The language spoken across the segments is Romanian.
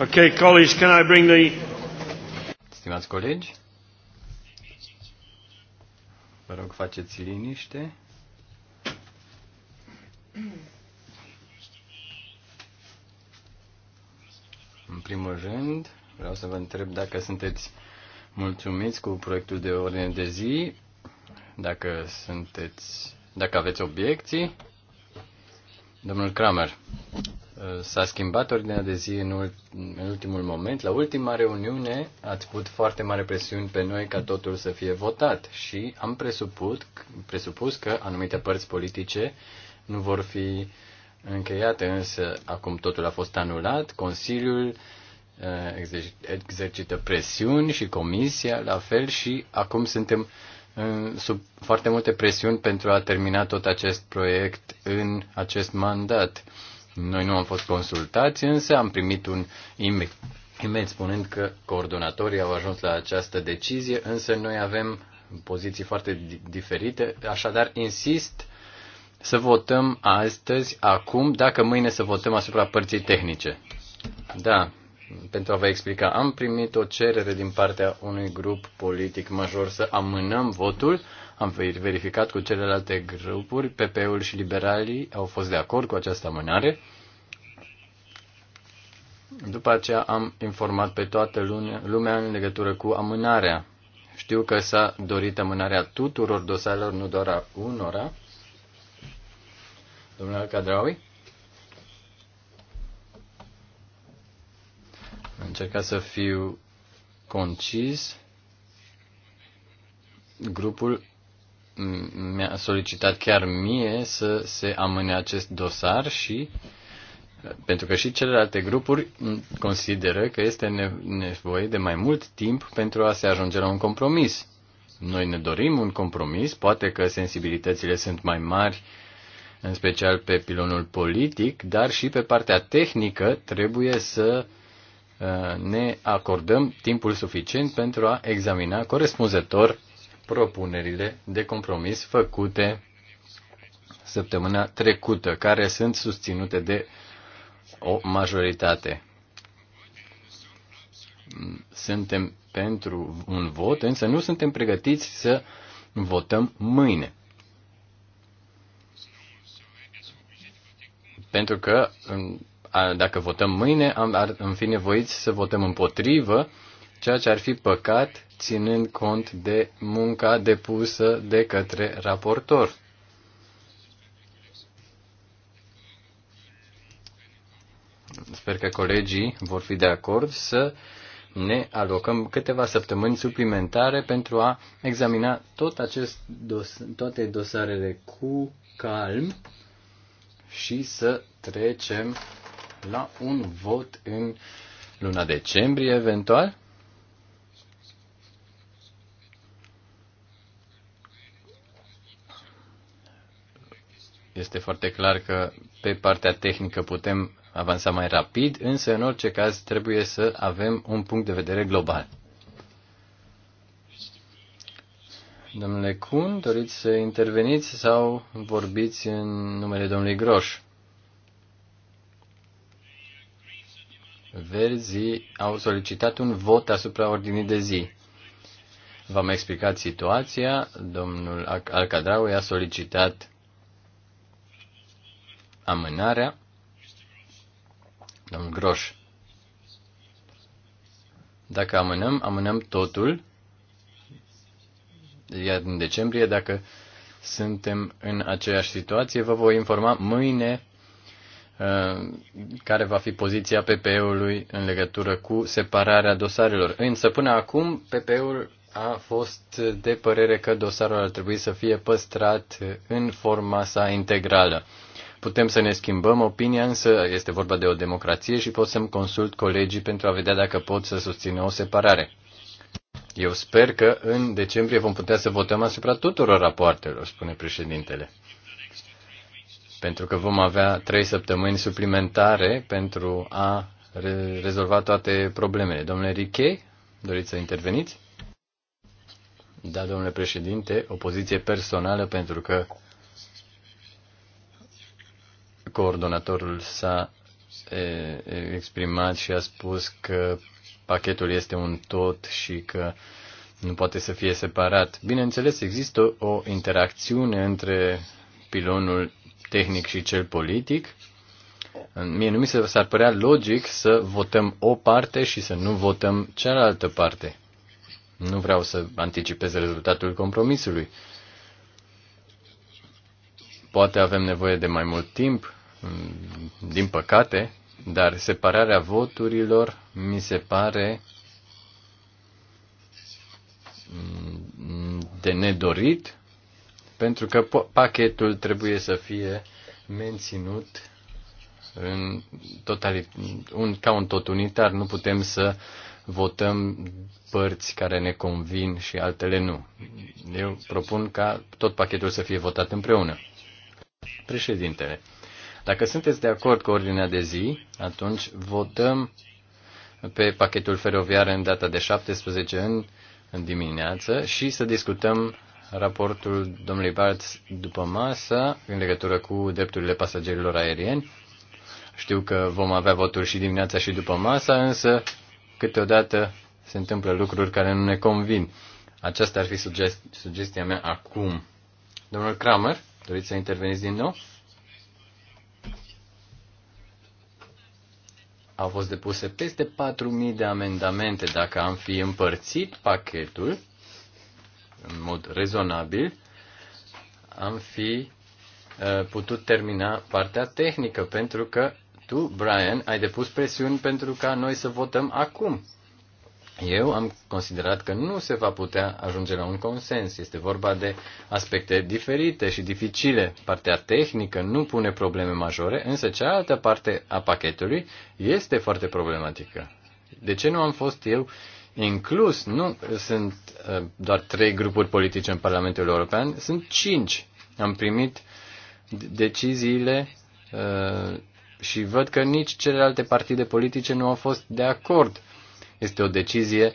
Okay, colleagues, can I bring the... Stimați colegi, vă rog faceți liniște. În primul rând, vreau să vă întreb dacă sunteți mulțumiți cu proiectul de ordine de zi, dacă sunteți, dacă aveți obiecții. Domnul Kramer. S-a schimbat ordinea de zi în, în ultimul moment. La ultima reuniune ați put foarte mare presiuni pe noi ca totul să fie votat și am presuput, presupus că anumite părți politice nu vor fi încheiate, însă acum totul a fost anulat. Consiliul eh, exercită presiuni și comisia la fel și acum suntem eh, sub foarte multe presiuni pentru a termina tot acest proiect în acest mandat noi nu am fost consultați, însă am primit un e-mail, spunând că coordonatorii au ajuns la această decizie, însă noi avem poziții foarte diferite, așadar insist să votăm astăzi, acum, dacă mâine să votăm asupra părții tehnice. Da, pentru a vă explica, am primit o cerere din partea unui grup politic major să amânăm votul am verificat cu celelalte grupuri, PP-ul și liberalii au fost de acord cu această amânare. După aceea am informat pe toată lumea în legătură cu amânarea. Știu că s-a dorit amânarea tuturor dosarelor, nu doar a unora. Domnule Cadraui? Încerca să fiu concis. Grupul mi-a solicitat chiar mie să se amâne acest dosar și pentru că și celelalte grupuri consideră că este nevoie de mai mult timp pentru a se ajunge la un compromis. Noi ne dorim un compromis, poate că sensibilitățile sunt mai mari, în special pe pilonul politic, dar și pe partea tehnică trebuie să uh, ne acordăm timpul suficient pentru a examina corespunzător propunerile de compromis făcute săptămâna trecută, care sunt susținute de o majoritate. Suntem pentru un vot, însă nu suntem pregătiți să votăm mâine. Pentru că dacă votăm mâine, am, ar, am fi nevoiți să votăm împotrivă ceea ce ar fi păcat ținând cont de munca depusă de către raportor. Sper că colegii vor fi de acord să ne alocăm câteva săptămâni suplimentare pentru a examina tot acest dos, toate dosarele cu calm și să trecem la un vot în luna decembrie, eventual. este foarte clar că pe partea tehnică putem avansa mai rapid, însă în orice caz trebuie să avem un punct de vedere global. Domnule Kuhn, doriți să interveniți sau vorbiți în numele domnului Groș? Verzii au solicitat un vot asupra ordinii de zi. V-am explicat situația, domnul i a solicitat amânarea. Domnul Groș. Dacă amânăm, amânăm totul. Iar în decembrie, dacă suntem în aceeași situație, vă voi informa mâine uh, care va fi poziția PPE-ului în legătură cu separarea dosarelor. Însă până acum PPE-ul a fost de părere că dosarul ar trebui să fie păstrat în forma sa integrală. Putem să ne schimbăm opinia, însă este vorba de o democrație și pot să-mi consult colegii pentru a vedea dacă pot să susțină o separare. Eu sper că în decembrie vom putea să votăm asupra tuturor rapoartelor, spune președintele. Pentru că vom avea trei săptămâni suplimentare pentru a re- rezolva toate problemele. Domnule Riche, doriți să interveniți? Da, domnule președinte, o poziție personală pentru că coordonatorul s-a exprimat și a spus că pachetul este un tot și că nu poate să fie separat. Bineînțeles, există o interacțiune între pilonul tehnic și cel politic. Mie nu mi s-ar părea logic să votăm o parte și să nu votăm cealaltă parte. Nu vreau să anticipez rezultatul compromisului. Poate avem nevoie de mai mult timp din păcate, dar separarea voturilor mi se pare de nedorit, pentru că pachetul trebuie să fie menținut în totalit, un, ca un tot unitar. Nu putem să votăm părți care ne convin și altele nu. Eu propun ca tot pachetul să fie votat împreună. Președintele. Dacă sunteți de acord cu ordinea de zi, atunci votăm pe pachetul feroviar în data de 17 în, în dimineață și să discutăm raportul domnului Barts după masă în legătură cu drepturile pasagerilor aerieni. Știu că vom avea voturi și dimineața și după masa, însă câteodată se întâmplă lucruri care nu ne convin. Aceasta ar fi sugestia mea acum. Domnul Kramer, doriți să interveniți din nou? Au fost depuse peste 4.000 de amendamente. Dacă am fi împărțit pachetul în mod rezonabil, am fi uh, putut termina partea tehnică, pentru că tu, Brian, ai depus presiuni pentru ca noi să votăm acum. Eu am considerat că nu se va putea ajunge la un consens. Este vorba de aspecte diferite și dificile. Partea tehnică nu pune probleme majore, însă cealaltă parte a pachetului este foarte problematică. De ce nu am fost eu inclus? Nu sunt uh, doar trei grupuri politice în Parlamentul European, sunt cinci. Am primit deciziile uh, și văd că nici celelalte partide politice nu au fost de acord este o decizie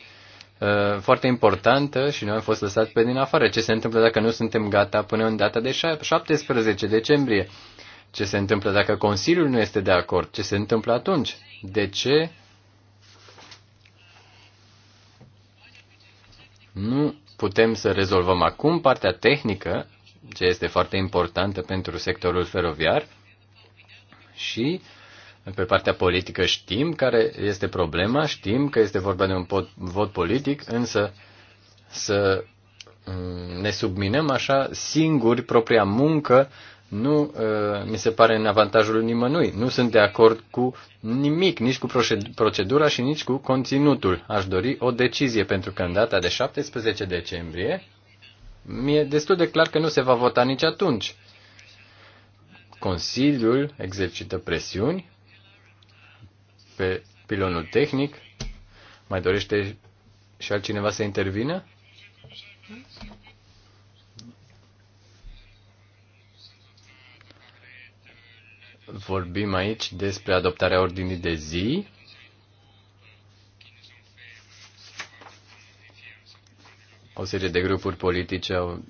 uh, foarte importantă și noi am fost lăsați pe din afară. Ce se întâmplă dacă nu suntem gata până în data de 17 decembrie? Ce se întâmplă dacă Consiliul nu este de acord? Ce se întâmplă atunci? De ce nu putem să rezolvăm acum partea tehnică, ce este foarte importantă pentru sectorul feroviar, și pe partea politică știm care este problema, știm că este vorba de un pot, vot politic, însă să mm, ne subminăm așa singuri propria muncă nu uh, mi se pare în avantajul nimănui. Nu sunt de acord cu nimic, nici cu procedura și nici cu conținutul. Aș dori o decizie, pentru că în data de 17 decembrie mi-e destul de clar că nu se va vota nici atunci. Consiliul exercită presiuni pe pilonul tehnic. Mai dorește și altcineva să intervină? Vorbim aici despre adoptarea ordinii de zi. O serie de grupuri politice au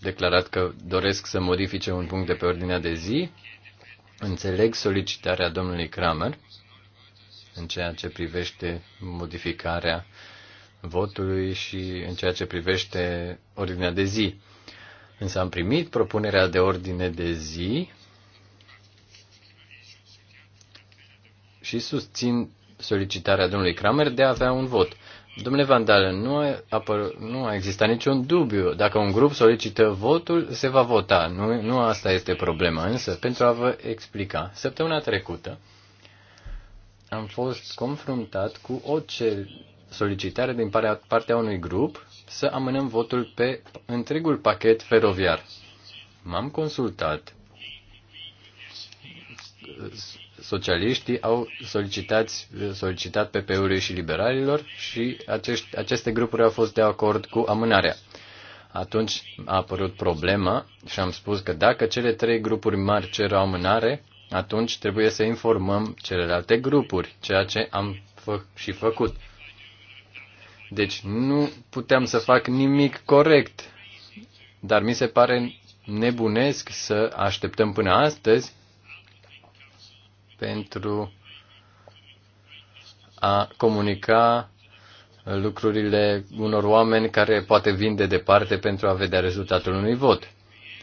declarat că doresc să modifice un punct de pe ordinea de zi. Înțeleg solicitarea domnului Kramer în ceea ce privește modificarea votului și în ceea ce privește ordinea de zi. Însă am primit propunerea de ordine de zi și susțin solicitarea domnului Kramer de a avea un vot. Domnule Vandalen, nu a, apăr- nu a existat niciun dubiu. Dacă un grup solicită votul, se va vota. Nu, nu asta este problema. Însă, pentru a vă explica, săptămâna trecută, am fost confruntat cu o solicitare din partea unui grup să amânăm votul pe întregul pachet feroviar. M-am consultat. Socialiștii au solicitat, solicitat pe ului și liberalilor și acești, aceste grupuri au fost de acord cu amânarea. Atunci a apărut problema și am spus că dacă cele trei grupuri mari cer o amânare, atunci trebuie să informăm celelalte grupuri, ceea ce am fă- și făcut. Deci nu puteam să fac nimic corect, dar mi se pare nebunesc să așteptăm până astăzi pentru a comunica lucrurile unor oameni care poate vin de departe pentru a vedea rezultatul unui vot.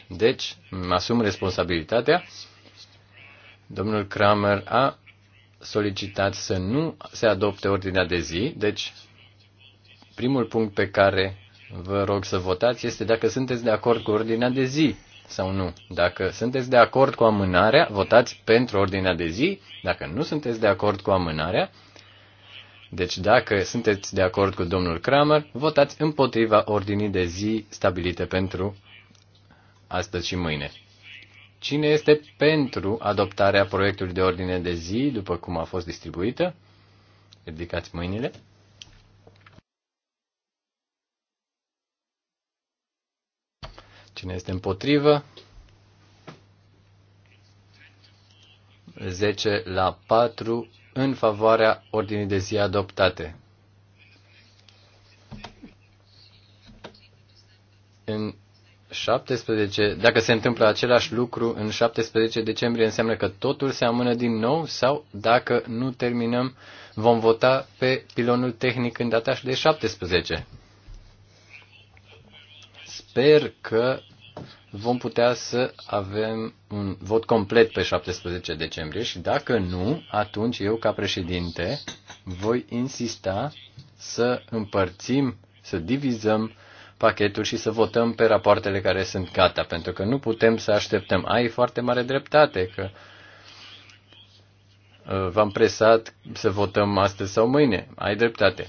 Deci, îmi asum responsabilitatea Domnul Kramer a solicitat să nu se adopte ordinea de zi, deci primul punct pe care vă rog să votați este dacă sunteți de acord cu ordinea de zi sau nu. Dacă sunteți de acord cu amânarea, votați pentru ordinea de zi. Dacă nu sunteți de acord cu amânarea, deci dacă sunteți de acord cu domnul Kramer, votați împotriva ordinii de zi stabilite pentru astăzi și mâine. Cine este pentru adoptarea proiectului de ordine de zi, după cum a fost distribuită? Ridicați mâinile. Cine este împotrivă? 10 la 4 în favoarea ordinii de zi adoptate. În 17, dacă se întâmplă același lucru în 17 decembrie, înseamnă că totul se amână din nou sau dacă nu terminăm, vom vota pe pilonul tehnic în data de 17. Sper că vom putea să avem un vot complet pe 17 decembrie și dacă nu, atunci eu ca președinte voi insista să împărțim, să divizăm pachetul și să votăm pe rapoartele care sunt gata, pentru că nu putem să așteptăm. Ai foarte mare dreptate că uh, v-am presat să votăm astăzi sau mâine. Ai dreptate.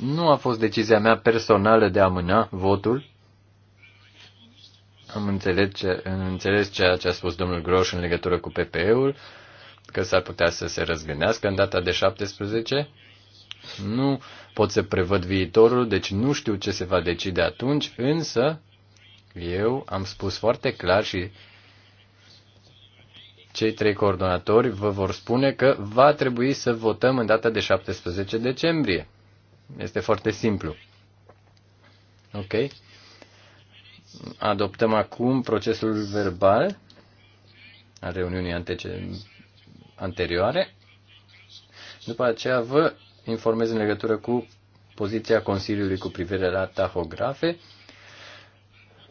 Nu a fost decizia mea personală de a amâna votul. Am înțeles, ce, înțeles ceea ce a spus domnul Groș în legătură cu PPE-ul, că s-ar putea să se răzgândească în data de 17 nu pot să prevăd viitorul, deci nu știu ce se va decide atunci, însă eu am spus foarte clar și cei trei coordonatori vă vor spune că va trebui să votăm în data de 17 decembrie. Este foarte simplu. Ok? Adoptăm acum procesul verbal a reuniunii anterioare. După aceea vă informez în legătură cu poziția Consiliului cu privire la tahografe.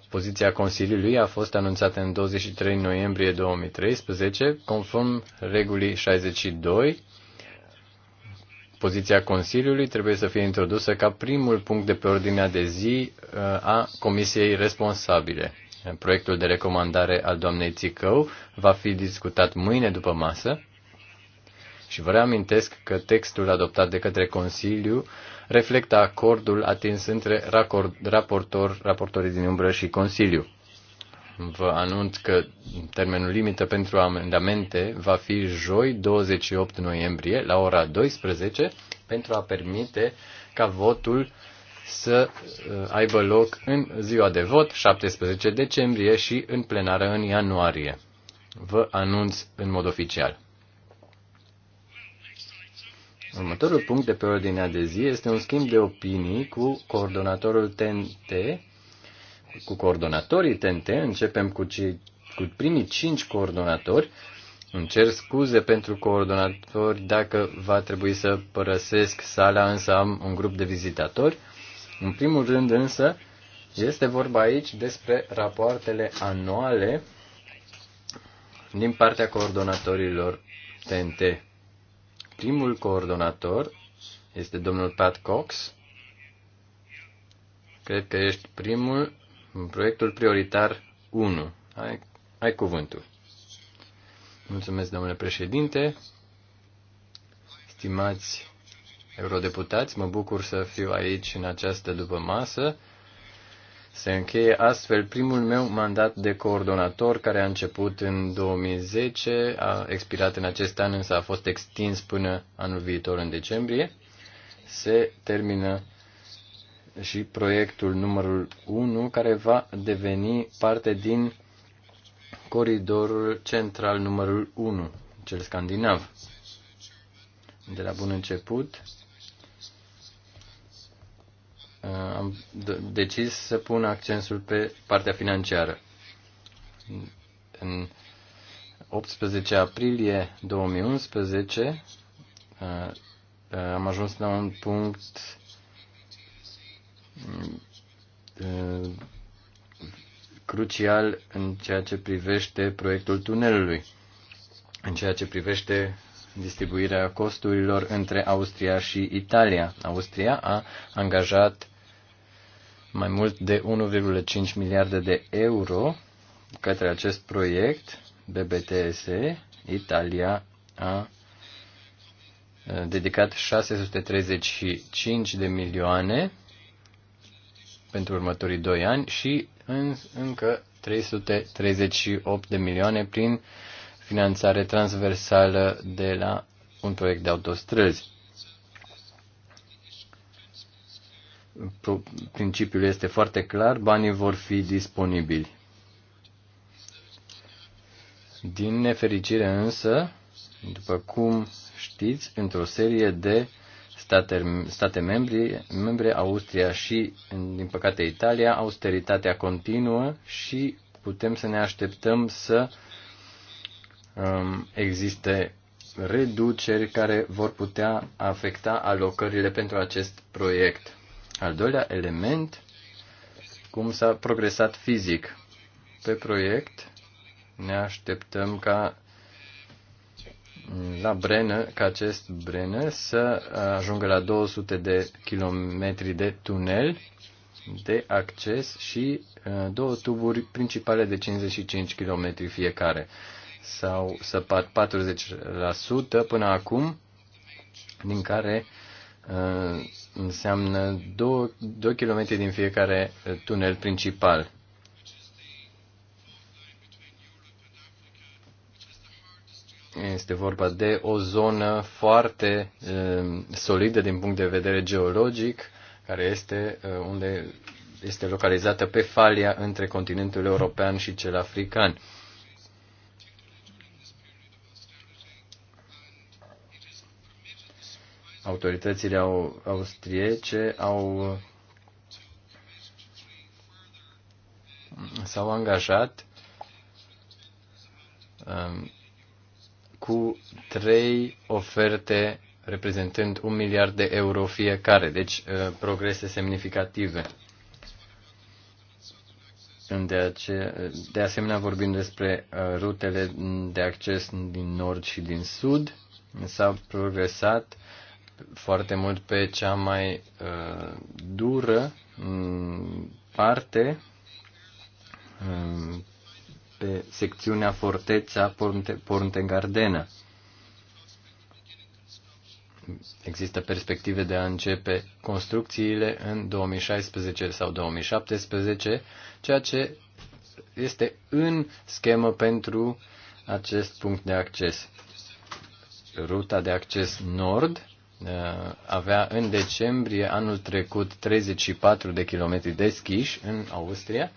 Poziția Consiliului a fost anunțată în 23 noiembrie 2013, conform regulii 62. Poziția Consiliului trebuie să fie introdusă ca primul punct de pe ordinea de zi uh, a Comisiei responsabile. Proiectul de recomandare al doamnei Țicău va fi discutat mâine după masă și vă reamintesc că textul adoptat de către Consiliu reflectă acordul atins între raportor, raportorii din umbră și Consiliu. Vă anunț că termenul limită pentru amendamente va fi joi 28 noiembrie la ora 12 pentru a permite ca votul să uh, aibă loc în ziua de vot, 17 decembrie, și în plenară în ianuarie. Vă anunț în mod oficial. Următorul punct de pe ordinea de zi este un schimb de opinii cu coordonatorul TNT, cu coordonatorii TNT. Începem cu, ce, cu primii cinci coordonatori. Îmi cer scuze pentru coordonatori dacă va trebui să părăsesc sala, însă am un grup de vizitatori. În primul rând însă este vorba aici despre rapoartele anuale din partea coordonatorilor TNT. Primul coordonator este domnul Pat Cox. Cred că ești primul în proiectul prioritar 1. Ai, ai cuvântul. Mulțumesc, domnule președinte. Stimați eurodeputați, mă bucur să fiu aici în această după masă se încheie astfel primul meu mandat de coordonator, care a început în 2010, a expirat în acest an, însă a fost extins până anul viitor, în decembrie. Se termină și proiectul numărul 1, care va deveni parte din coridorul central numărul 1, cel scandinav. De la bun început, Uh, am decis să pun accentul pe partea financiară. În 18 aprilie 2011 uh, uh, am ajuns la un punct crucial în ceea ce privește proiectul tunelului, în ceea ce privește distribuirea costurilor între Austria și Italia. Austria a angajat mai mult de 1,5 miliarde de euro către acest proiect BBTS. Italia a uh, dedicat 635 de milioane pentru următorii 2 ani și în, încă 338 de milioane prin finanțare transversală de la un proiect de autostrăzi. Principiul este foarte clar, banii vor fi disponibili. Din nefericire însă, după cum știți, într-o serie de state, state membri, membre, Austria și, din păcate, Italia, austeritatea continuă și putem să ne așteptăm să Um, existe reduceri care vor putea afecta alocările pentru acest proiect. Al doilea element, cum s-a progresat fizic. Pe proiect ne așteptăm ca la Brenă, ca acest Brenă să ajungă la 200 de kilometri de tunel de acces și uh, două tuburi principale de 55 km fiecare sau săpat 40% până acum, din care uh, înseamnă 2 km din fiecare tunel principal. Este vorba de o zonă foarte uh, solidă din punct de vedere geologic, care este uh, unde este localizată pe falia între continentul european și cel african. Uh, autoritățile au, austriece au s-au angajat um, cu trei oferte reprezentând un miliard de euro fiecare, deci uh, progrese semnificative. De, ace- de asemenea, vorbim despre uh, rutele de acces din nord și din sud. S-a progresat uh, foarte mult pe cea mai uh, dură mm, parte, um, pe secțiunea Forteța Ponte Gardena, Există perspective de a începe construcțiile în 2016 sau 2017, ceea ce este în schemă pentru acest punct de acces. Ruta de acces nord Uh, avea în decembrie anul trecut 34 de kilometri deschiși în Austria,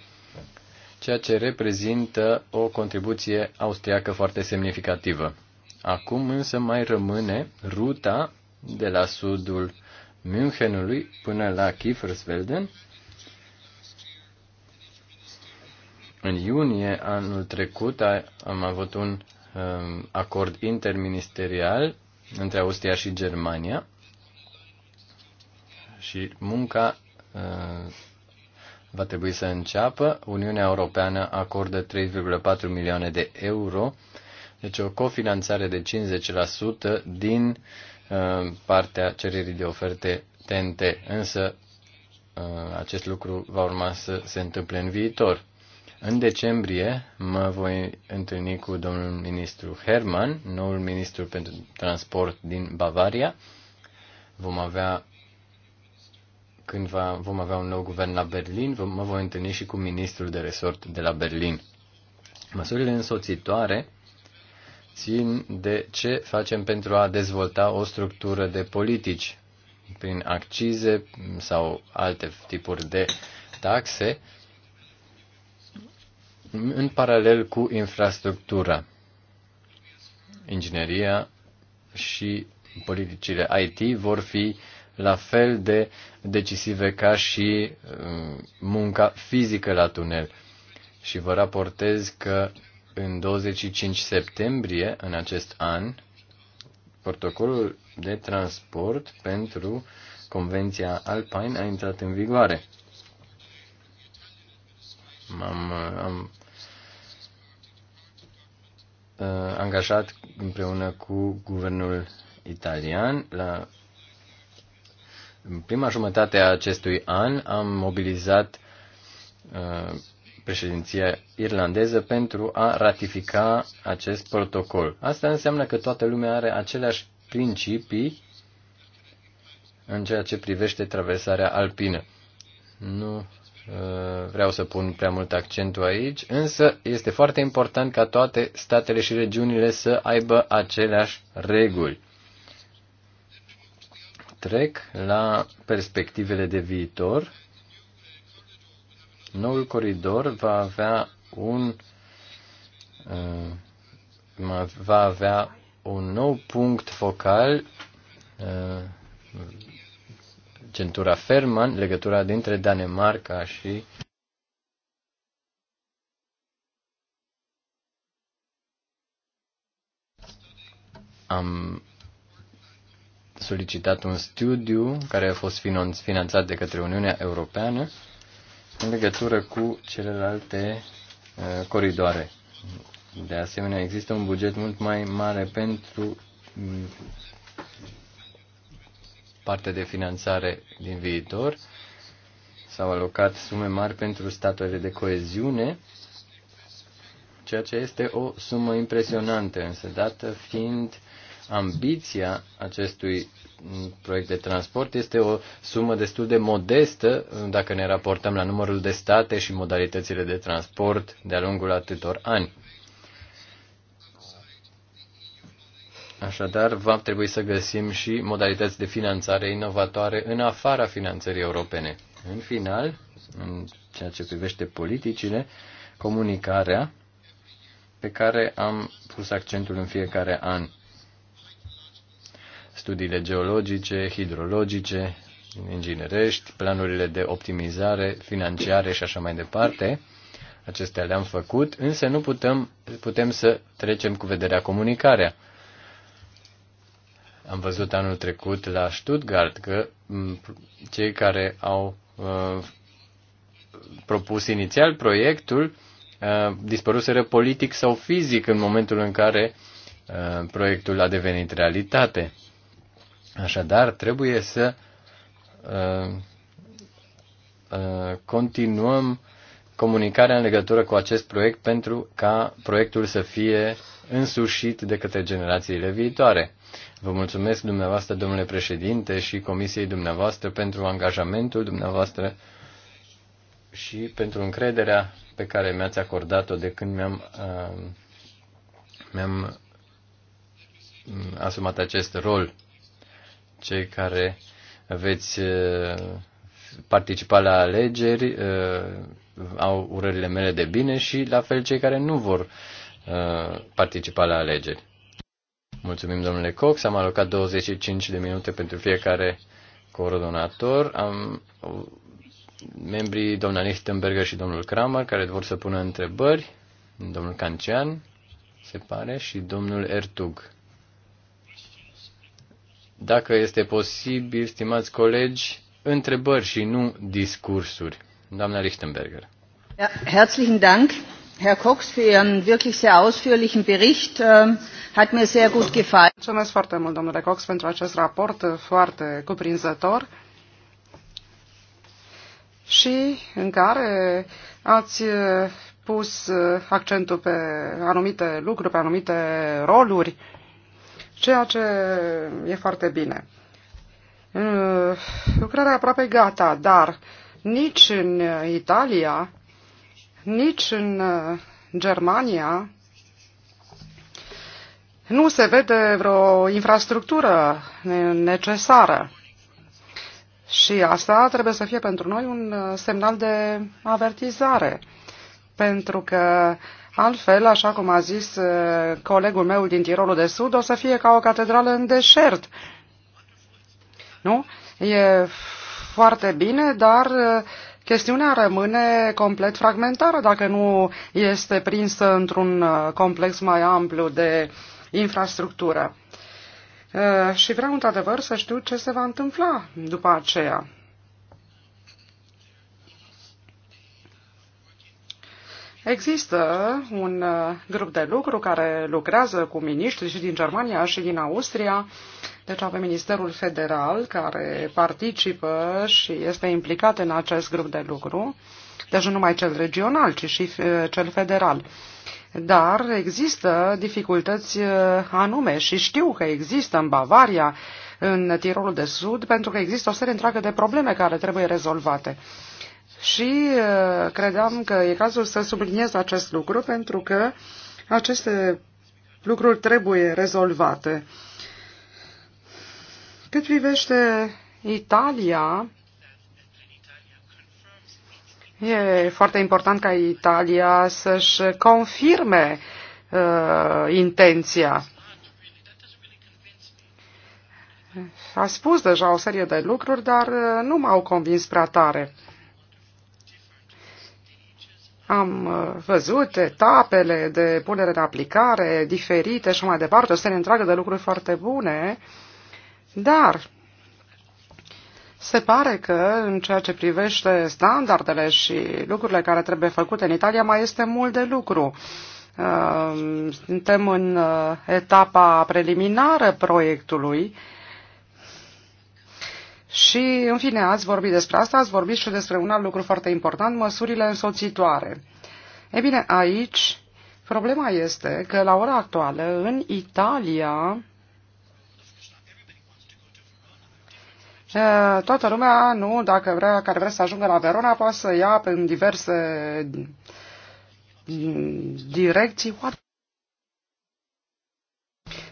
ceea ce reprezintă o contribuție austriacă foarte semnificativă. Acum însă mai rămâne ruta de la sudul Münchenului până la Kiefersfelden. În iunie anul trecut am avut un um, acord interministerial între Austria și Germania și munca uh, va trebui să înceapă. Uniunea Europeană acordă 3,4 milioane de euro, deci o cofinanțare de 50% din uh, partea cererii de oferte TNT, însă uh, acest lucru va urma să se întâmple în viitor. În decembrie mă voi întâlni cu domnul ministru Herman, noul ministru pentru transport din Bavaria. Vom avea când va, vom avea un nou guvern la Berlin, vom, mă voi întâlni și cu ministrul de resort de la Berlin. Măsurile însoțitoare țin de ce facem pentru a dezvolta o structură de politici prin accize sau alte tipuri de taxe în paralel cu infrastructura, ingineria și politicile IT vor fi la fel de decisive ca și um, munca fizică la tunel. Și vă raportez că în 25 septembrie în acest an, protocolul de transport pentru Convenția Alpine a intrat în vigoare. am am Uh, angajat împreună cu guvernul italian. La în prima jumătate a acestui an am mobilizat uh, președinția irlandeză pentru a ratifica acest protocol. Asta înseamnă că toată lumea are aceleași principii în ceea ce privește traversarea alpină. Nu Uh, vreau să pun prea mult accentul aici, însă este foarte important ca toate statele și regiunile să aibă aceleași reguli. Trec la perspectivele de viitor. Noul coridor va avea un uh, va avea un nou punct focal uh, centura Ferman, legătura dintre Danemarca și am solicitat un studiu care a fost finanțat de către Uniunea Europeană în legătură cu celelalte uh, coridoare. De asemenea, există un buget mult mai mare pentru mm, parte de finanțare din viitor. S-au alocat sume mari pentru statele de coeziune, ceea ce este o sumă impresionantă, însă dată fiind ambiția acestui proiect de transport este o sumă destul de modestă dacă ne raportăm la numărul de state și modalitățile de transport de-a lungul atâtor ani. Așadar, va trebui să găsim și modalități de finanțare inovatoare în afara finanțării europene. În final, în ceea ce privește politicile, comunicarea pe care am pus accentul în fiecare an. Studiile geologice, hidrologice, inginerești, planurile de optimizare financiare și așa mai departe. Acestea le-am făcut, însă nu putem, putem să trecem cu vederea comunicarea am văzut anul trecut la Stuttgart că cei care au uh, propus inițial proiectul uh, dispăruseră politic sau fizic în momentul în care uh, proiectul a devenit realitate. Așadar, trebuie să uh, uh, continuăm comunicarea în legătură cu acest proiect pentru ca proiectul să fie însușit de către generațiile viitoare. Vă mulțumesc dumneavoastră, domnule președinte, și comisiei dumneavoastră pentru angajamentul dumneavoastră și pentru încrederea pe care mi-ați acordat-o de când mi-am, uh, mi-am uh, asumat acest rol. Cei care veți uh, participa la alegeri au urările mele de bine și la fel cei care nu vor participa la alegeri. Mulțumim, domnule Cox. Am alocat 25 de minute pentru fiecare coordonator. Am membrii doamna Lichtenberger și domnul Kramer care vor să pună întrebări. Domnul Cancian, se pare, și domnul Ertug. Dacă este posibil, stimați colegi, întrebări și nu discursuri. Doamna Lichtenberger. Ja, herzlichen Dank. Herr Cox für Ihren wirklich sehr ausführlichen Bericht. Ähm, hat mir sehr gut gefallen. Mulțumesc foarte mult, domnule Cox, pentru acest raport foarte cuprinzător și în care ați pus accentul pe anumite lucruri, pe anumite roluri, ceea ce e foarte bine. Lucrarea aproape gata, dar nici în Italia nici în uh, Germania nu se vede vreo infrastructură necesară. Și asta trebuie să fie pentru noi un uh, semnal de avertizare, pentru că altfel, așa cum a zis uh, colegul meu din Tirolul de Sud, o să fie ca o catedrală în deșert. Nu? E foarte bine, dar chestiunea rămâne complet fragmentară dacă nu este prinsă într-un uh, complex mai amplu de infrastructură. Uh, și vreau într-adevăr să știu ce se va întâmpla după aceea. Există un uh, grup de lucru care lucrează cu miniștri și din Germania și din Austria deci avem Ministerul Federal care participă și este implicat în acest grup de lucru, deci nu numai cel regional, ci și uh, cel federal. Dar există dificultăți uh, anume și știu că există în Bavaria, în Tirolul de Sud, pentru că există o serie întreagă de probleme care trebuie rezolvate. Și uh, credeam că e cazul să subliniez acest lucru pentru că aceste lucruri trebuie rezolvate cât privește Italia, e foarte important ca Italia să-și confirme uh, intenția. A spus deja o serie de lucruri, dar uh, nu m-au convins prea tare. Am uh, văzut etapele de punere în aplicare diferite și mai departe, o serie întreagă de lucruri foarte bune. Uh, dar se pare că în ceea ce privește standardele și lucrurile care trebuie făcute în Italia mai este mult de lucru. Uh, suntem în uh, etapa preliminară proiectului și, în fine, ați vorbit despre asta, ați vorbit și despre un alt lucru foarte important, măsurile însoțitoare. E bine, aici problema este că la ora actuală în Italia toată lumea, nu, dacă vrea, care vrea să ajungă la Verona, poate să ia în diverse direcții. What?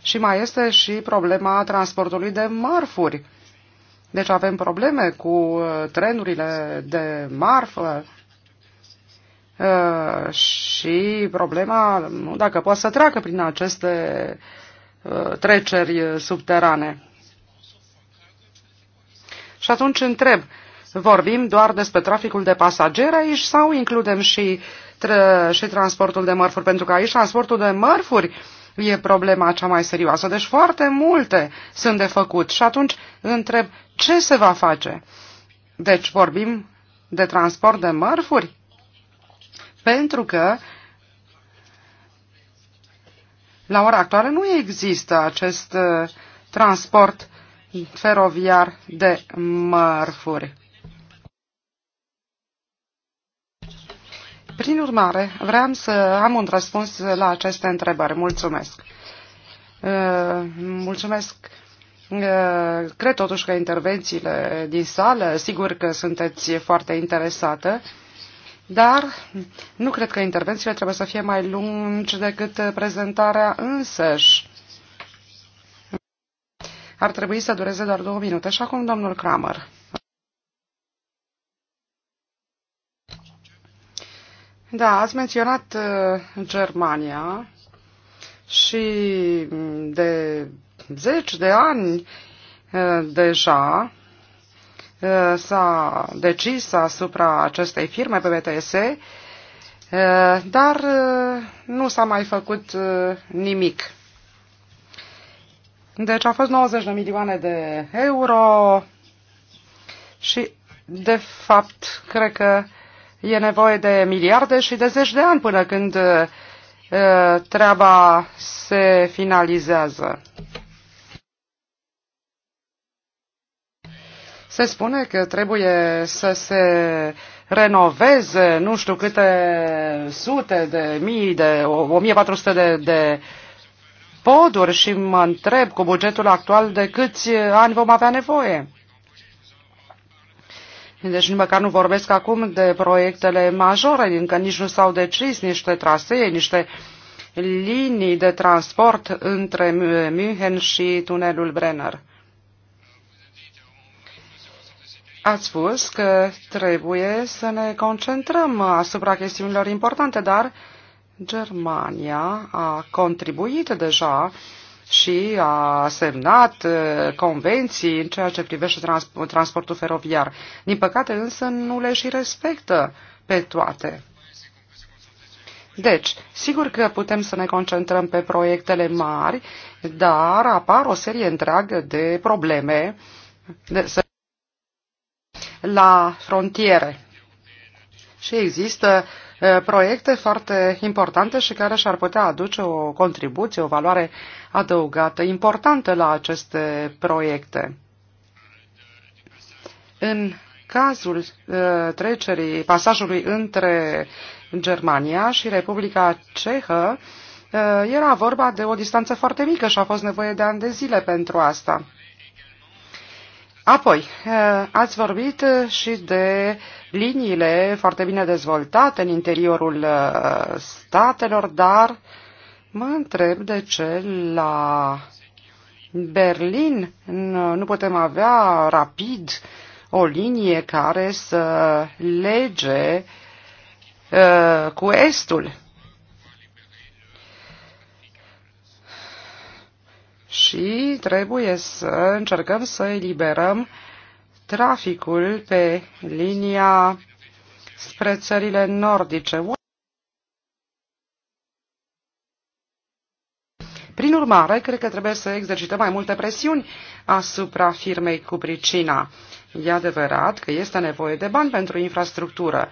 Și mai este și problema transportului de marfuri. Deci avem probleme cu trenurile de marfă și problema nu dacă poate să treacă prin aceste treceri subterane. Și atunci întreb, vorbim doar despre traficul de pasageri aici sau includem și, tr- și transportul de mărfuri? Pentru că aici transportul de mărfuri e problema cea mai serioasă. Deci foarte multe sunt de făcut. Și atunci întreb, ce se va face? Deci vorbim de transport de mărfuri? Pentru că la ora actuală nu există acest uh, transport feroviar de mărfuri. Prin urmare, vreau să am un răspuns la aceste întrebări. Mulțumesc. Uh, mulțumesc. Uh, cred totuși că intervențiile din sală, sigur că sunteți foarte interesată, dar nu cred că intervențiile trebuie să fie mai lungi decât prezentarea însăși ar trebui să dureze doar două minute. Și acum domnul Kramer. Da, ați menționat uh, Germania și de zeci de ani uh, deja uh, s-a decis asupra acestei firme BTS, uh, dar uh, nu s-a mai făcut uh, nimic. Deci a fost 90 de milioane de euro și, de fapt, cred că e nevoie de miliarde și de zeci de ani până când uh, treaba se finalizează. Se spune că trebuie să se renoveze nu știu câte sute de mii de, 1400 de, de poduri și mă întreb cu bugetul actual de câți ani vom avea nevoie. Deci nici măcar nu vorbesc acum de proiectele majore, încă nici nu s-au decis niște trasee, niște linii de transport între München și tunelul Brenner. Ați spus că trebuie să ne concentrăm asupra chestiunilor importante, dar uh, Germania a contribuit deja și a semnat uh, convenții în ceea ce privește trans transportul feroviar. Din păcate însă nu le și respectă pe toate. Deci, sigur că putem să ne concentrăm pe proiectele mari, dar apar o serie întreagă de probleme la frontiere. Și există Uh, proiecte foarte importante și care și-ar putea aduce o contribuție, o valoare adăugată importantă la aceste proiecte. În cazul uh, trecerii pasajului între Germania și Republica Cehă, uh, era vorba de o distanță foarte mică și a fost nevoie de ani de zile pentru asta. Apoi, ați vorbit și de uh, liniile foarte bine dezvoltate în interiorul uh, statelor, dar mă întreb de ce la Berlin nu putem avea rapid o linie care să lege uh, cu Estul. Și trebuie să încercăm să eliberăm uh, traficul pe linia spre țările nordice. Prin urmare, cred că trebuie să exercităm mai multe presiuni asupra firmei cu pricina. E adevărat că este nevoie de bani pentru infrastructură,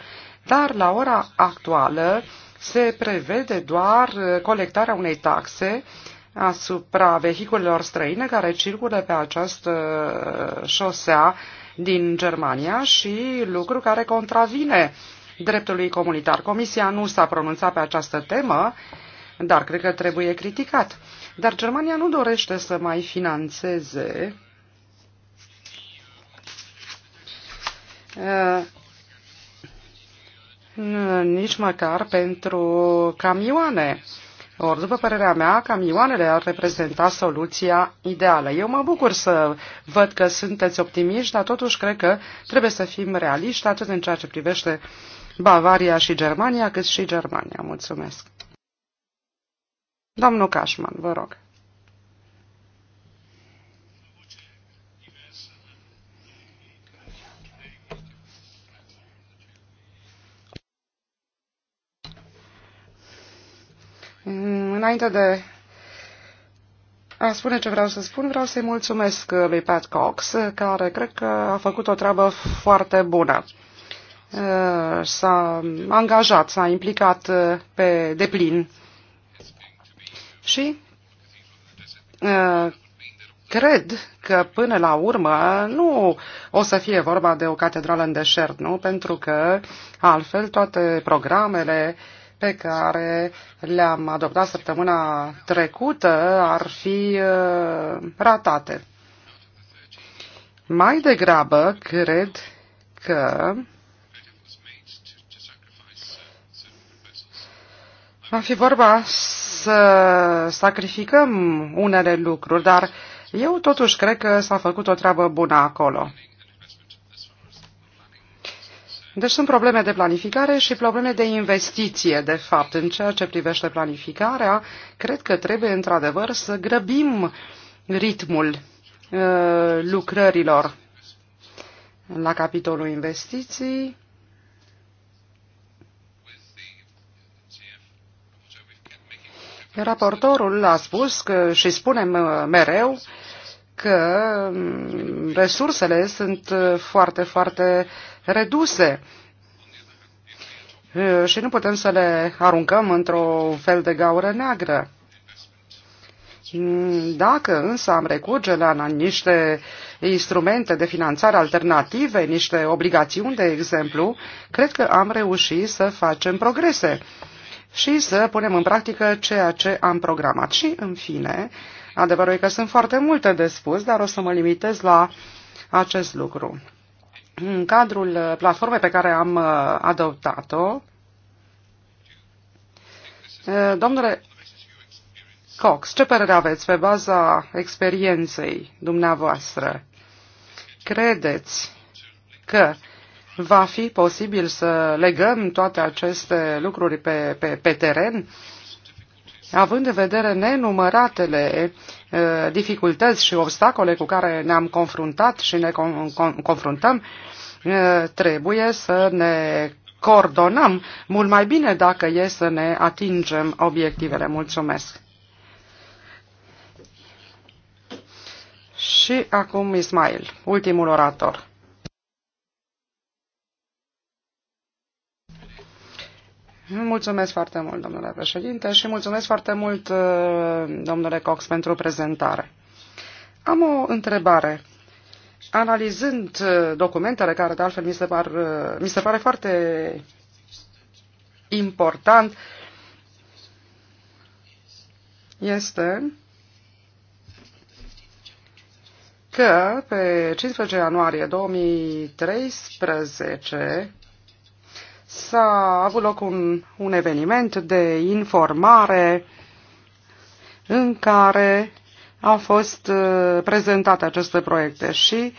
dar la ora actuală se prevede doar colectarea unei taxe asupra vehiculelor străine care circulă pe această șosea din Germania și lucru care contravine dreptului comunitar. Comisia nu s-a pronunțat pe această temă, dar cred că trebuie criticat. Dar Germania nu dorește să mai financeze uh, nici măcar pentru camioane. Uh, ori, după părerea mea, camioanele ar reprezenta soluția ideală. Eu mă bucur să văd că sunteți optimiști, dar totuși cred că trebuie să fim realiști atât în ceea ce privește Bavaria și Germania, cât și Germania. Mulțumesc. Domnul Cașman, vă rog. Înainte de a spune ce vreau să spun, vreau să-i mulțumesc uh, lui Pat Cox, uh, care cred că a făcut o treabă foarte bună. Uh, s-a angajat, s-a implicat pe deplin și cred că până la urmă nu o să fie vorba de o catedrală în deșert, nu? Pentru că altfel toate programele uh, pe care le-am adoptat săptămâna trecută ar fi uh, ratate. Mai degrabă, cred că ar fi vorba să sacrificăm unele lucruri, dar eu totuși cred că s-a făcut o treabă bună acolo. Deci sunt probleme de planificare și probleme de investiție, de fapt. În ceea ce privește planificarea, cred că trebuie într-adevăr să grăbim ritmul uh, lucrărilor la capitolul investiții. Raportorul a spus că, și spunem uh, mereu că mm, resursele sunt uh, foarte, foarte reduse și nu putem să le aruncăm într-o fel de gaură neagră. Dacă însă am recurge la niște instrumente de finanțare alternative, niște obligațiuni, de exemplu, cred că am reușit să facem progrese și să punem în practică ceea ce am programat. Și, în fine, adevărul e că sunt foarte multe de spus, dar o să mă limitez la acest lucru. În cadrul platformei pe care am uh, adoptat-o, uh, domnule Cox, ce părere aveți pe baza experienței dumneavoastră? Credeți că va fi posibil să legăm toate aceste lucruri pe, pe, pe teren? având în vedere nenumăratele dificultăți și obstacole cu care ne-am confruntat și ne confruntăm, trebuie să ne coordonăm mult mai bine dacă e să ne atingem obiectivele. Mulțumesc! Și acum Ismail, ultimul orator. Mulțumesc foarte mult, domnule președinte, și mulțumesc foarte mult, uh, domnule Cox, pentru prezentare. Am o întrebare. Analizând uh, documentele, care de altfel mi se, par, uh, mi se pare foarte important, este că pe 15 ianuarie 2013 S-a avut loc un, un eveniment de informare în care au fost uh, prezentate aceste proiecte și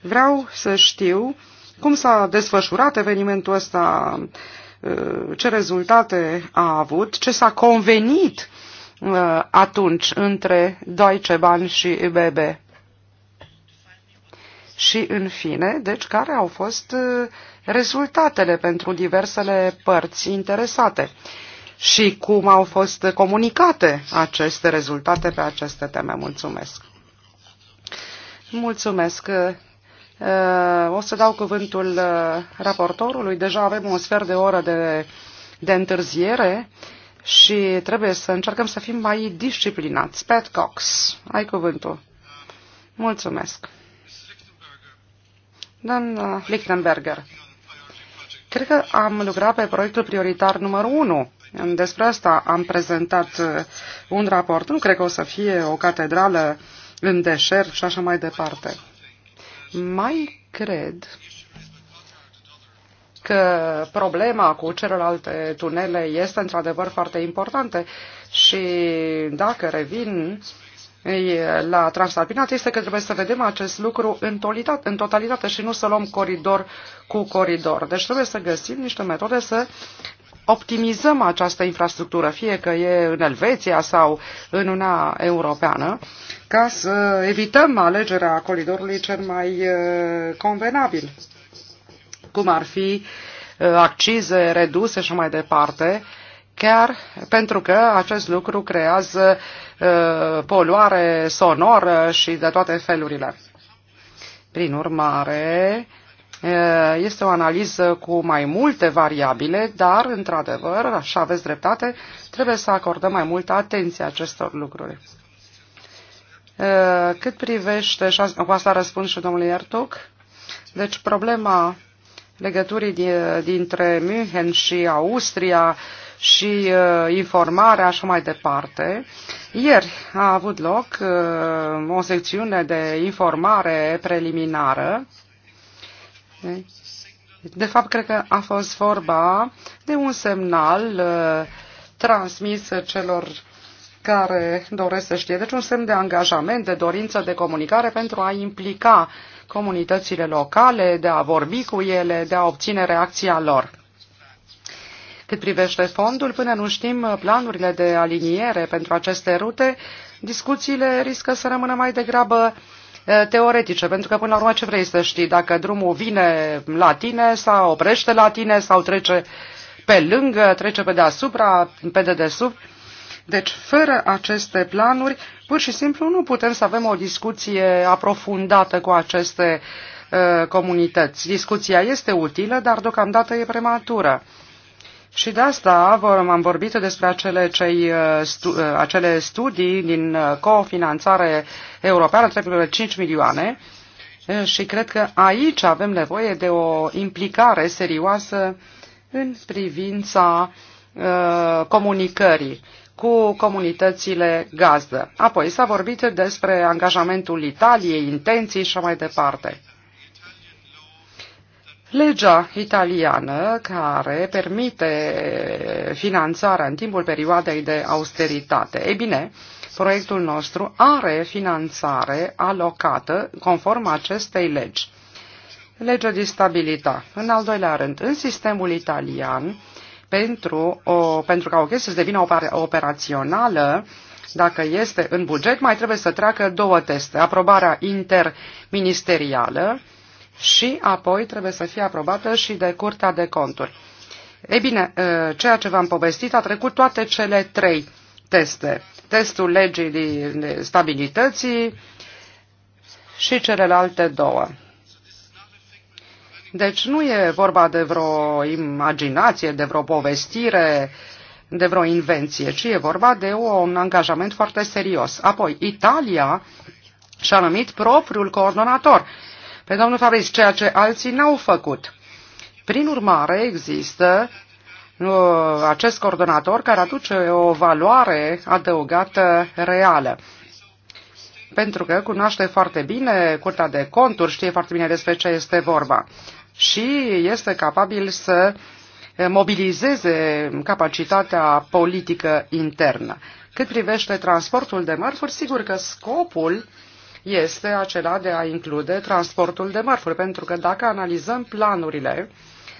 vreau să știu cum s-a desfășurat evenimentul ăsta, uh, ce rezultate a avut, ce s-a convenit uh, atunci între Deutsche Bahn și UBB și, în fine, deci care au fost uh, rezultatele pentru diversele părți interesate și cum au fost comunicate aceste rezultate pe aceste teme. Mulțumesc! Mulțumesc! Uh, uh, o să dau cuvântul raportorului. Deja avem un sfert de oră de, de întârziere și trebuie să încercăm să fim mai disciplinați. Pat Cox, ai cuvântul. Mulțumesc! Doamna Lichtenberger, cred că am lucrat pe proiectul prioritar numărul 1. Despre asta am prezentat uh, un raport. Nu cred că o să fie o catedrală în deșert și așa mai departe. Mai cred că problema cu celelalte tunele este într-adevăr foarte importantă și dacă revin la Transalpinat este că trebuie să vedem acest lucru în totalitate, în totalitate și nu să luăm coridor cu coridor. Deci trebuie să găsim niște metode să optimizăm această infrastructură, fie că e în Elveția sau în una europeană, ca să evităm alegerea coridorului cel mai convenabil, cum ar fi accize reduse și mai departe, chiar pentru că acest lucru creează uh, poluare sonoră și de toate felurile. Prin urmare, uh, este o analiză cu mai multe variabile, dar, într-adevăr, așa aveți dreptate, trebuie să acordăm mai multă atenție acestor lucruri. Uh, cât privește, și cu asta răspund și domnul Iertuc, deci problema legăturii dintre München și Austria și uh, informare, așa mai departe. Ieri a avut loc uh, o secțiune de informare preliminară. De fapt, cred că a fost vorba de un semnal uh, transmis celor care doresc să știe. Deci un semn de angajament, de dorință de comunicare pentru a implica comunitățile locale, de a vorbi cu ele, de a obține reacția lor. Cât privește fondul, până nu știm planurile de aliniere pentru aceste rute, discuțiile riscă să rămână mai degrabă teoretice, pentru că până la urmă ce vrei să știi, dacă drumul vine la tine sau oprește la tine sau trece pe lângă, trece pe deasupra, pe dedesubt. Deci, fără aceste planuri, pur și simplu nu putem să avem o discuție aprofundată cu aceste uh, comunități. Discuția este utilă, dar deocamdată e prematură. Și de asta am vorbit despre acele, cei, uh, stu, uh, acele studii din uh, cofinanțare europeană, 3,5 milioane, și cred că aici avem nevoie de o implicare serioasă în privința uh, comunicării cu comunitățile gazdă. Apoi s-a vorbit despre angajamentul Italiei, intenții și mai departe. Legea italiană care permite finanțarea în timpul perioadei de austeritate. Ei bine, proiectul nostru are finanțare alocată conform acestei legi. Legea de stabilitate. În al doilea rând, în sistemul italian, pentru, o, pentru ca o chestie să devină operațională, dacă este în buget, mai trebuie să treacă două teste. Aprobarea interministerială, și apoi trebuie să fie aprobată și de Curtea de Conturi. Ei bine, ceea ce v-am povestit a trecut toate cele trei teste. Testul legii de stabilității și celelalte două. Deci nu e vorba de vreo imaginație, de vreo povestire, de vreo invenție, ci e vorba de un angajament foarte serios. Apoi, Italia și-a numit propriul coordonator pe domnul Fabrice, ceea ce alții n-au făcut. Prin urmare, există uh, acest coordonator care aduce o valoare adăugată reală. Pentru că cunoaște foarte bine Curtea de Conturi, știe foarte bine despre ce este vorba și este capabil să mobilizeze capacitatea politică internă. Cât privește transportul de mărfuri, sigur că scopul este acela de a include transportul de mărfuri, pentru că dacă analizăm planurile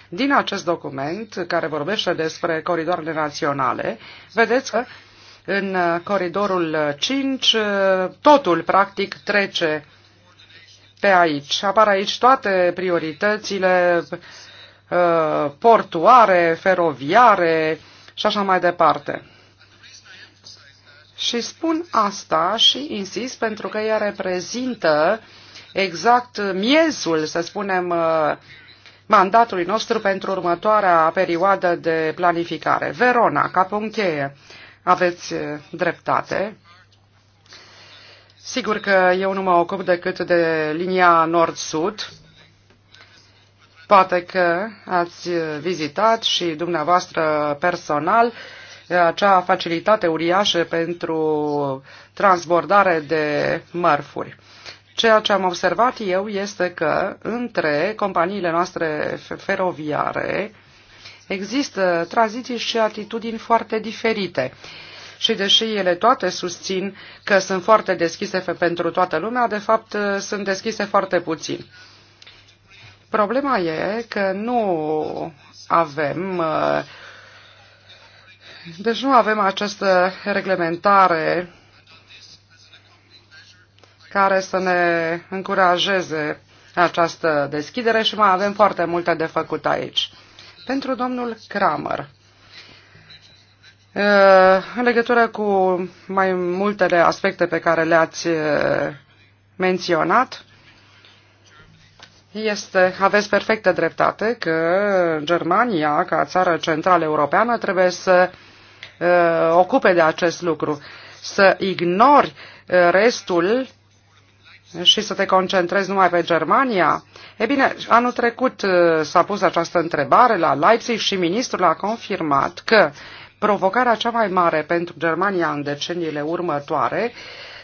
din acest document care vorbește despre coridoarele naționale, vedeți că în coridorul 5 totul practic trece pe aici. Apar aici toate prioritățile uh, portuare, feroviare și așa mai departe. Și spun asta și insist pentru că ea reprezintă exact miezul, să spunem, uh, mandatului nostru pentru următoarea perioadă de planificare. Verona, ca punct cheie, aveți uh, dreptate. Sigur că eu nu mă ocup decât de linia nord-sud. Poate că ați uh, vizitat și dumneavoastră personal uh, acea facilitate uriașă pentru transbordare de mărfuri. Ceea ce am observat eu este că între companiile noastre feroviare există tranziții și atitudini foarte diferite. Și deși ele toate susțin că sunt foarte deschise pentru toată lumea, de fapt sunt deschise foarte puțin. Problema e că nu avem uh, deci nu avem această reglementare care să ne încurajeze această deschidere și mai avem foarte multe de făcut aici. Pentru domnul Kramer, uh, în legătură cu mai multele aspecte pe care le-ați uh, menționat, este, aveți perfectă dreptate că Germania, ca țară centrală europeană, trebuie să uh, uh, ocupe de acest lucru. Să ignori uh, restul și să te concentrezi numai pe Germania? E bine, anul trecut uh, s-a pus această întrebare la Leipzig și ministrul a confirmat că provocarea cea mai mare pentru Germania în deceniile următoare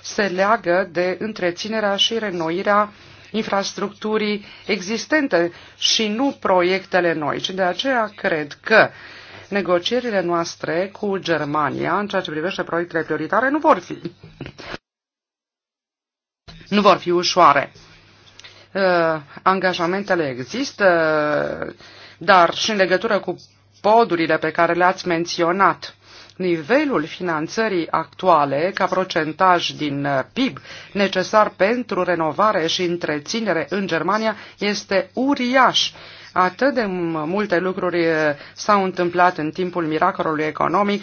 se leagă de întreținerea și renoirea infrastructurii existente și nu proiectele noi. Și de aceea cred că uh, negocierile noastre cu Germania în ceea ce privește proiectele prioritare nu vor fi. Nu vor fi ușoare. Uh, angajamentele există, dar și în legătură cu podurile pe care le-ați menționat, nivelul finanțării actuale ca procentaj din PIB necesar pentru renovare și întreținere în Germania este uriaș Atât de multe lucruri s-au întâmplat în timpul miracolului economic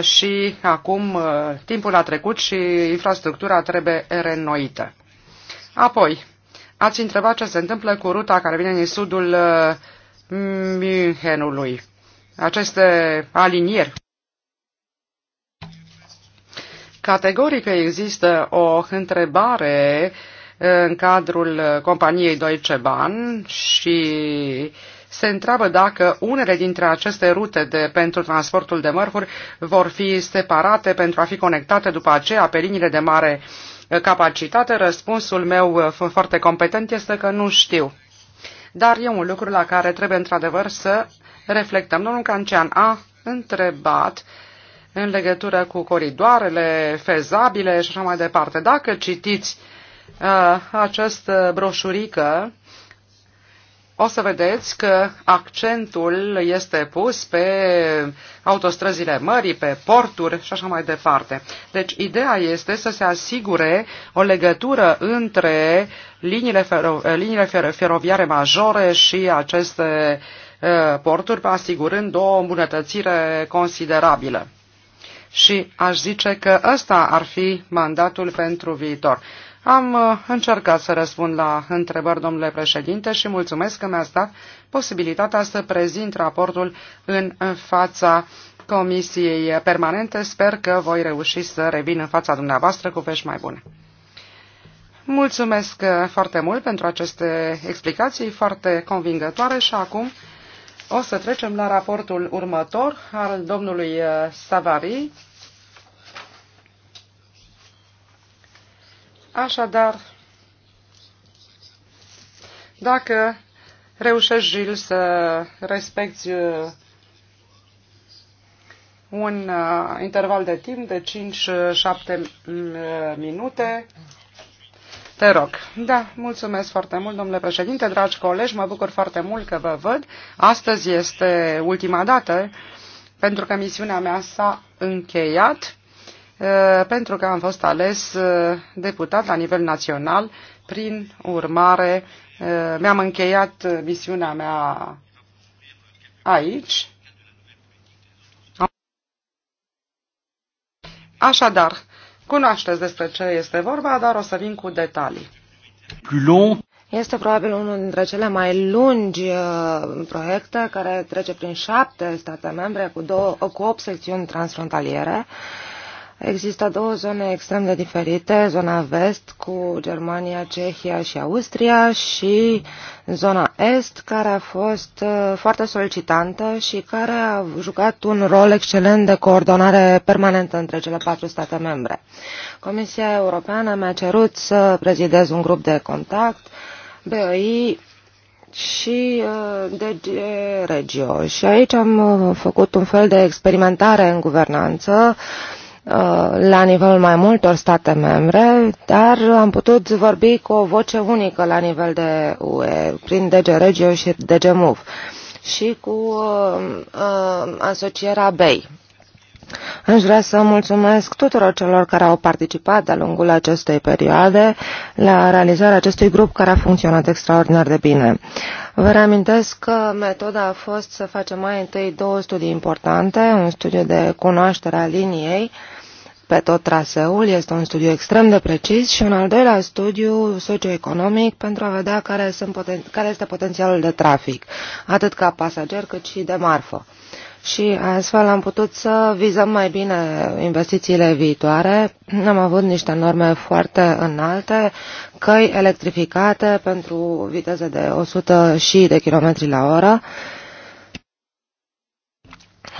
și acum timpul a trecut și infrastructura trebuie reînnoită. Apoi, ați întrebat ce se întâmplă cu ruta care vine din sudul Münchenului. Aceste alinieri. Categoric există o întrebare în cadrul companiei Deutsche Bahn și se întreabă dacă unele dintre aceste rute de, pentru transportul de mărfuri vor fi separate pentru a fi conectate după aceea pe liniile de mare capacitate. Răspunsul meu uh, foarte competent este că nu știu. Dar e un lucru la care trebuie într-adevăr să reflectăm. Domnul Cancean a întrebat în legătură cu coridoarele fezabile și așa mai departe. Dacă citiți uh, Uh, această broșurică, o să vedeți că accentul este pus pe autostrăzile mării, pe porturi și așa mai departe. Deci ideea este să se asigure o legătură între liniile, fero- eh, liniile feroviare majore și aceste eh, porturi, asigurând o îmbunătățire considerabilă. Și aș zice că ăsta ar fi mandatul pentru viitor. Am uh, încercat să răspund la întrebări, domnule președinte, și mulțumesc că mi-ați dat posibilitatea să prezint raportul în fața Comisiei Permanente. Sper că voi reuși să revin în fața dumneavoastră cu vești mai bune. Mulțumesc uh, foarte mult pentru aceste explicații foarte convingătoare și acum o să trecem la raportul următor al domnului uh, Savary Așadar, dacă reușești, Gil, să respecti uh, un uh, interval de timp de 5-7 uh, minute, te rog. Da, mulțumesc foarte mult, domnule președinte, dragi colegi, mă bucur foarte mult că vă văd. Astăzi este ultima dată, pentru că misiunea mea s-a încheiat Eh, pentru că am fost ales eh, deputat la nivel național. Prin urmare, eh, mi-am încheiat misiunea mea aici. Așadar, cunoașteți despre ce este vorba, dar o să vin cu detalii. Este probabil unul dintre cele mai lungi proiecte care trece prin șapte state membre cu, două, cu opt secțiuni transfrontaliere. Există două zone extrem de diferite, zona vest cu Germania, Cehia și Austria și zona est care a fost uh, foarte solicitantă și care a jucat un rol excelent de coordonare permanentă între cele patru state membre. Comisia Europeană mi-a cerut să prezidez un grup de contact, BOI, și uh, DG Regio. Și aici am uh, făcut un fel de experimentare în guvernanță, Uh, la nivelul mai multor state membre, dar am putut vorbi cu o voce unică la nivel de UE, prin DG Regio și DG Move și cu uh, uh asocierea BEI Aș vrea să mulțumesc tuturor celor care au participat de-a lungul acestei perioade la realizarea acestui grup care a funcționat extraordinar de bine. Vă reamintesc că metoda a fost să facem mai întâi două studii importante, un studiu de cunoaștere a liniei, pe tot traseul, este un studiu extrem de precis și un al doilea studiu socioeconomic pentru a vedea care, sunt, care este potențialul de trafic, atât ca pasager cât și de marfă și astfel am putut să vizăm mai bine investițiile viitoare. Am avut niște norme foarte înalte, căi electrificate pentru viteze de 100 și de kilometri la oră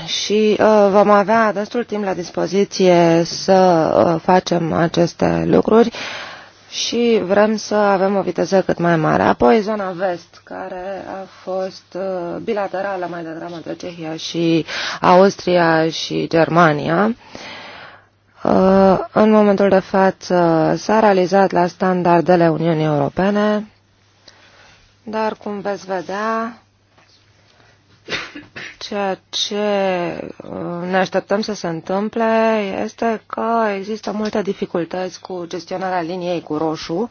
și uh, vom avea destul timp la dispoziție să uh, facem aceste lucruri. Uh, și vrem să avem o viteză cât mai mare. Apoi zona vest, care a fost uh, bilaterală mai degrabă între Cehia și Austria și Germania. Uh, în momentul de față s-a realizat la standardele Uniunii Europene, dar cum veți vedea, Ceea ce uh, ne așteptăm să se întâmple este că există multe dificultăți cu gestionarea liniei cu roșu,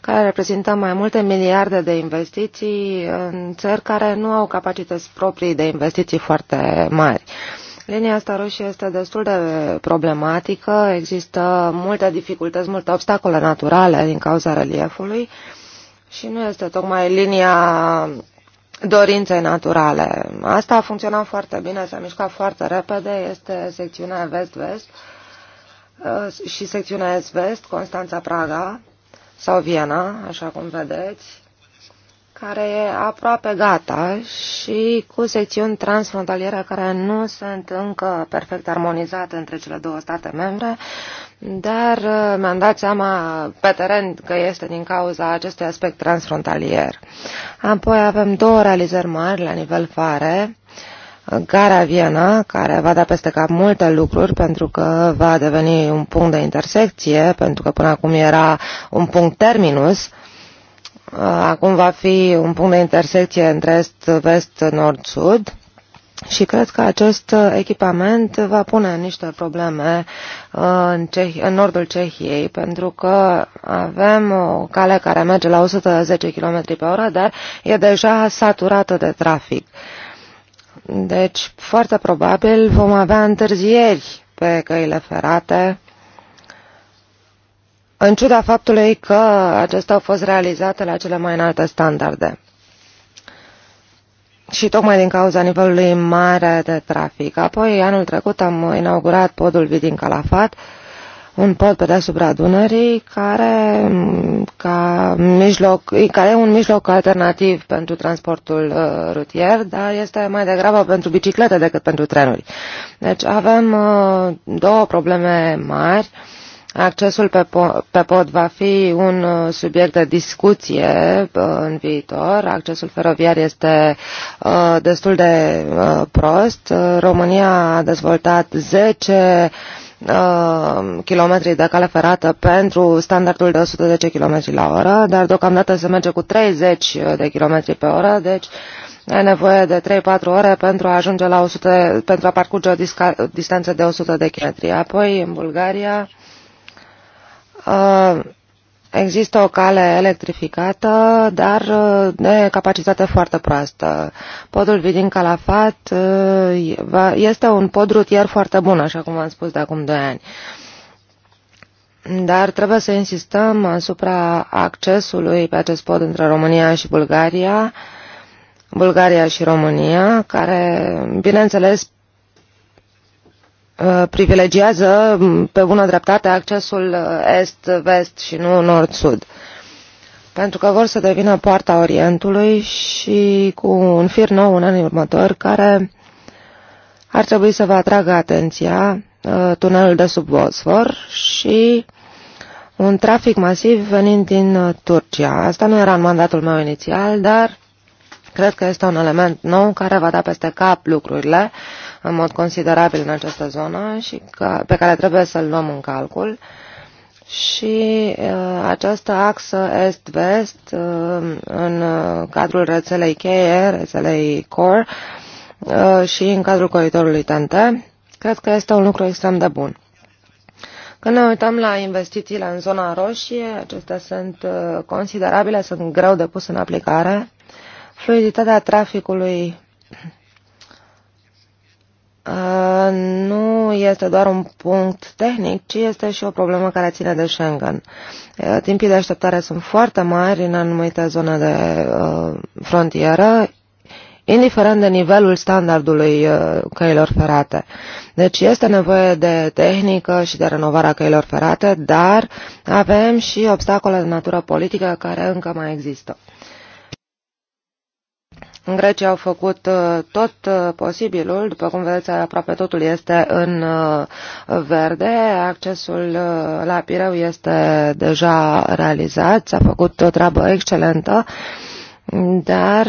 care reprezintă mai multe miliarde de investiții în țări care nu au capacități proprii de investiții foarte mari. Linia asta roșie este destul de problematică, există multe dificultăți, multe obstacole naturale din cauza reliefului și nu este tocmai linia dorințe naturale. Asta a funcționat foarte bine, s-a mișcat foarte repede, este secțiunea vest-vest uh, și secțiunea est-vest, Constanța-Praga sau Viena, așa cum vedeți, care e aproape gata și cu secțiuni transfrontaliere care nu sunt încă perfect armonizate între cele două state membre, dar uh, mi-am dat seama pe teren că este din cauza acestui aspect transfrontalier. Apoi avem două realizări mari la nivel fare, Gara Viena, care va da peste cap multe lucruri pentru că va deveni un punct de intersecție, pentru că până acum era un punct terminus, uh, acum va fi un punct de intersecție între est, vest, nord, sud. Și cred că acest echipament va pune niște probleme uh, în, Cehi- în nordul Cehiei, pentru că avem o cale care merge la 110 km pe oră, dar e deja saturată de trafic. Deci, foarte probabil vom avea întârzieri pe căile ferate în ciuda faptului că acestea au fost realizate la cele mai înalte standarde și tocmai din cauza nivelului mare de trafic. Apoi, anul trecut am inaugurat podul Vidin Calafat, un pod pe deasupra Dunării, care, ca mijloc, care e un mijloc alternativ pentru transportul uh, rutier, dar este mai degrabă pentru biciclete decât pentru trenuri. Deci avem uh, două probleme mari. Uh, Accesul pe, po- pe pod va fi un uh, subiect de discuție uh, în viitor. Accesul feroviar este uh, destul de prost. România a dezvoltat 10 kilometri de cale ferată pentru standardul de 110 km la oră, dar deocamdată se merge cu 30 de km pe oră, deci ai nevoie de 3-4 ore pentru a ajunge la 100, pentru a parcurge o distanță de 100 de km. Apoi, în Bulgaria, Uh, există o cale electrificată, dar de uh, capacitate foarte proastă. Podul Vidin Calafat uh, este un pod rutier foarte bun, așa cum am spus de acum 2 ani. Dar trebuie să insistăm asupra accesului pe acest pod între România și Bulgaria, Bulgaria și România, care, bineînțeles, Uh, privilegiază mm, pe bună dreptate accesul uh, est-vest și nu nord-sud. Pentru că vor să devină poarta Orientului și cu un fir nou în anii următori care ar trebui să vă atragă atenția uh, tunelul de sub Bosfor și un trafic masiv venind din Turcia. Asta nu era în mandatul meu inițial, dar cred că este un element nou care va da peste cap lucrurile uh, în mod considerabil în această zonă și că, pe care trebuie să-l luăm în calcul. Și uh, această axă est-vest uh, în uh, cadrul rețelei cheie, rețelei core uh, și în cadrul coridorului TNT, cred că este un lucru extrem de bun. Când ne uităm la investițiile în zona roșie, acestea sunt uh, considerabile, sunt greu de pus în aplicare. Fluiditatea traficului Uh, nu este doar un punct tehnic, ci este și o problemă care ține de Schengen. Uh, timpii de așteptare sunt foarte mari în anumite zone de uh, frontieră, indiferent de nivelul standardului căilor ferate. Deci este nevoie de tehnică și de renovarea căilor ferate, dar avem și obstacole de natură politică care încă mai există. În Grecia au făcut uh, tot uh, posibilul, după cum vedeți, aproape totul este în uh, verde, accesul la Pireu este deja realizat, s-a făcut o treabă excelentă. Dar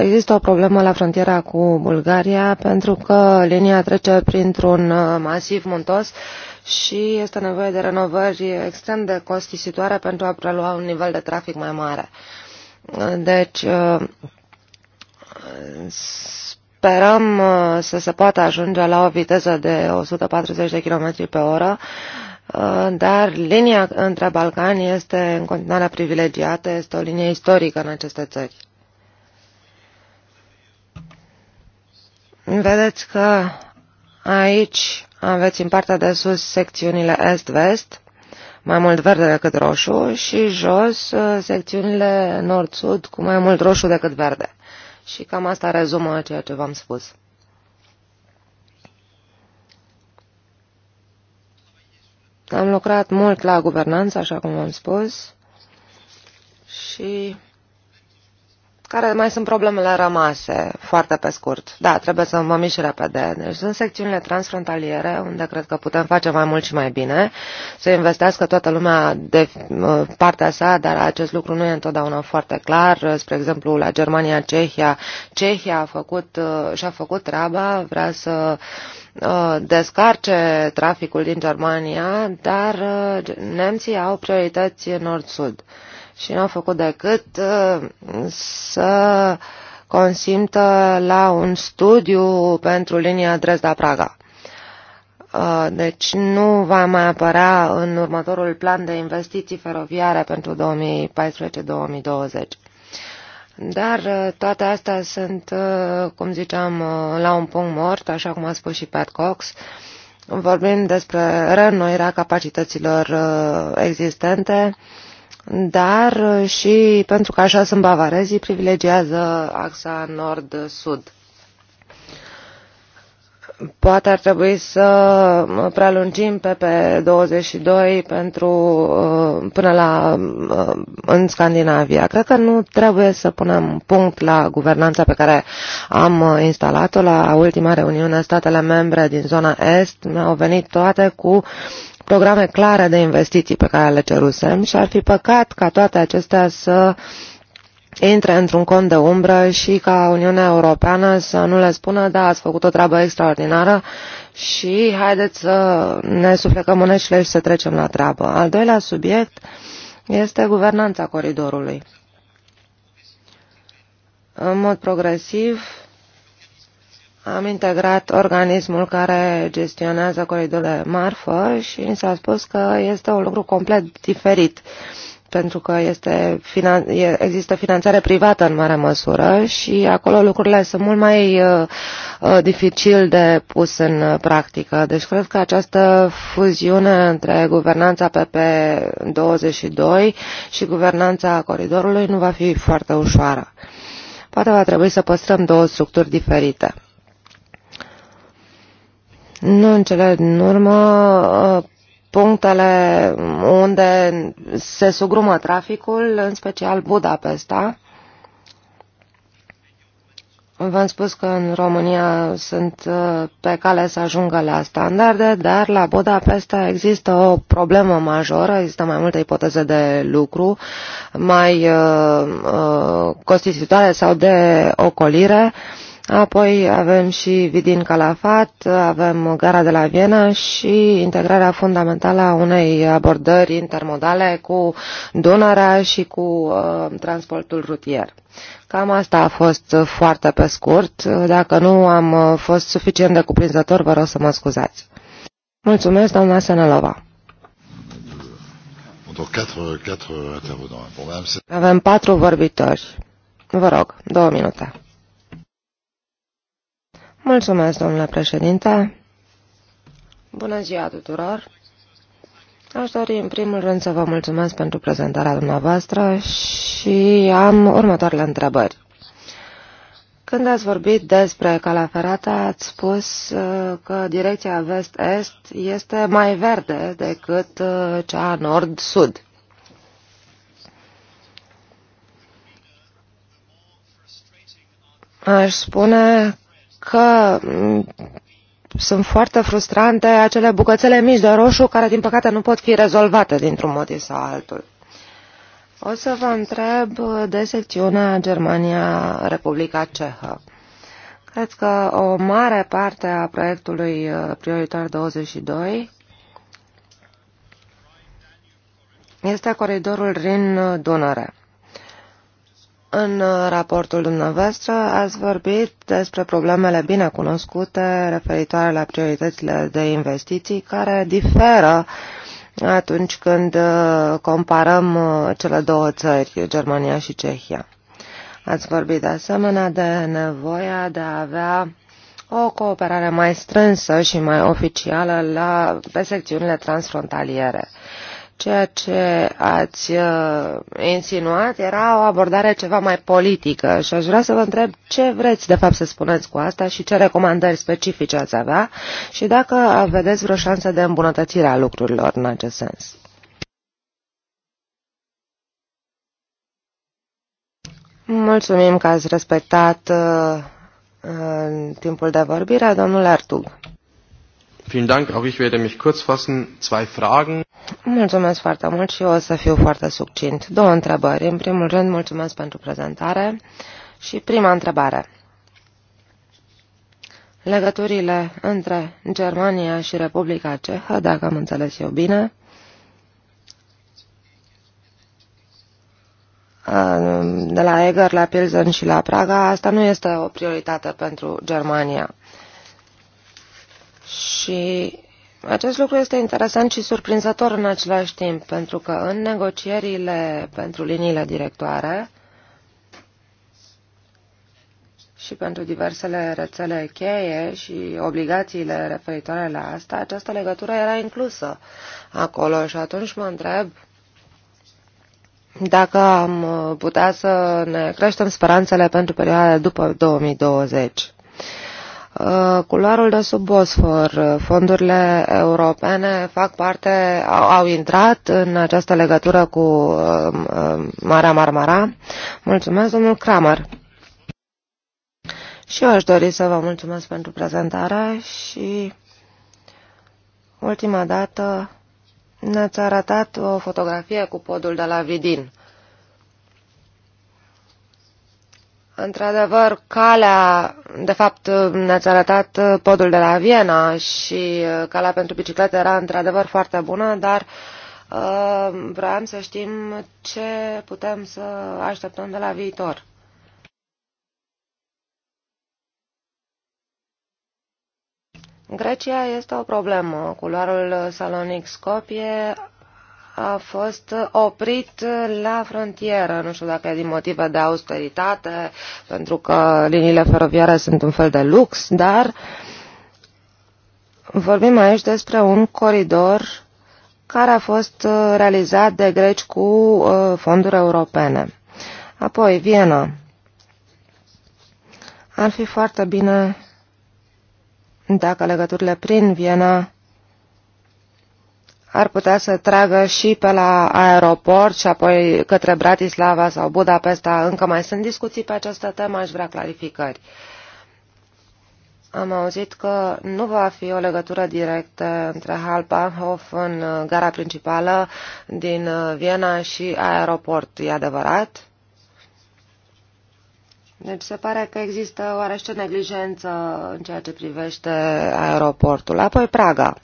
există o problemă la frontiera cu Bulgaria pentru că linia trece printr-un masiv muntos și este nevoie de renovări extrem de costisitoare pentru a prelua un nivel de trafic mai mare. Deci, sperăm uh, să se poată ajunge la o viteză de 140 de km pe oră, uh, dar linia între Balcani este în continuare privilegiată, este o linie istorică în aceste țări. Vedeți că aici aveți în partea de sus secțiunile est-vest, mai mult verde decât roșu, și jos uh, secțiunile nord-sud cu mai mult roșu decât verde. Și cam asta rezumă ceea ce v-am spus. Am lucrat mult la guvernanță, așa cum v am spus, și care mai sunt problemele rămase, foarte pe scurt. Da, trebuie să mă mișc repede. Deci sunt secțiunile transfrontaliere, unde cred că putem face mai mult și mai bine, să investească toată lumea de partea sa, dar acest lucru nu e întotdeauna foarte clar. Spre exemplu, la Germania, Cehia, Cehia a făcut, și-a făcut treaba, vrea să descarce traficul din Germania, dar nemții au priorități nord-sud. Uh, și n-au făcut decât uh, să consimtă la un studiu pentru linia Dresda-Praga. Uh, deci nu va mai apărea în următorul plan de investiții feroviare pentru 2014-2020. Dar uh, toate astea sunt, cum ziceam, la un punct mort, așa cum a spus și Pat Cox. Vorbim despre reînnoirea capacităților existente, dar uh, și pentru că așa sunt bavarezii, privilegiază axa nord-sud. Poate ar trebui să uh, prelungim pe 22 pentru, uh, până la, în Scandinavia. Cred că nu trebuie să punem punct la guvernanța pe care am instalat-o la ultima reuniune. Statele membre din zona Est mi-au venit toate cu programe clare de investiții pe care le cerusem și ar fi păcat ca toate acestea să intre într-un cont de umbră și ca Uniunea Europeană să nu le spună da, ați făcut o treabă extraordinară și haideți să ne suflecăm mâneșile și să trecem la treabă. Al doilea subiect este guvernanța coridorului. În mod progresiv, am integrat organismul care gestionează coridurile marfă și mi s-a spus că este un lucru complet diferit pentru că este, există finanțare privată în mare măsură și acolo lucrurile sunt mult mai uh, uh, dificil de pus în uh, practică. Deci cred că această fuziune între guvernanța PP22 și guvernanța coridorului nu va fi foarte ușoară. Poate va trebui să păstrăm două structuri diferite. Nu în cele din urmă, uh, punctele unde se sugrumă traficul, în special Budapesta. V-am spus că în România sunt uh, pe cale să ajungă la standarde, dar la Budapesta există o problemă majoră, există mai multe ipoteze de lucru mai uh, uh, costisitoare sau de ocolire. Uh, Apoi avem și Vidin Calafat, avem gara de la Viena și integrarea fundamentală a unei abordări intermodale cu Dunărea și cu uh, transportul rutier. Cam asta a fost foarte pe scurt. Dacă nu am uh, fost suficient de cuprinzător, vă rog să mă scuzați. Mulțumesc, doamna Senelova. Avem patru vorbitori. Vă rog, două minute. Mulțumesc, domnule președinte. Bună ziua tuturor. Aș dori în primul rând să vă mulțumesc pentru prezentarea dumneavoastră și am următoarele întrebări. Când ați vorbit despre calea ferată, ați spus uh, că direcția vest-est este mai verde decât uh, cea nord-sud. Aș spune că mm, sunt foarte frustrante acele bucățele mici de roșu care, din păcate, nu pot fi rezolvate dintr-un mod sau altul. O să vă întreb de secțiunea Germania-Republica Cehă. Cred că o mare parte a proiectului uh, Prioritar 22 este coridorul Rin-Dunăre. În raportul dumneavoastră ați vorbit despre problemele bine cunoscute referitoare la prioritățile de investiții care diferă atunci când uh, comparăm uh, cele două țări, Germania și Cehia. Ați vorbit de asemenea de nevoia de a avea o cooperare mai strânsă și mai oficială la, pe secțiunile transfrontaliere. Uh, Ceea ce ați uh, insinuat era o abordare ceva mai politică și aș vrea să vă întreb ce vreți de fapt să spuneți cu asta și ce recomandări specifice ați avea și dacă vedeți vreo șansă de îmbunătățire a lucrurilor în acest sens. Mulțumim că ați respectat uh, timpul de vorbire, domnule Artug. Vielen Dank, auch ich werde mich kurz fassen. Zwei Fragen. Mulțumesc foarte mult și eu o să fiu foarte succint. Două întrebări. În primul rând, mulțumesc pentru prezentare. Și prima întrebare. Legăturile între Germania și Republica Cehă, dacă am înțeles eu bine, de la Eger la Pilsen și la Praga, asta nu este o prioritate pentru Germania. Și acest lucru este interesant și surprinzător în același timp, pentru că în negocierile pentru liniile directoare și pentru diversele rețele cheie și obligațiile referitoare la asta, această legătură era inclusă acolo și atunci mă întreb dacă am putea să ne creștem speranțele pentru perioada după 2020 Uh, culoarul de sub Bosfor, uh, fondurile europene fac parte, au, au intrat în această legătură cu uh, Marea Marmara. Mulțumesc, domnul Kramer. Și eu aș dori să vă mulțumesc pentru prezentare și ultima dată ne-ați arătat o fotografie cu podul de la Vidin. Într-adevăr, calea, de fapt, ne-ați arătat podul de la Viena și uh, calea pentru biciclete era într-adevăr foarte bună, dar uh, vreau să știm ce putem să așteptăm de la viitor. Grecia este o problemă. Culoarul Salonic Scopie a fost oprit la frontieră. Nu știu dacă e din motive de austeritate, pentru că liniile feroviare sunt un fel de lux, dar vorbim aici despre un coridor care a fost realizat de greci cu uh, fonduri europene. Apoi, Viena. Ar fi foarte bine dacă legăturile prin Viena ar putea să tragă și pe la aeroport și apoi către Bratislava sau Budapesta. Încă mai sunt discuții pe această temă, aș vrea clarificări. Am auzit că nu va fi o legătură directă între Halbahnhof în uh, gara principală din uh, Viena și aeroport. E adevărat? Deci se pare că există oarește neglijență în ceea ce privește aeroportul. Apoi Praga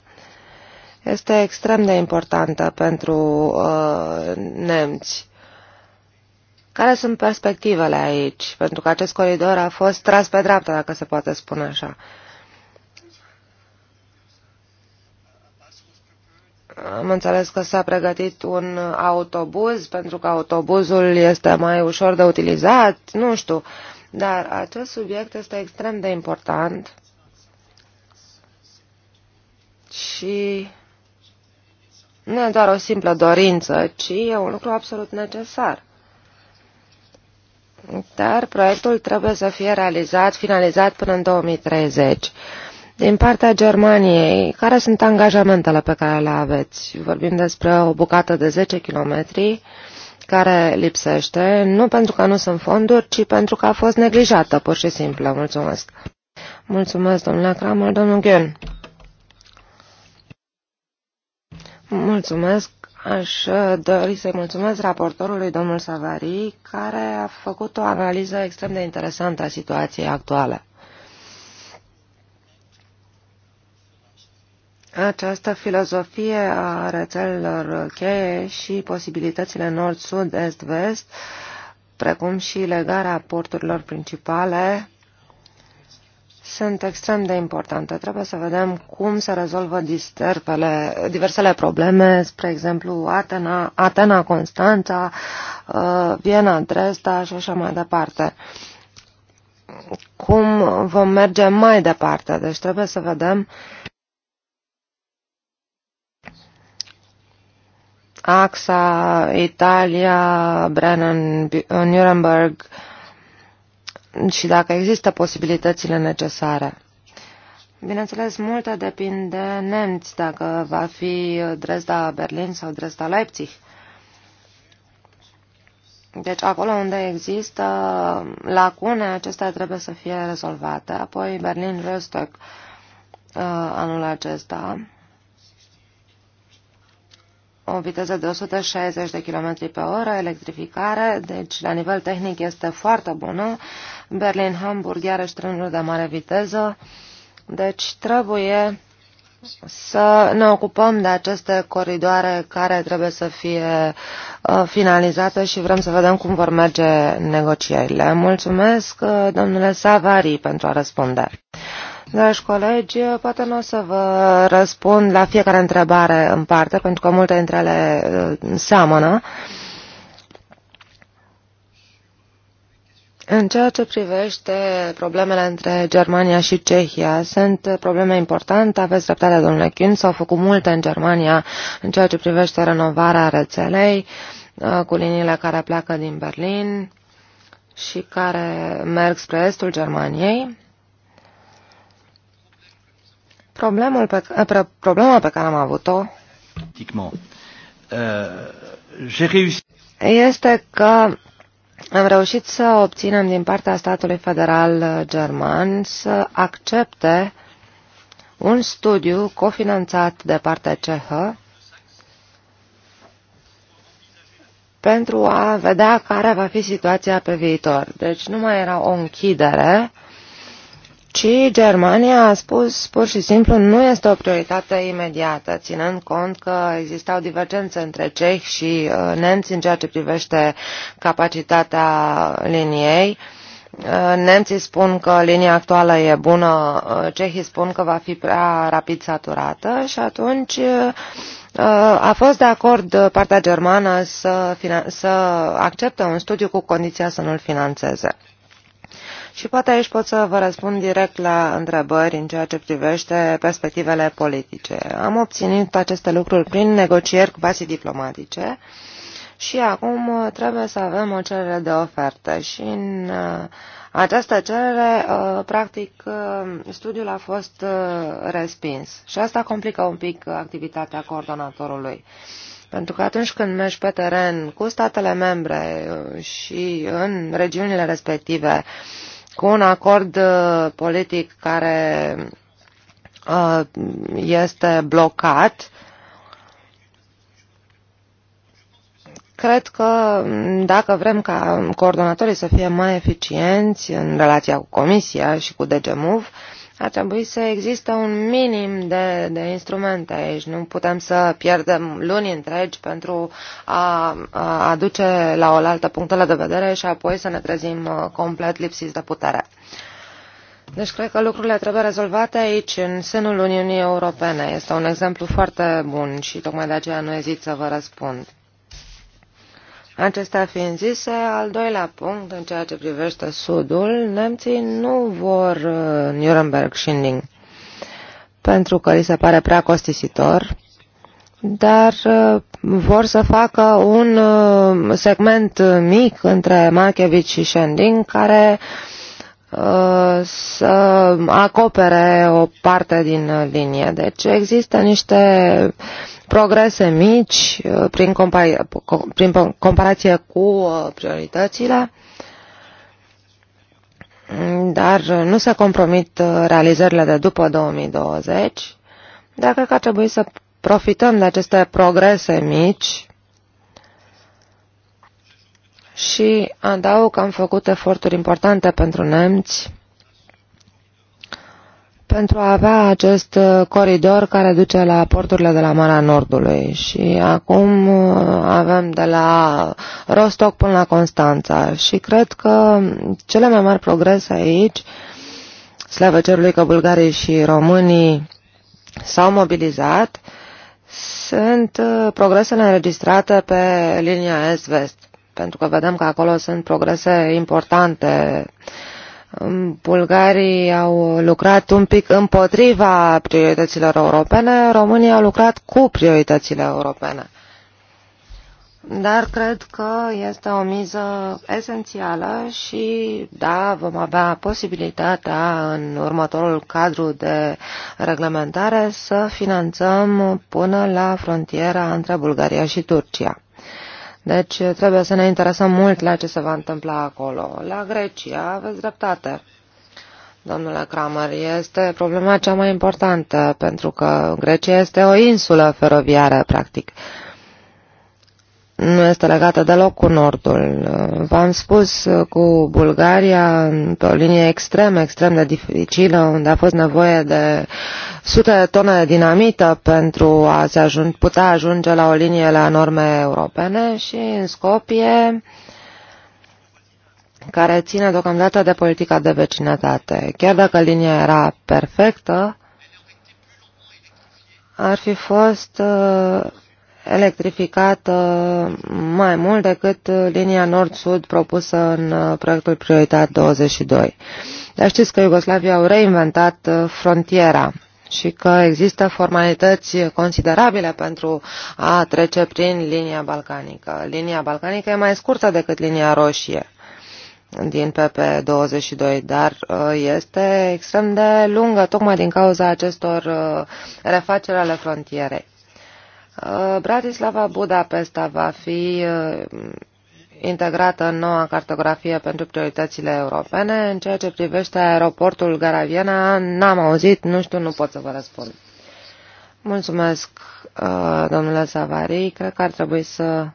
este extrem de importantă pentru uh, nemți. Care sunt perspectivele aici? Pentru că acest coridor a fost tras pe dreapta, dacă se poate spune așa. Am înțeles că s-a pregătit un autobuz, pentru că autobuzul este mai ușor de utilizat, nu știu. Dar acest subiect este extrem de important și nu e doar o simplă dorință, ci e un lucru absolut necesar. Dar proiectul trebuie să fie realizat, finalizat până în 2030. Din partea Germaniei, care sunt angajamentele pe care le aveți? Vorbim despre o bucată de 10 kilometri care lipsește, nu pentru că nu sunt fonduri, ci pentru că a fost neglijată, pur și simplu. Mulțumesc. Mulțumesc, domnule Kramer, domnul Ghen. Mulțumesc. Aș uh, dori să-i mulțumesc raportorului domnul Savari, care a făcut o analiză extrem de interesantă a situației actuale. Această filozofie a rețelelor cheie și posibilitățile nord-sud, est-vest, precum și legarea porturilor principale, sunt extrem de importante. Trebuie să vedem cum se rezolvă disterpele, diversele probleme, spre exemplu Atena, Atena Constanța, uh, Viena, Dresda și așa mai departe. Cum vom merge mai departe? Deci trebuie să vedem AXA, Italia, Brennan, Nuremberg, uh, și dacă există posibilitățile necesare. Bineînțeles, multe depinde nemți, dacă va fi Dresda Berlin sau Dresda Leipzig. Deci acolo unde există lacune, acestea trebuie să fie rezolvate. Apoi Berlin-Rostock uh, anul acesta, o viteză de 160 de km pe oră, electrificare, deci la nivel tehnic este foarte bună. Berlin-Hamburg, iarăși trenul de mare viteză. Deci trebuie să ne ocupăm de aceste coridoare care trebuie să fie uh, finalizate și vrem să vedem cum vor merge negocierile. Mulțumesc, uh, domnule Savari, pentru a răspunde. Dragi colegi, poate nu o să vă răspund la fiecare întrebare în parte, pentru că multe dintre ele uh, seamănă. Uh, În ceea ce privește problemele între Germania și Cehia, sunt probleme importante, aveți dreptate, domnule Kuhn, s-au făcut multe în Germania în ceea ce privește renovarea rețelei uh, cu liniile care pleacă din Berlin și care merg spre estul Germaniei. Problemul pe, uh, problema pe care am avut-o euh, este că am reușit să obținem din partea statului federal uh, german să accepte un studiu cofinanțat de partea cehă pentru a vedea care va fi situația pe viitor. Deci nu mai era o închidere, ci Germania a spus pur și simplu nu este o prioritate imediată, ținând cont că existau divergențe între cehi și uh, nemți în ceea ce privește capacitatea liniei. Uh, nemții spun că linia actuală e bună, uh, cehii spun că va fi prea rapid saturată și atunci a fost de acord partea germană să, să accepte un studiu cu condiția să nu-l financeze. Și poate aici pot să vă răspund direct la întrebări în ceea ce privește perspectivele politice. Am obținut aceste lucruri prin negocieri cu bații diplomatice și acum trebuie să avem o cerere de ofertă și în uh, această cerere, uh, practic, uh, studiul a fost respins și asta complică un pic activitatea coordonatorului. Pentru că atunci când mergi pe teren cu statele membre și în regiunile respective, cu un acord uh, politic care uh, este blocat, cred că dacă vrem ca coordonatorii să fie mai eficienți în relația cu Comisia și cu DGMUV, ar trebui să existe un minim de, de instrumente aici. Nu putem să pierdem luni întregi pentru a, a aduce la oaltă punctele de vedere și apoi să ne trezim uh, complet lipsiți de putere. Deci cred că lucrurile trebuie rezolvate aici, în sânul Uniunii Europene. Este un exemplu foarte bun și tocmai de aceea nu ezit să vă răspund. Acesta fiind zis, al doilea punct în ceea ce privește Sudul, nemții nu vor uh, Nuremberg Schindling pentru că li se pare prea costisitor, dar uh, vor să facă un uh, segment mic între Markevici și Schending care uh, Uh, să acopere o parte din uh, linie. Deci există niște progrese mici uh, prin, compar prin comparație cu prioritățile, dar nu se compromit realizările de după 2020, dar cred că ar trebui să profităm de aceste progrese mici și adaug că am făcut eforturi importante pentru nemți pentru a avea acest uh, coridor care duce la porturile de la Marea Nordului și acum uh, avem de la Rostock până la Constanța și cred că cele mai mari progrese aici, slavă cerului că bulgarii și românii s-au mobilizat, sunt uh, progresele înregistrate pe linia est-vest pentru că vedem că acolo sunt progrese importante. Bulgarii au lucrat un pic împotriva priorităților europene, România au lucrat cu prioritățile europene. Dar cred că este o miză esențială și, da, vom avea posibilitatea în următorul cadru de reglementare să finanțăm până la frontiera între Bulgaria și Turcia. Deci eh, trebuie să ne interesăm mult la ce se va întâmpla acolo. La Grecia aveți dreptate. Domnule Kramer, este problema cea mai importantă, pentru că Grecia este o insulă feroviară, practic. Uh, nu este legată deloc cu Nordul. V-am spus uh, cu Bulgaria, pe o linie extrem, extrem de dificilă, unde a fost nevoie de sute de tone de dinamită pentru a se ajunge, putea ajunge la o linie la norme europene și în Scopie care ține deocamdată de politica de vecinătate. Chiar dacă linia era perfectă, ar fi fost uh, electrificată mai mult decât linia nord-sud propusă în uh, proiectul Prioritat 22. Dar știți că Iugoslavia au reinventat uh, frontiera și că există formalități considerabile pentru a trece prin linia balcanică. Linia balcanică e mai scurtă decât linia roșie din PP22, dar uh, este extrem de lungă tocmai din cauza acestor refaceri ale frontierei. Uh, Bratislava Budapesta va fi uh, integrată în noua cartografie pentru prioritățile europene. În ceea ce privește aeroportul Garaviena, n-am auzit, nu știu, nu pot să vă răspund. Mulțumesc, uh, domnule Savari. Cred că ar trebui să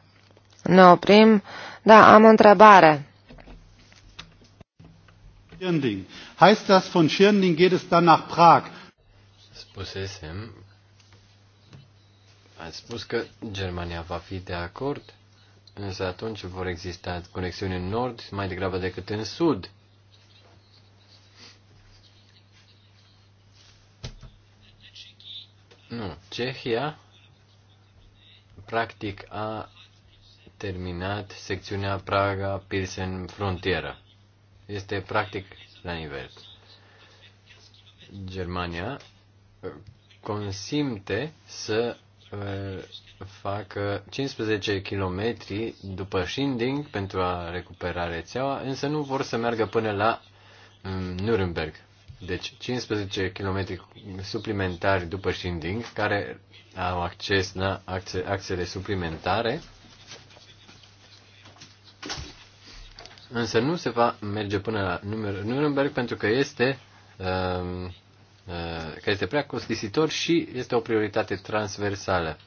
ne oprim. Da, am o întrebare. Heißt das, von Schirnding geht es dann nach Prag? Spusesem Ați spus că Germania va fi de acord, însă atunci vor exista conexiuni în nord mai degrabă decât în sud. Nu, Cehia practic a terminat secțiunea Praga-Pilsen frontieră. Este practic la nivel. Germania consimte să facă 15 km după Schinding pentru a recupera rețeaua, însă nu vor să meargă până la mm, Nuremberg. Deci 15 km suplimentari după Schinding, care au acces la axe, axele suplimentare, însă nu se va merge până la Nuremberg pentru că este mm, Uh, care este prea costisitor și este o prioritate transversală.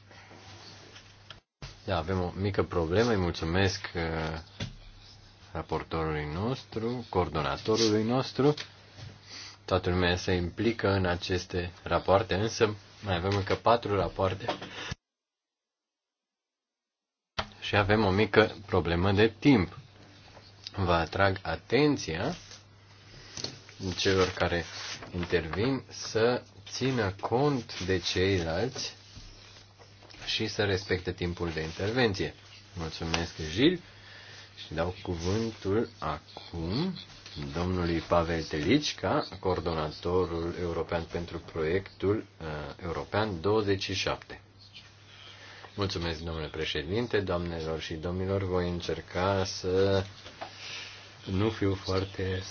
Da, avem o mică problemă. Îi mulțumesc uh, raportorului nostru, coordonatorului nostru. Toată lumea se implică în aceste rapoarte, însă mai avem încă patru rapoarte și avem o mică problemă de timp. Vă atrag atenția celor care intervin să țină cont de ceilalți și să respecte timpul de intervenție. Mulțumesc, Jil, și dau cuvântul acum domnului Pavel Telicca, coordonatorul european pentru proiectul uh, european 27. Mulțumesc, domnule președinte, doamnelor și domnilor, voi încerca să nu fiu foarte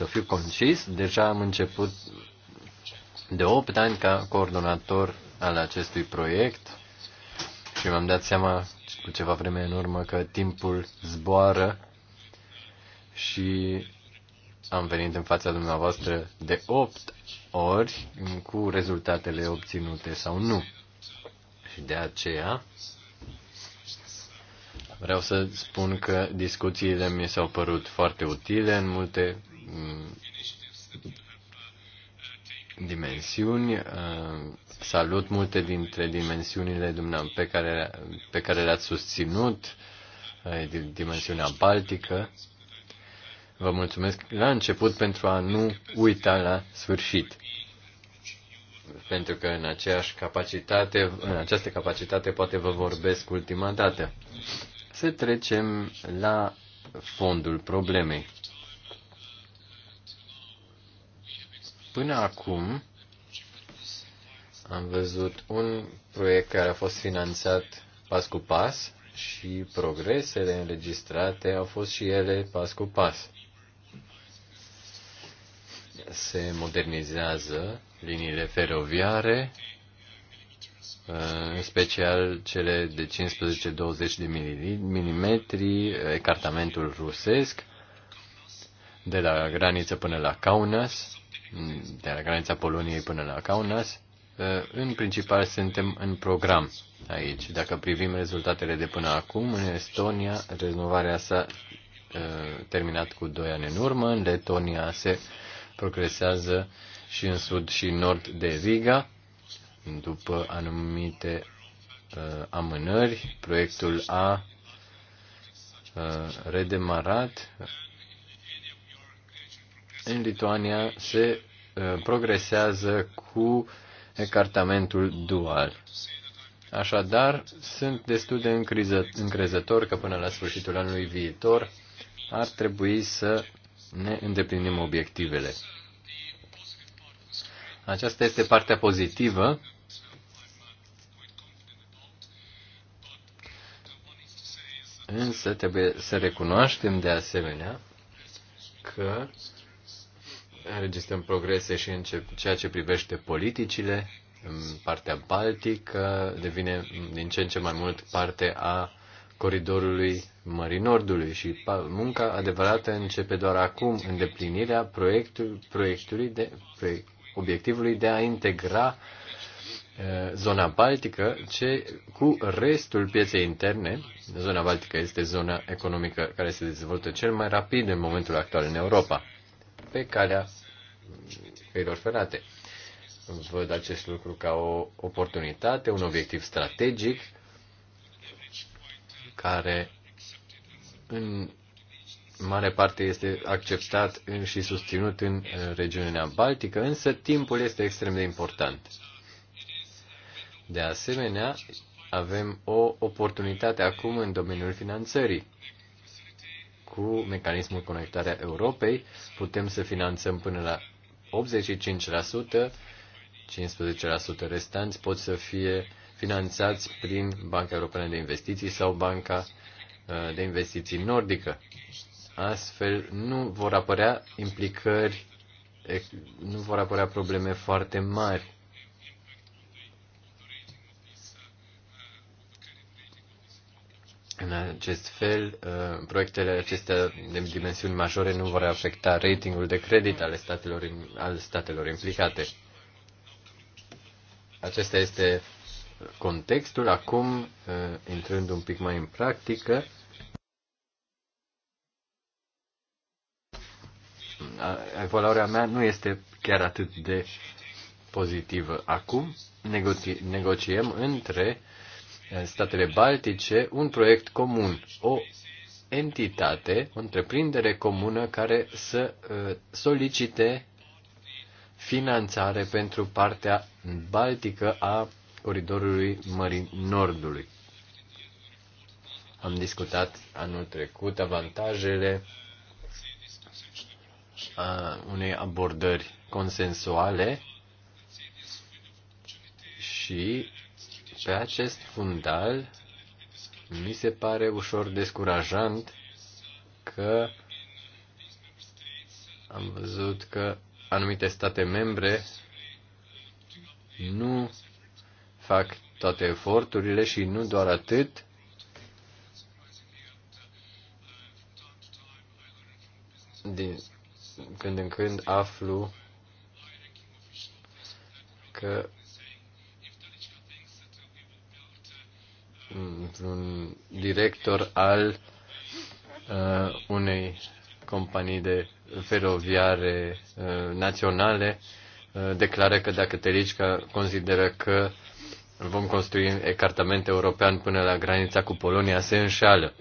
să fiu concis, deja am început de 8 ani ca coordonator al acestui proiect și mi-am dat seama cu ceva vreme în urmă că timpul zboară și am venit în fața dumneavoastră de 8 ori cu rezultatele obținute sau nu. Și de aceea vreau să spun că discuțiile mi s-au părut foarte utile în multe Mm, dimensiuni. Uh, salut multe dintre dimensiunile pe care, pe care le-ați susținut, uh, dimensiunea baltică. Vă mulțumesc la început pentru a nu uita la sfârșit. Pentru că în aceeași capacitate, în această capacitate poate vă vorbesc ultima dată. Să trecem la fondul problemei. Până acum am văzut un proiect care a fost finanțat pas cu pas și progresele înregistrate au fost și ele pas cu pas. Se modernizează liniile feroviare, în special cele de 15-20 de milimetri, ecartamentul rusesc, de la graniță până la Kaunas, de la granița Poloniei până la Kaunas, ă, în principal suntem în program aici. Dacă privim rezultatele de până acum, în Estonia renovarea s-a ă, terminat cu 2 ani în urmă, în Letonia se progresează și în sud și în nord de Riga, după anumite uh, amânări, proiectul a uh, redemarat în Lituania se uh, progresează cu ecartamentul dual. Așadar, sunt destul de încrezător că până la sfârșitul anului viitor ar trebui să ne îndeplinim obiectivele. Aceasta este partea pozitivă. Însă trebuie să recunoaștem de asemenea că Înregistrăm progrese și în ceea ce privește politicile. În partea baltică devine din ce în ce mai mult parte a coridorului Mării Nordului și munca adevărată începe doar acum îndeplinirea proiectului, proiectului de, proiect, obiectivului de a integra zona baltică ce, cu restul pieței interne. Zona baltică este zona economică care se dezvoltă cel mai rapid în momentul actual în Europa pe calea căilor ferate. Văd acest lucru ca o oportunitate, un obiectiv strategic care în mare parte este acceptat și susținut în uh, regiunea Baltică, însă timpul este extrem de important. De asemenea, avem o oportunitate acum în domeniul finanțării cu mecanismul conectarea Europei putem să finanțăm până la 85%, 15% restanți pot să fie finanțați prin Banca Europeană de Investiții sau Banca uh, de Investiții Nordică. Astfel nu vor apărea implicări, nu vor apărea probleme foarte mari În acest fel, uh, proiectele acestea de dimensiuni majore nu vor afecta ratingul de credit al statelor, al statelor implicate. Acesta este contextul. Acum, uh, intrând un pic mai în practică, evaluarea mea nu este chiar atât de pozitivă. Acum negociem între în statele baltice un proiect comun, o entitate, o întreprindere comună care să uh, solicite finanțare pentru partea baltică a coridorului Mării Nordului. Am discutat anul trecut avantajele a unei abordări consensuale și pe acest fundal, mi se pare ușor descurajant că am văzut că anumite state membre nu fac toate eforturile și nu doar atât, din când în când aflu că într-un director al uh, unei companii de feroviare uh, naționale uh, declară că dacă Terișca consideră că vom construi ecartament european până la granița cu Polonia, se înșală.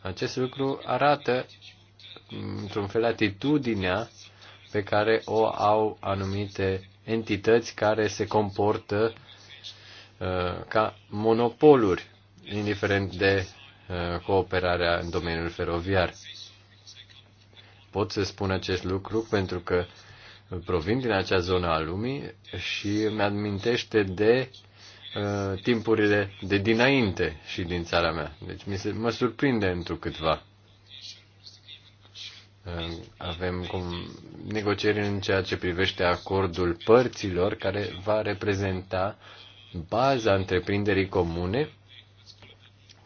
Acest lucru arată, într-un fel, atitudinea pe care o au anumite entități care se comportă uh, Uh, ca monopoluri, indiferent de uh, cooperarea în domeniul feroviar. Pot să spun acest lucru pentru că provin din acea zonă a lumii și îmi amintește de uh, timpurile de dinainte și din țara mea. Deci mi se, mă surprinde întrucâtva. câtva. avem cum, negocieri în ceea ce privește acordul părților care va reprezenta baza întreprinderii comune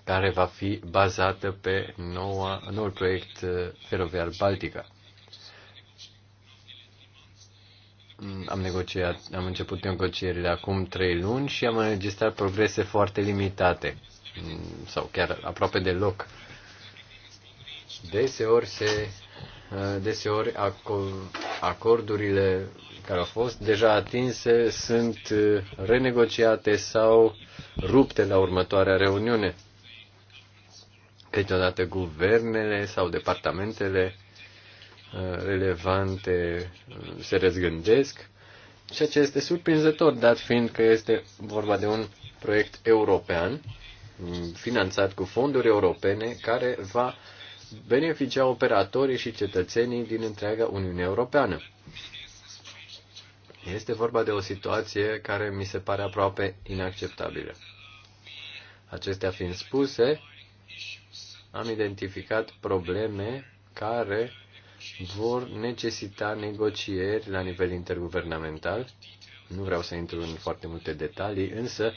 care va fi bazată pe noua, noul proiect uh, feroviar Baltica. Mm, am, negociat, am început negocierile acum trei luni și am înregistrat progrese foarte limitate mm, sau chiar aproape deloc. Deseori se uh, deseori acordurile care au fost deja atinse sunt uh, renegociate sau rupte la următoarea reuniune. Câteodată guvernele sau departamentele uh, relevante uh, se răzgândesc, ceea ce este surprinzător, dat fiind că este vorba de un proiect european finanțat cu fonduri europene care va beneficia operatorii și cetățenii din întreaga Uniune Europeană. Este vorba de o situație care mi se pare aproape inacceptabilă. Acestea fiind spuse, am identificat probleme care vor necesita negocieri la nivel interguvernamental. Nu vreau să intru în foarte multe detalii, însă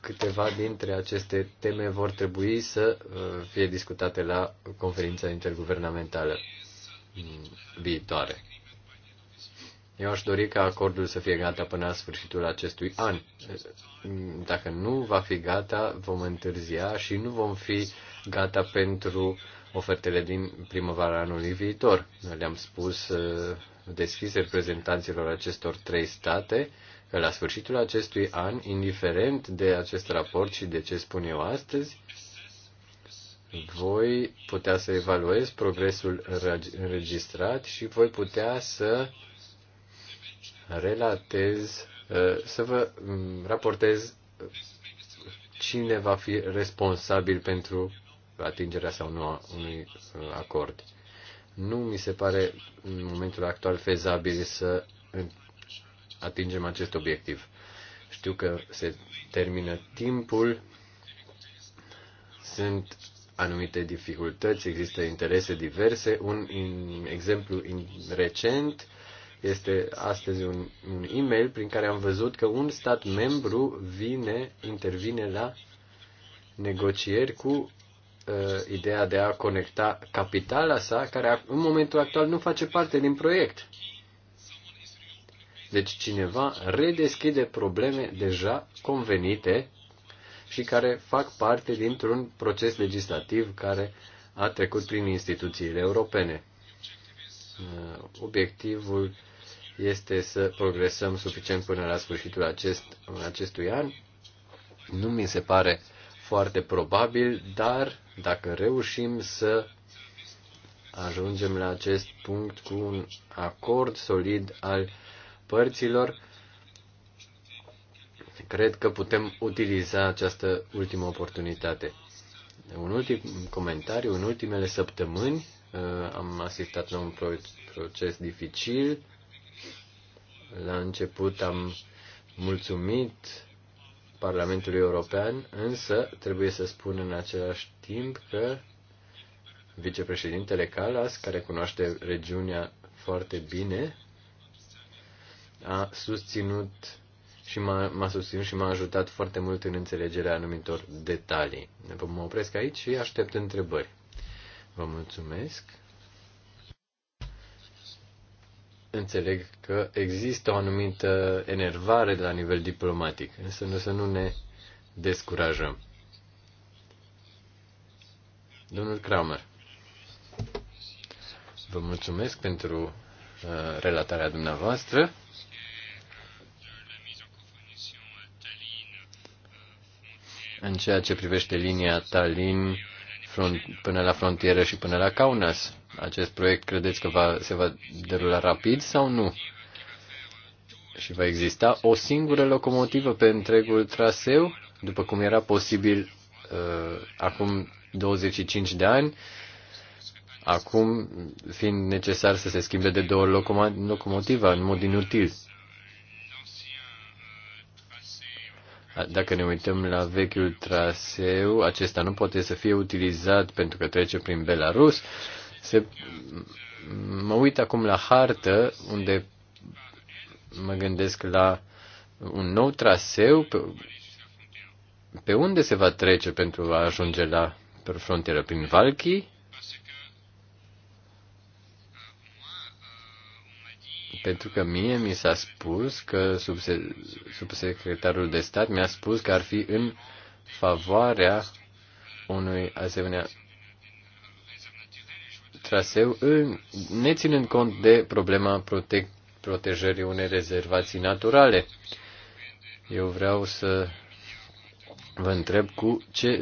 câteva dintre aceste teme vor trebui să uh, fie discutate la conferința interguvernamentală mm, viitoare. Eu aș dori ca acordul să fie gata până la sfârșitul acestui an. Dacă nu va fi gata, vom întârzia și nu vom fi gata pentru ofertele din primăvara anului viitor. Le-am spus uh, deschis reprezentanților acestor trei state că la sfârșitul acestui an, indiferent de acest raport și de ce spun eu astăzi, voi putea să evaluez progresul înregistrat și voi putea să relatez, uh, să vă mm, raportez cine va fi responsabil pentru atingerea sau nu a unui uh, acord. Nu mi se pare în momentul actual fezabil să atingem acest obiectiv. Știu că se termină timpul, sunt anumite dificultăți, există interese diverse. Un exemplu recent este astăzi un, un e-mail prin care am văzut că un stat membru vine, intervine la negocieri cu uh, ideea de a conecta capitala sa, care în momentul actual nu face parte din proiect. Deci cineva redeschide probleme deja convenite și care fac parte dintr-un proces legislativ care a trecut prin instituțiile europene. Uh, obiectivul este să progresăm suficient până la sfârșitul acest, acestui an. Nu mi se pare foarte probabil, dar dacă reușim să ajungem la acest punct cu un acord solid al părților, cred că putem utiliza această ultimă oportunitate. Un ultim comentariu, în ultimele săptămâni uh, am asistat la un proces dificil la început am mulțumit Parlamentului European, însă trebuie să spun în același timp că vicepreședintele Calas, care cunoaște regiunea foarte bine, a susținut și m-a, susținut și m-a ajutat foarte mult în înțelegerea anumitor detalii. Mă opresc aici și aștept întrebări. Vă mulțumesc. Înțeleg că există o anumită enervare la nivel diplomatic, însă nu să nu ne descurajăm. Domnul Kramer, vă mulțumesc pentru uh, relatarea dumneavoastră. În ceea ce privește linia Tallinn până la frontieră și până la Kaunas, acest proiect credeți că va, se va derula rapid sau nu? Și va exista o singură locomotivă pe întregul traseu, după cum era posibil uh, acum 25 de ani, acum fiind necesar să se schimbe de două locom- locomotive în mod inutil. Dacă ne uităm la vechiul traseu, acesta nu poate să fie utilizat pentru că trece prin Belarus se, mă uit acum la hartă, unde mă gândesc la un nou traseu, pe, pe unde se va trece pentru a ajunge la frontieră? Prin Valchi? Pentru că mie mi s-a spus că subse- subsecretarul de stat mi-a spus că ar fi în favoarea unui asemenea traseu, ne ținând cont de problema prote- protejării unei rezervații naturale. Eu vreau să vă întreb cu ce,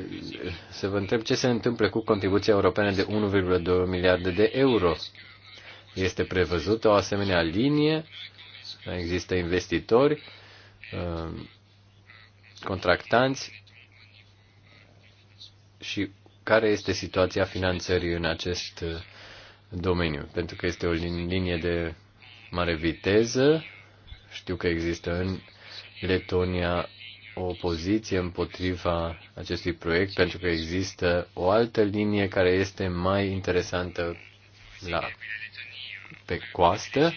să vă întreb ce se întâmplă cu contribuția europeană de 1,2 miliarde de euro. Este prevăzută o asemenea linie, există investitori, um, contractanți și care este situația finanțării în acest uh, domeniu, pentru că este o linie de mare viteză. Știu că există în Letonia o opoziție împotriva acestui proiect, pentru că există o altă linie care este mai interesantă la, pe coastă.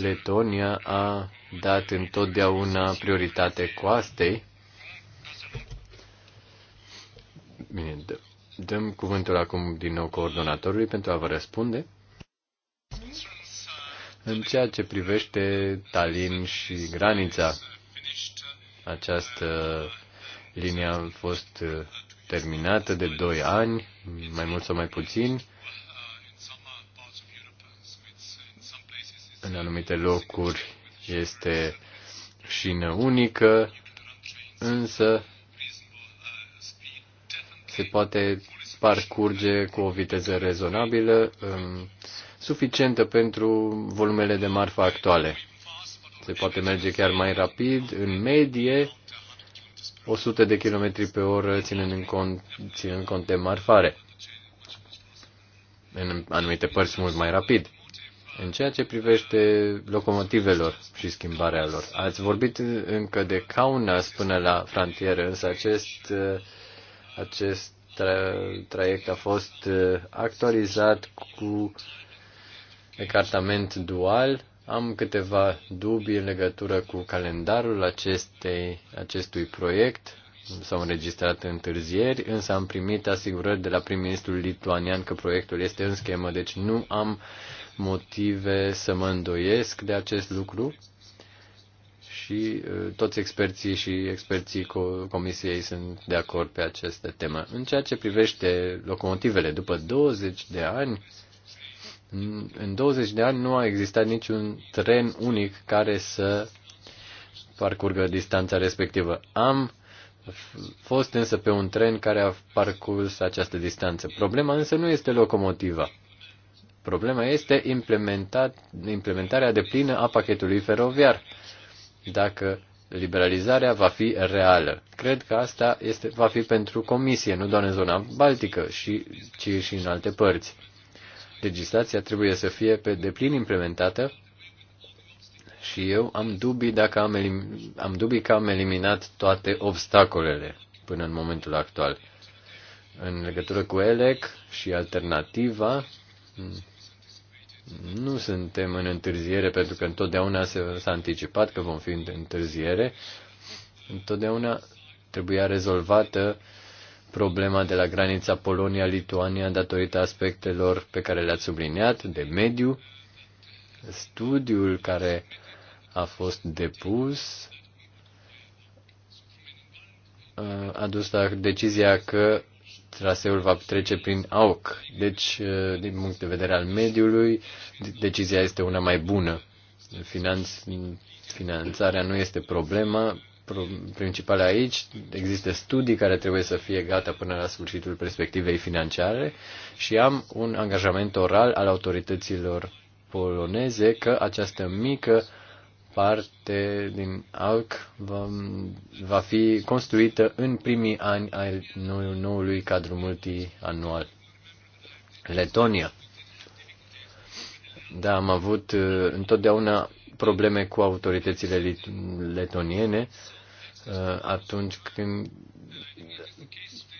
Letonia a dat întotdeauna prioritate coastei Bine, dăm cuvântul acum din nou coordonatorului pentru a vă răspunde. În ceea ce privește Talin și granița, această linie a fost terminată de 2 ani, mai mult sau mai puțin. În anumite locuri este șină unică, însă se poate parcurge cu o viteză rezonabilă, um, suficientă pentru volumele de marfă actuale. Se poate merge chiar mai rapid, în medie 100 de km pe oră, ținând în cont, ținând cont de marfare. În anumite părți mult mai rapid. În ceea ce privește locomotivelor și schimbarea lor, ați vorbit încă de Kaunas până la frontieră, însă acest uh, acest tra- traiect a fost uh, actualizat cu ecartament dual. Am câteva dubii în legătură cu calendarul acestei, acestui proiect. S-au înregistrat întârzieri, însă am primit asigurări de la prim-ministrul lituanian că proiectul este în schemă, deci nu am motive să mă îndoiesc de acest lucru și uh, toți experții și experții Comisiei sunt de acord pe această temă. În ceea ce privește locomotivele, după 20 de ani, în 20 de ani nu a existat niciun tren unic care să parcurgă distanța respectivă. Am fost însă pe un tren care a parcurs această distanță. Problema însă nu este locomotiva. Problema este implementarea de plină a pachetului feroviar dacă liberalizarea va fi reală. Cred că asta este, va fi pentru Comisie, nu doar în zona Baltică, și, ci și în alte părți. Legislația trebuie să fie pe deplin implementată și eu am dubii, dacă am, elim, am dubii că am eliminat toate obstacolele până în momentul actual. În legătură cu ELEC și alternativa, nu suntem în întârziere, pentru că întotdeauna s-a anticipat că vom fi în întârziere. Întotdeauna trebuia rezolvată problema de la granița Polonia-Lituania datorită aspectelor pe care le-ați subliniat, de mediu. Studiul care a fost depus uh, a dus la decizia că traseul va trece prin AUC. Deci, uh, din punct de vedere al mediului, decizia este una mai bună. Finanț, finanțarea nu este problema principală aici. Există studii care trebuie să fie gata până la sfârșitul perspectivei financiare și am un angajament oral al autorităților poloneze că această mică parte din ALC va, va fi construită în primii ani ai noului cadru multianual. Letonia. Da, am avut uh, întotdeauna probleme cu autoritățile letoniene uh, atunci când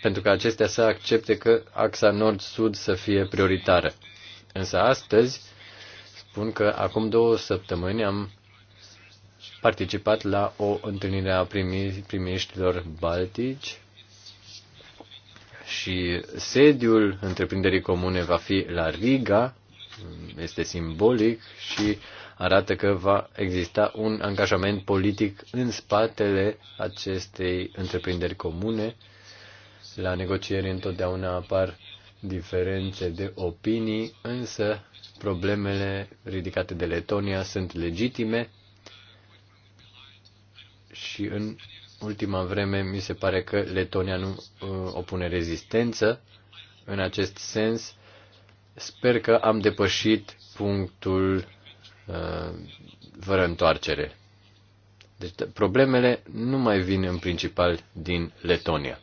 pentru că acestea să accepte că axa nord-sud să fie prioritară. Însă astăzi spun că acum două săptămâni am participat la o întâlnire a primiștilor baltici și sediul întreprinderii comune va fi la Riga, este simbolic și arată că va exista un angajament politic în spatele acestei întreprinderi comune. La negocieri întotdeauna apar diferențe de opinii, însă problemele ridicate de Letonia sunt legitime și în ultima vreme mi se pare că Letonia nu uh, opune rezistență în acest sens. Sper că am depășit punctul uh, fără întoarcere. Deci problemele nu mai vin în principal din Letonia.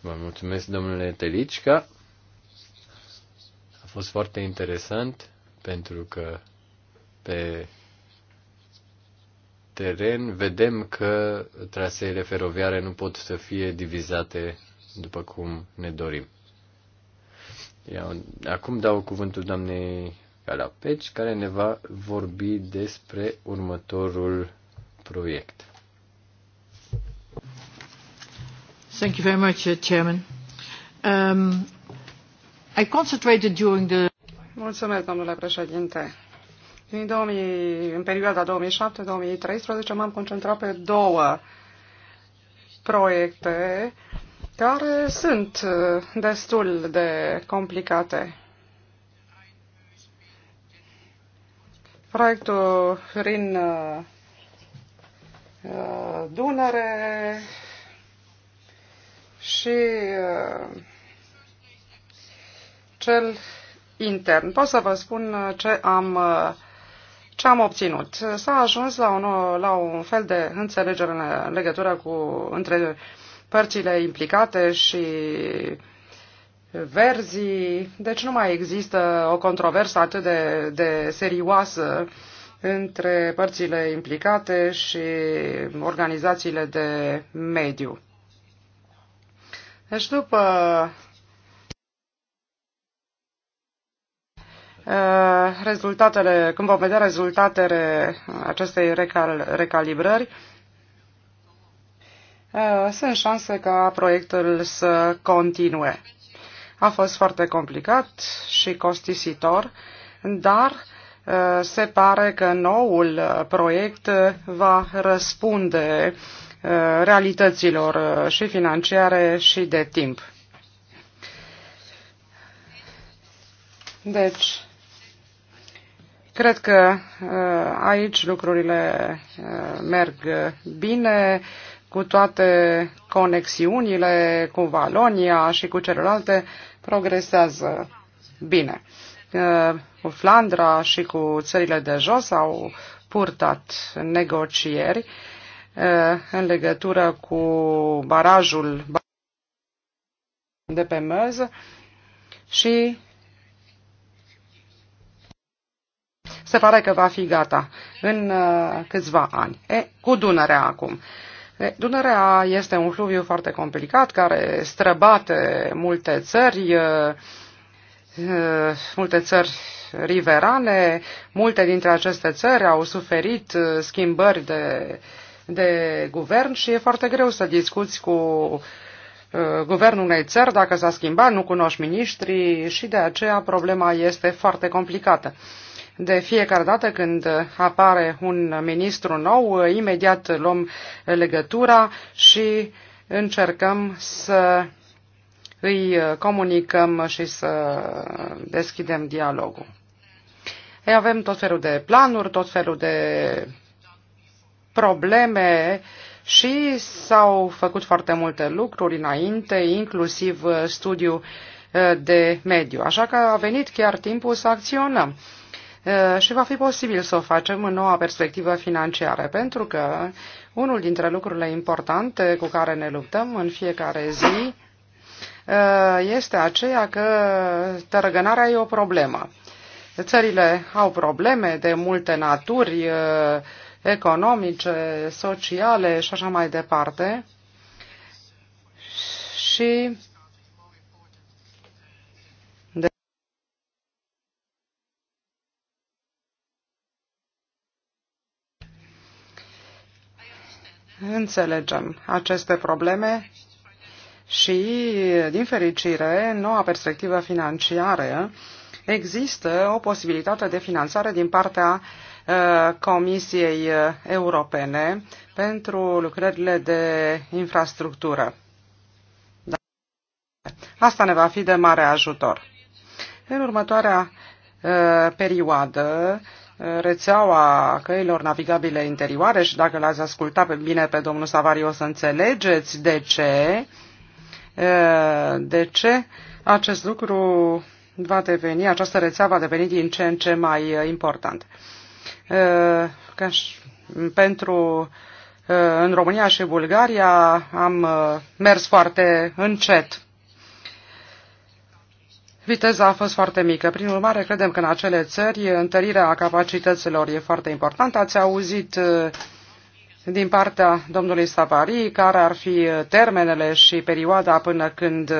Vă mulțumesc, domnule Telicica. A fost foarte interesant pentru că pe teren vedem că traseele feroviare nu pot să fie divizate după cum ne dorim. Eu, acum dau cuvântul doamnei Galapeci, care ne va vorbi despre următorul proiect. Thank you very much, uh, Chairman. Um, I concentrated during the... Mulțumesc, domnule președinte. Din 2000, în perioada 2007-2013 m-am concentrat pe două proiecte care sunt uh, destul de complicate. Proiectul Rin uh, uh, Dunăre și cel intern. Pot să vă spun ce am uh, ce am obținut? S-a ajuns la un, la un fel de înțelegere în legătură cu între părțile implicate și verzii, deci nu mai există o controversă atât de, de serioasă între părțile implicate și organizațiile de mediu. Deci după Eh, rezultatele, când vom vedea rezultatele acestei recal, recalibrări, eh, sunt șanse ca proiectul să continue. A fost foarte complicat și costisitor, dar eh, se pare că noul proiect va răspunde realităților și financiare și de timp. Deci, Cred că uh, aici lucrurile uh, merg bine cu toate conexiunile cu Valonia și cu celelalte progresează bine. Cu uh, Flandra și cu țările de jos au purtat negocieri în legătură cu barajul de pe Măză și se pare că va fi gata în uh, câțiva ani. E, cu Dunărea acum. Dunărea este un fluviu foarte complicat care străbate multe țări, uh, uh, multe țări riverane. Multe dintre aceste țări au suferit schimbări de, de guvern și e foarte greu să discuți cu guvernul unei țări dacă s-a schimbat, nu cunoști miniștrii și de aceea problema este foarte complicată. De fiecare dată când apare un ministru nou, imediat luăm legătura și încercăm să îi comunicăm și să deschidem dialogul. Ei, avem tot felul de planuri, tot felul de probleme și s-au făcut foarte multe lucruri înainte, inclusiv studiu eh, de mediu. Așa că a venit chiar timpul să acționăm. Uh, și va fi posibil să o facem în noua perspectivă financiară, pentru că unul dintre lucrurile importante cu care ne luptăm în fiecare zi uh, este aceea că tărăgânarea e o problemă. Țările au probleme de multe naturi uh, economice, sociale și așa mai departe. Și înțelegem aceste probleme și, din fericire, noua perspectivă financiară există o posibilitate de finanțare din partea uh, Comisiei Europene pentru lucrările de infrastructură. Da. Asta ne va fi de mare ajutor. În următoarea uh, perioadă rețeaua căilor navigabile interioare și dacă l-ați ascultat pe bine pe domnul Savari o să înțelegeți de ce, de ce acest lucru va deveni, această rețea va deveni din ce în ce mai important. pentru în România și Bulgaria am mers foarte încet Viteza a fost foarte mică. Prin urmare, credem că în acele țări întărirea capacităților e foarte importantă. Ați auzit uh, din partea domnului Savari care ar fi uh, termenele și perioada până când uh,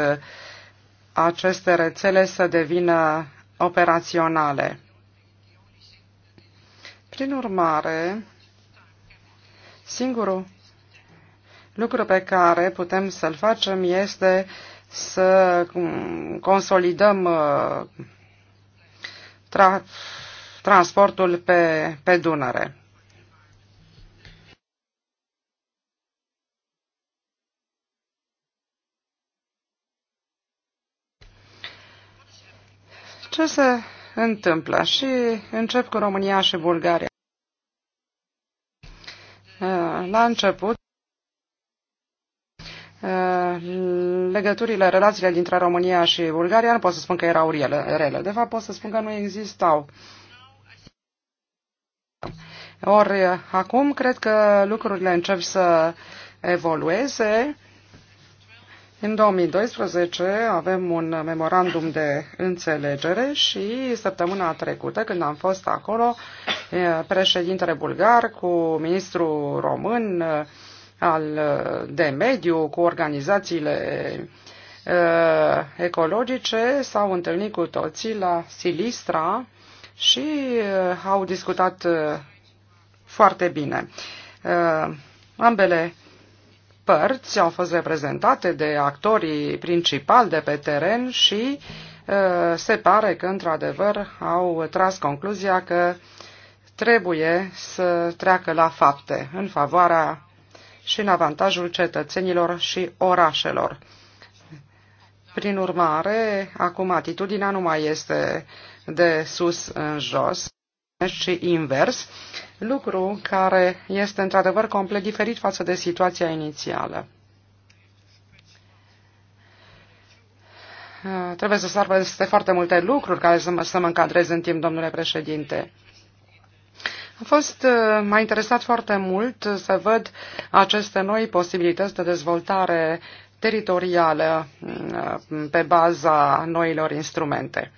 aceste rețele să devină operaționale. Prin urmare, singurul lucru pe care putem să-l facem este uh, să consolidăm uh, tra transportul pe, pe Dunăre. Ce se întâmplă? Și încep cu România și Bulgaria. Uh, la început, Eh, legăturile, relațiile dintre România și Bulgaria, nu pot să spun că erau rele, De fapt, pot să spun că nu existau. Ori eh, acum cred că lucrurile încep să evolueze. În 2012 avem un memorandum de înțelegere și săptămâna trecută, când am fost acolo, eh, președintele bulgar cu ministrul român, al, uh, de mediu, cu organizațiile uh, ecologice, s-au întâlnit cu toții la Silistra și uh, au discutat foarte bine. Ambele părți au fost reprezentate de actorii principali de pe teren și se pare că, într-adevăr, au tras concluzia că trebuie să treacă la fapte în favoarea și în avantajul cetățenilor și orașelor. Prin urmare, acum atitudinea nu mai este de sus în jos, și invers, lucru care este într-adevăr complet diferit față de situația inițială. Trebuie să sar peste foarte multe lucruri care să mă, să mă încadrez în timp, domnule președinte. A fost, uh, m-a interesat foarte mult să văd aceste noi posibilități de dezvoltare teritorială mm, pe baza noilor instrumente.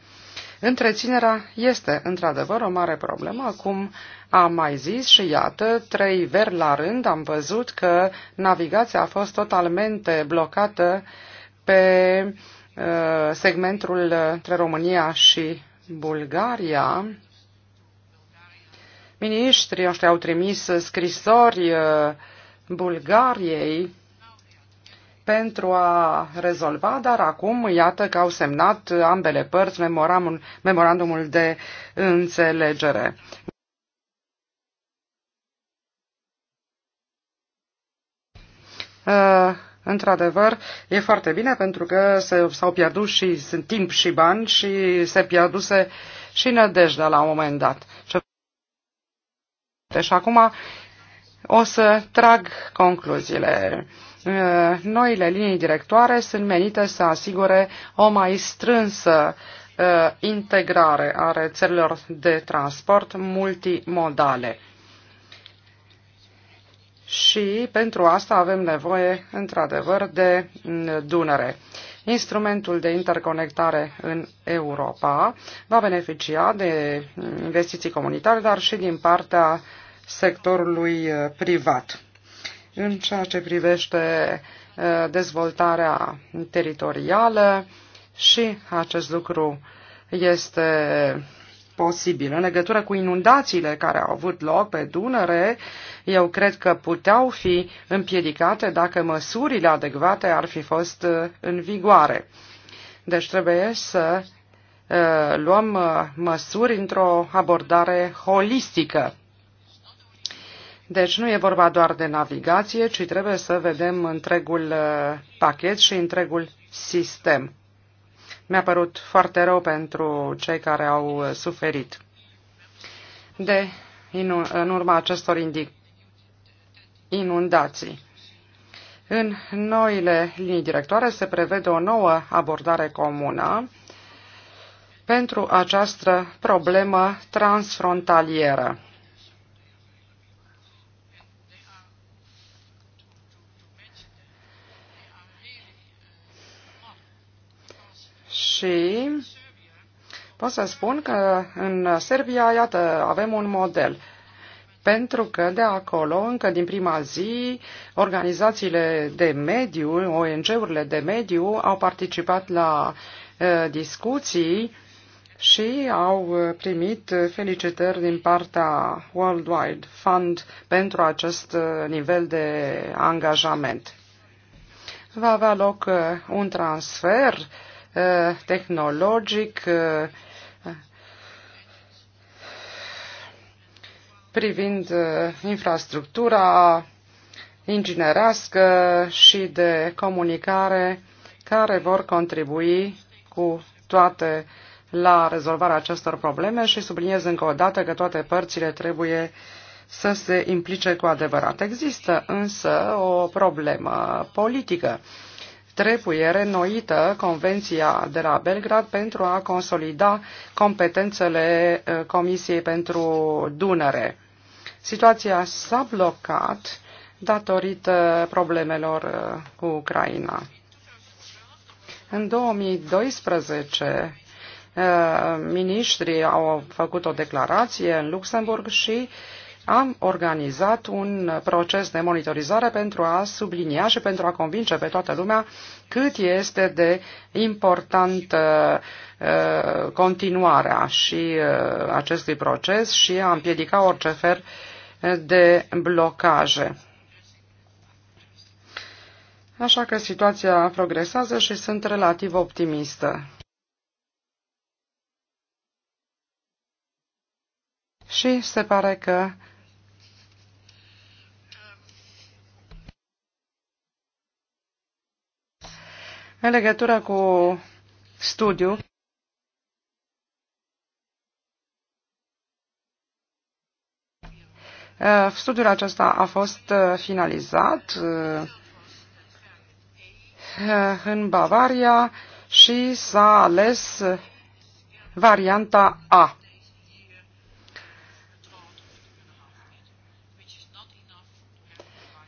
Întreținerea este, într-adevăr, o mare problemă, cum am mai zis și iată, trei veri la rând am văzut că navigația a fost totalmente blocată pe uh, segmentul între România și Bulgaria, Ministrii ăștia au trimis scrisori uh, Bulgariei pentru a rezolva, dar acum iată că au semnat ambele părți memorandumul, memorandumul de înțelegere. Uh, Într-adevăr, e foarte bine pentru că s-au pierdut și sunt timp și bani și se pierduse și nădejdea la un moment dat. Ce 2007 și acum o să trag concluziile. Uh, noile linii directoare sunt menite să asigure o mai strânsă uh, integrare a rețelelor de transport multimodale. Și pentru asta avem nevoie, într-adevăr, de mm, Dunăre. Instrumentul de interconectare în Europa va beneficia de mm, investiții comunitare, dar și din partea sectorului uh, privat. În ceea ce privește uh, dezvoltarea teritorială și acest lucru este posibil. În legătură cu inundațiile care au avut loc pe Dunăre, eu cred că puteau fi împiedicate dacă măsurile adecvate ar fi fost uh, în vigoare. Deci trebuie să luăm măsuri într-o abordare holistică. Deci nu e vorba doar de navigație, ci trebuie să vedem întregul uh, pachet și întregul sistem. Mi-a părut foarte rău pentru cei care au uh, suferit. De în urma acestor inundații. În noile linii directoare se prevede o nouă abordare comună pentru această problemă transfrontalieră. Și pot să spun că în Serbia, iată, avem un model. Pentru că de acolo, încă din prima zi, organizațiile de mediu, ONG-urile de mediu, au participat la discuții și au primit felicitări din partea World Wide Fund pentru acest nivel de angajament. Va avea loc un transfer tehnologic uh, privind uh, infrastructura inginerească și de comunicare care vor contribui cu toate la rezolvarea acestor probleme și subliniez încă o dată că toate părțile trebuie să se implice cu adevărat. Există însă o problemă politică trebuie renoită Convenția de la Belgrad pentru a consolida competențele uh, Comisiei pentru Dunăre. Situația s-a blocat datorită problemelor uh, cu Ucraina. În 2012, uh, ministrii au făcut o declarație în Luxemburg și uh, am organizat un proces de monitorizare pentru a sublinia și pentru a convinge pe toată lumea cât este de important uh, continuarea și uh, acestui proces și a împiedica orice fel de blocaje. Așa că situația progresează și sunt relativ optimistă. Și se pare că În legătură cu studiu, uh, Studiul acesta a fost uh, finalizat uh, în Bavaria și s-a ales varianta A.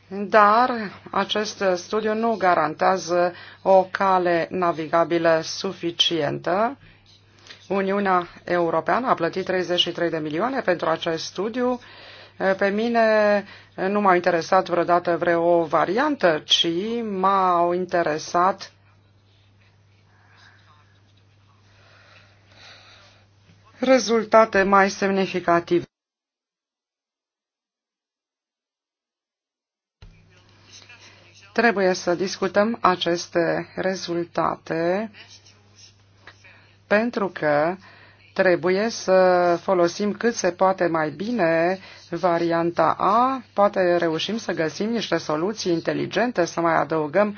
dar acest studiu nu garantează o cale navigabilă suficientă. Uniunea Europeană a plătit 33 de milioane pentru acest studiu. Pe mine nu m-a interesat vreodată vreo variantă, ci m-au interesat rezultate mai semnificative. Trebuie să discutăm aceste rezultate pentru că trebuie să folosim cât se poate mai bine varianta A, poate reușim să găsim niște soluții inteligente, să mai adăugăm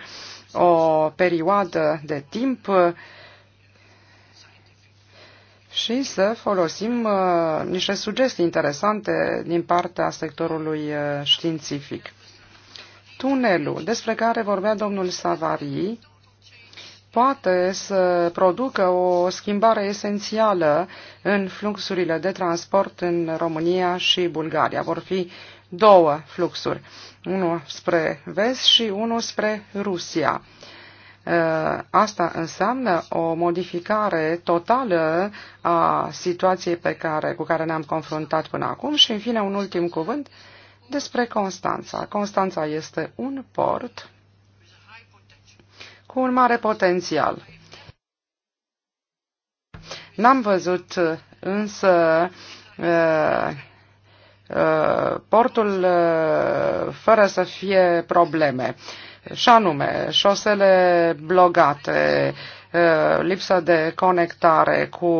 o perioadă de timp și să folosim uh, niște sugestii interesante din partea sectorului uh, științific tunelul despre care vorbea domnul Savary poate să producă o schimbare esențială în fluxurile de transport în România și Bulgaria. Vor fi două fluxuri, unul spre vest și unul spre Rusia. Uh, asta înseamnă o modificare totală a situației pe care, cu care ne-am confruntat până acum și, în fine, un ultim cuvânt despre Constanța. Constanța este un port cu un mare potențial. N-am văzut însă portul fără să fie probleme. Și anume, șosele blogate, lipsa de conectare cu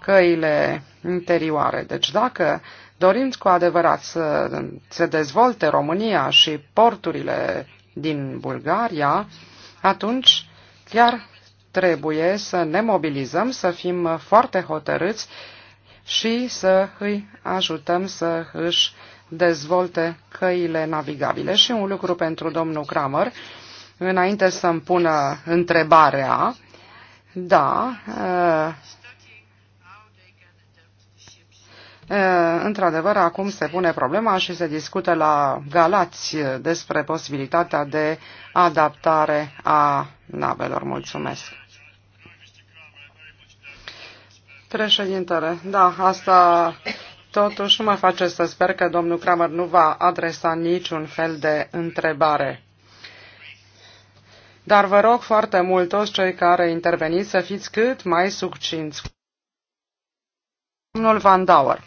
căile interioare. Deci dacă dorim cu adevărat să se dezvolte România și porturile din Bulgaria, atunci chiar trebuie să ne mobilizăm, să fim foarte hotărâți și să îi ajutăm să își dezvolte căile navigabile. Și un lucru pentru domnul Kramer, înainte să-mi pună întrebarea, da, Într-adevăr, acum se pune problema și se discută la Galați despre posibilitatea de adaptare a navelor. Mulțumesc! Președintele, da, asta totuși mă face să sper că domnul Kramer nu va adresa niciun fel de întrebare. Dar vă rog foarte mult toți cei care interveniți să fiți cât mai succinți. Domnul Van Dauer.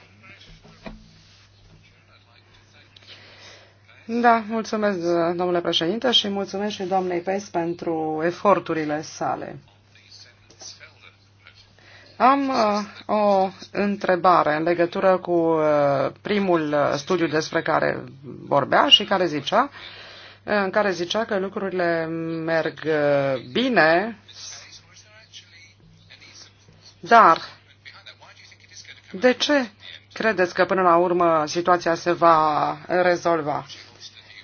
Da, mulțumesc, domnule președinte, și mulțumesc și doamnei Pes pentru eforturile sale. Am uh, o întrebare în legătură cu uh, primul studiu despre care vorbea și care zicea, uh, în care zicea că lucrurile merg uh, bine, dar de ce credeți că până la urmă situația se va rezolva?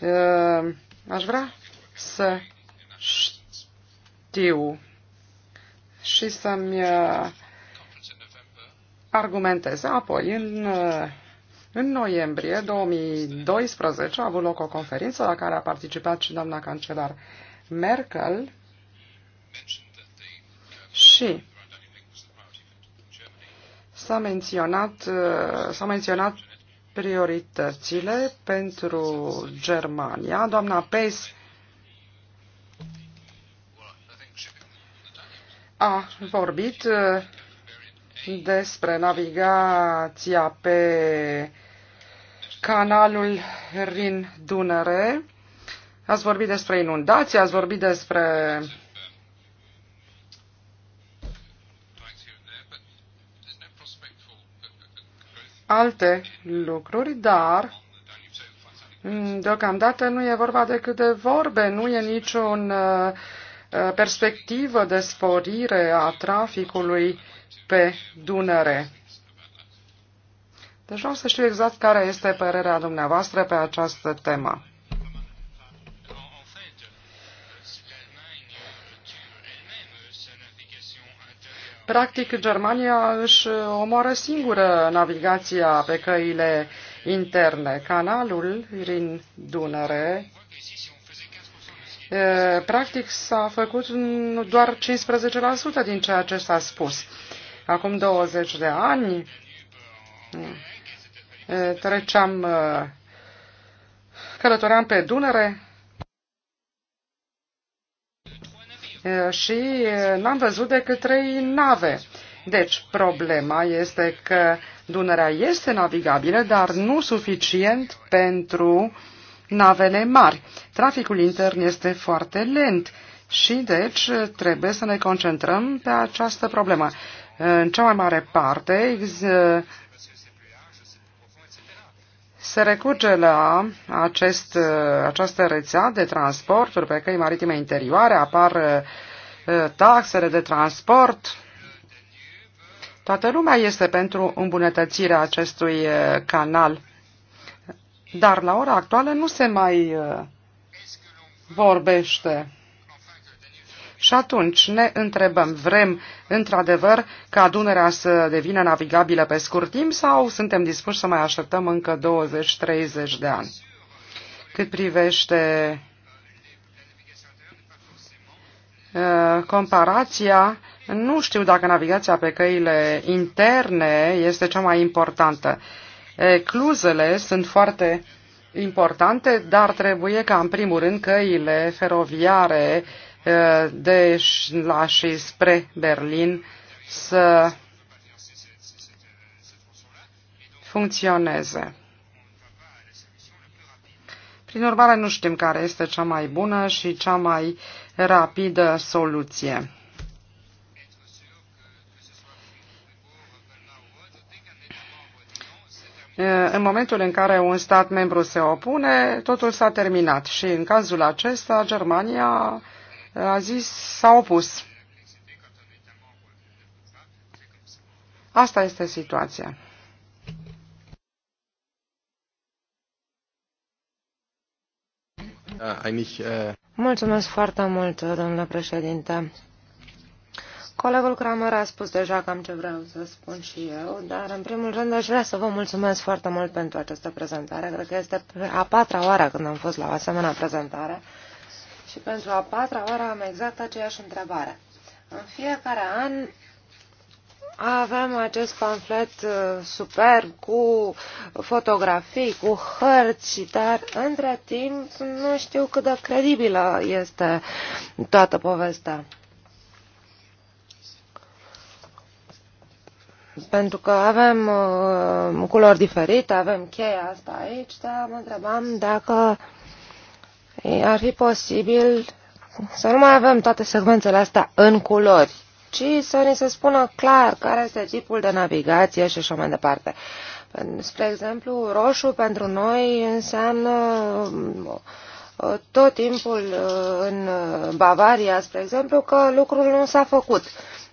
Ehm, aș vrea să știu și să-mi eh, argumentez. Apoi, în, eh, în noiembrie 2012 a avut loc o conferință la care a participat și doamna cancelar Merkel și s-a menționat, eh, s a menționat prioritățile pentru Germania. Doamna peis a vorbit uh, despre navigația pe canalul Rin-Dunăre. Ați vorbit despre inundații, ați vorbit despre alte lucruri, dar deocamdată nu e vorba decât de vorbe, nu e niciun uh, uh, perspectivă de sporire a traficului pe Dunăre. Deci vreau să știu exact care este părerea dumneavoastră pe această temă. Practic, Germania își omoară singură navigația pe căile interne. Canalul Rin Dunăre practic s-a făcut doar 15% din ceea ce s-a spus. Acum 20 de ani treceam, călătoream pe Dunăre și eh, n-am văzut decât trei nave. Deci, problema este că Dunărea este navigabilă, dar nu suficient pentru navele mari. Traficul intern este foarte lent și, deci, trebuie să ne concentrăm pe această problemă. În cea mai mare parte, se recurge la acest, această rețea de transporturi pe căi maritime interioare, apar uh, taxele de transport. Toată lumea este pentru îmbunătățirea acestui uh, canal, dar la ora actuală nu se mai uh, vorbește. Și atunci ne întrebăm, vrem într-adevăr ca Dunărea să devină navigabilă pe scurt timp sau suntem dispuși să mai așteptăm încă 20-30 de ani? Cât privește ă, comparația, nu știu dacă navigația pe căile interne este cea mai importantă. Cluzele sunt foarte importante, dar trebuie ca în primul rând căile feroviare de la și spre Berlin să funcționeze. Prin urmare, nu știm care este cea mai bună și cea mai rapidă soluție. În momentul în care un stat membru se opune, totul s-a terminat și în cazul acesta Germania a zis, s-a opus. Asta este situația. Uh, uh, mulțumesc foarte mult, domnule președinte. Colegul Kramer a spus deja cam ce vreau să spun și eu, dar în primul rând aș vrea să vă mulțumesc foarte mult pentru această prezentare. Cred că este a patra oară când am fost la o asemenea prezentare și pentru a patra oară am exact aceeași întrebare. În fiecare an avem acest pamflet uh, superb cu fotografii, cu hărți, dar între timp nu știu cât de credibilă este toată povestea. Pentru că avem uh, culori diferite, avem cheia asta aici, dar mă întrebam dacă uh, ar fi posibil să nu mai avem toate secvențele astea în culori, ci să ni se spună clar care este tipul de navigație și așa mai departe. Spre exemplu, roșu pentru noi înseamnă uh, tot timpul uh, în Bavaria, spre exemplu, că lucrul nu s-a făcut.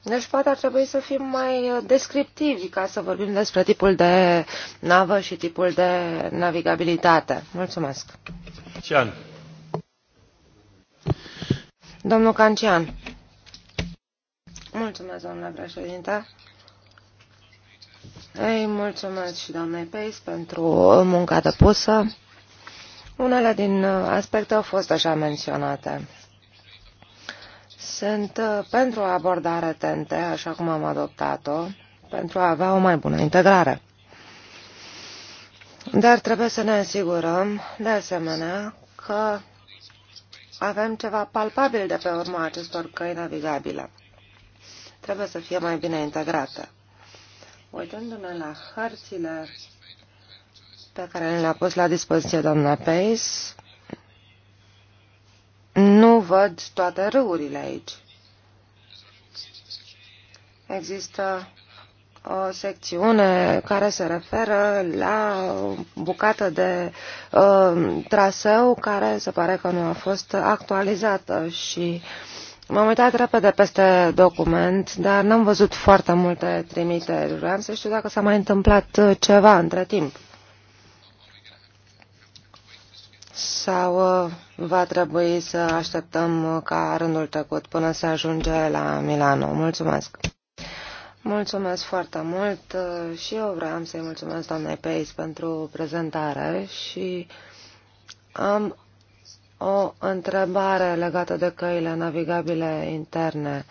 Deci poate ar trebui să fim mai uh, descriptivi ca să vorbim despre tipul de navă și tipul de navigabilitate. Mulțumesc! Cian. Domnul Cancian. Mulțumesc, domnule președinte. Ei, mulțumesc și doamnei Peis pentru munca depusă. Unele din aspecte au fost deja menționate. Sunt pentru o abordare tente, așa cum am adoptat-o, pentru a avea o mai bună integrare. Dar trebuie să ne asigurăm, de asemenea, că avem ceva palpabil de pe urma acestor căi navigabile. Trebuie să fie mai bine integrată Uitându-ne la hărțile pe care le-a pus la dispoziție doamna Pace, nu văd toate râurile aici. Există o secțiune care se referă la bucată de uh, traseu care se pare că nu a fost actualizată și m-am uitat repede peste document, dar n-am văzut foarte multe trimiteri. Vreau să știu dacă s-a mai întâmplat uh, ceva între timp. Sau uh, va trebui să așteptăm uh, ca rândul trecut până se ajunge la Milano. Mulțumesc! Mulțumesc foarte mult uh, și eu vreau să-i mulțumesc doamnei Pace pentru prezentare și am o întrebare legată de căile navigabile interne.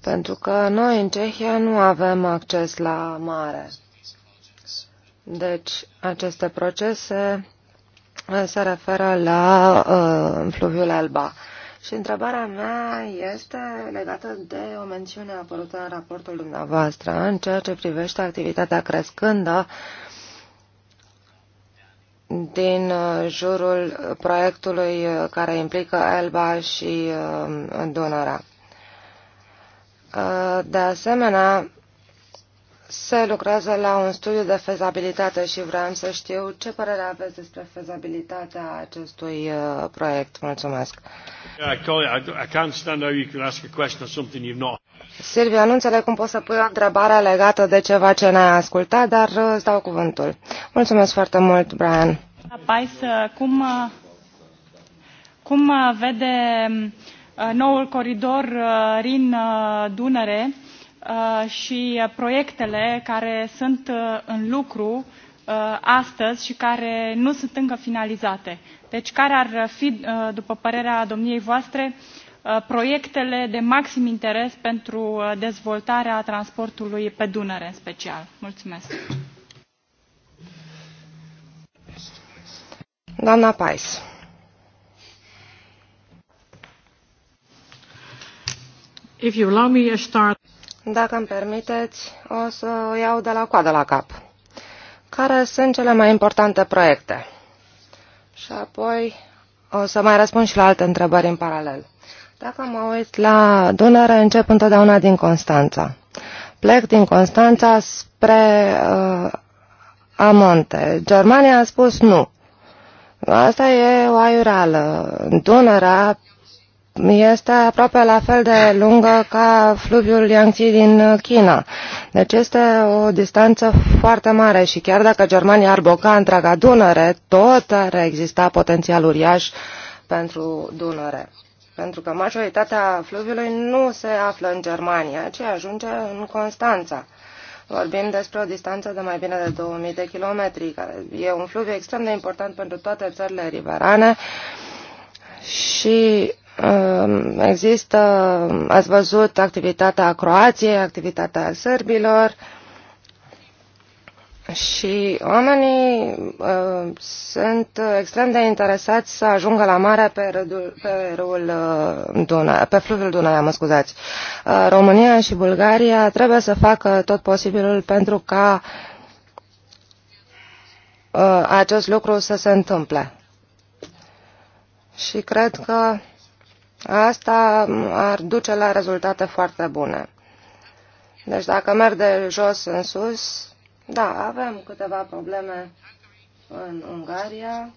Pentru că noi în Cehia nu avem acces la mare. Deci aceste procese se referă la uh, fluviul Alba. Și întrebarea mea este legată de o mențiune apărută în raportul dumneavoastră în ceea ce privește activitatea crescândă din uh, jurul proiectului care implică Elba și uh, Dunărea. Uh, de asemenea, se lucrează la un studiu de fezabilitate și vreau să știu ce părere aveți despre fezabilitatea acestui uh, proiect. Mulțumesc. Silvia, nu înțeleg cum poți să pui o întrebare legată de ceva ce n-ai ascultat, dar uh, îți dau cuvântul. Mulțumesc foarte mult, Brian. Pais, cum, uh, cum uh, vede noul coridor Rin-Dunăre? Uh, și uh, proiectele care sunt uh, în lucru astăzi și care nu sunt încă finalizate. Deci care ar fi, după părerea domniei voastre, proiectele de maxim interes pentru dezvoltarea transportului pe Dunăre în special? Mulțumesc! Doamna Pais. If you allow me a start... Dacă îmi permiteți, o să o iau de la coadă la cap. Care sunt cele mai importante proiecte? Și apoi o să mai răspund și la alte întrebări în paralel. Dacă mă uit la Dunăre, încep întotdeauna din Constanța. Plec din Constanța spre uh, Amonte. Germania a spus nu. Asta e o aiureală. Dunărea este aproape la fel de lungă ca fluviul Yangtze din uh, China. Deci este o distanță foarte mare și chiar dacă Germania ar boca întreaga Dunăre, tot ar exista potențial uriaș pentru Dunăre. Pentru că majoritatea fluviului nu se află în Germania, ci ajunge în Constanța. Vorbim despre o distanță de mai bine de 2000 de kilometri, care e un fluviu extrem de important pentru toate țările riverane și Ehm, există, ați văzut activitatea Croației, activitatea sârbilor și oamenii uh, sunt extrem de interesați să ajungă la mare pe, râdul, pe, râul, ehm, Dună, pe fluviul Dunărea, mă scuzați. Uh, România și Bulgaria trebuie să facă tot posibilul pentru ca uh, acest lucru să se întâmple. Și cred că Asta ar duce la rezultate foarte bune. Deci dacă merg de jos în sus, da, avem câteva probleme în Ungaria.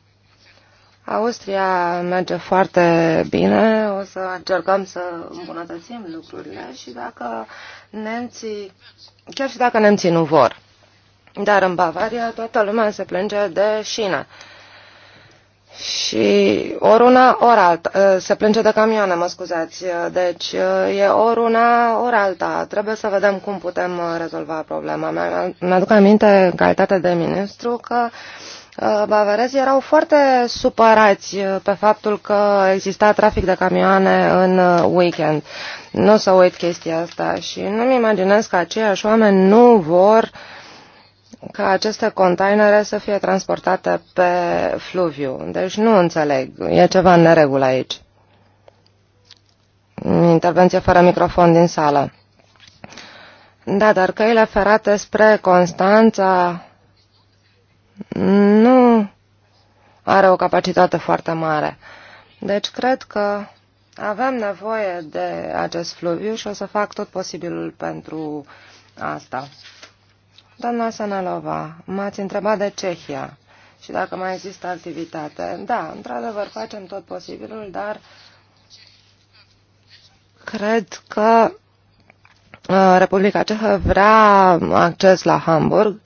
Austria merge foarte bine, o să încercăm să îmbunătățim lucrurile și dacă nemții, chiar și dacă nemții nu vor. Dar în Bavaria toată lumea se plânge de șină. Și ori una, ori alta. Ă, se plânge de camioane, mă scuzați. Ă, deci ă, e ori una, ori alta. Trebuie să vedem cum putem rezolva problema. Mi-aduc aminte, în calitate de ministru, că Bavarezii erau foarte supărați pe faptul că exista trafic de camioane în weekend. Nu o să uit chestia asta și nu-mi imaginez că aceiași oameni nu vor uh, ca aceste containere să fie transportate pe fluviu. Deci nu înțeleg, e ceva în neregulă aici. Intervenție fără microfon din sală. Da, dar căile ferate spre Constanța nu are o capacitate foarte mare. Deci cred că avem nevoie de acest fluviu și o să fac tot posibilul pentru asta. Doamna Sanalova, m-ați întrebat de Cehia și dacă mai există activitate. Da, într-adevăr, facem tot posibilul, dar cred că uh, Republica Cehă vrea acces la Hamburg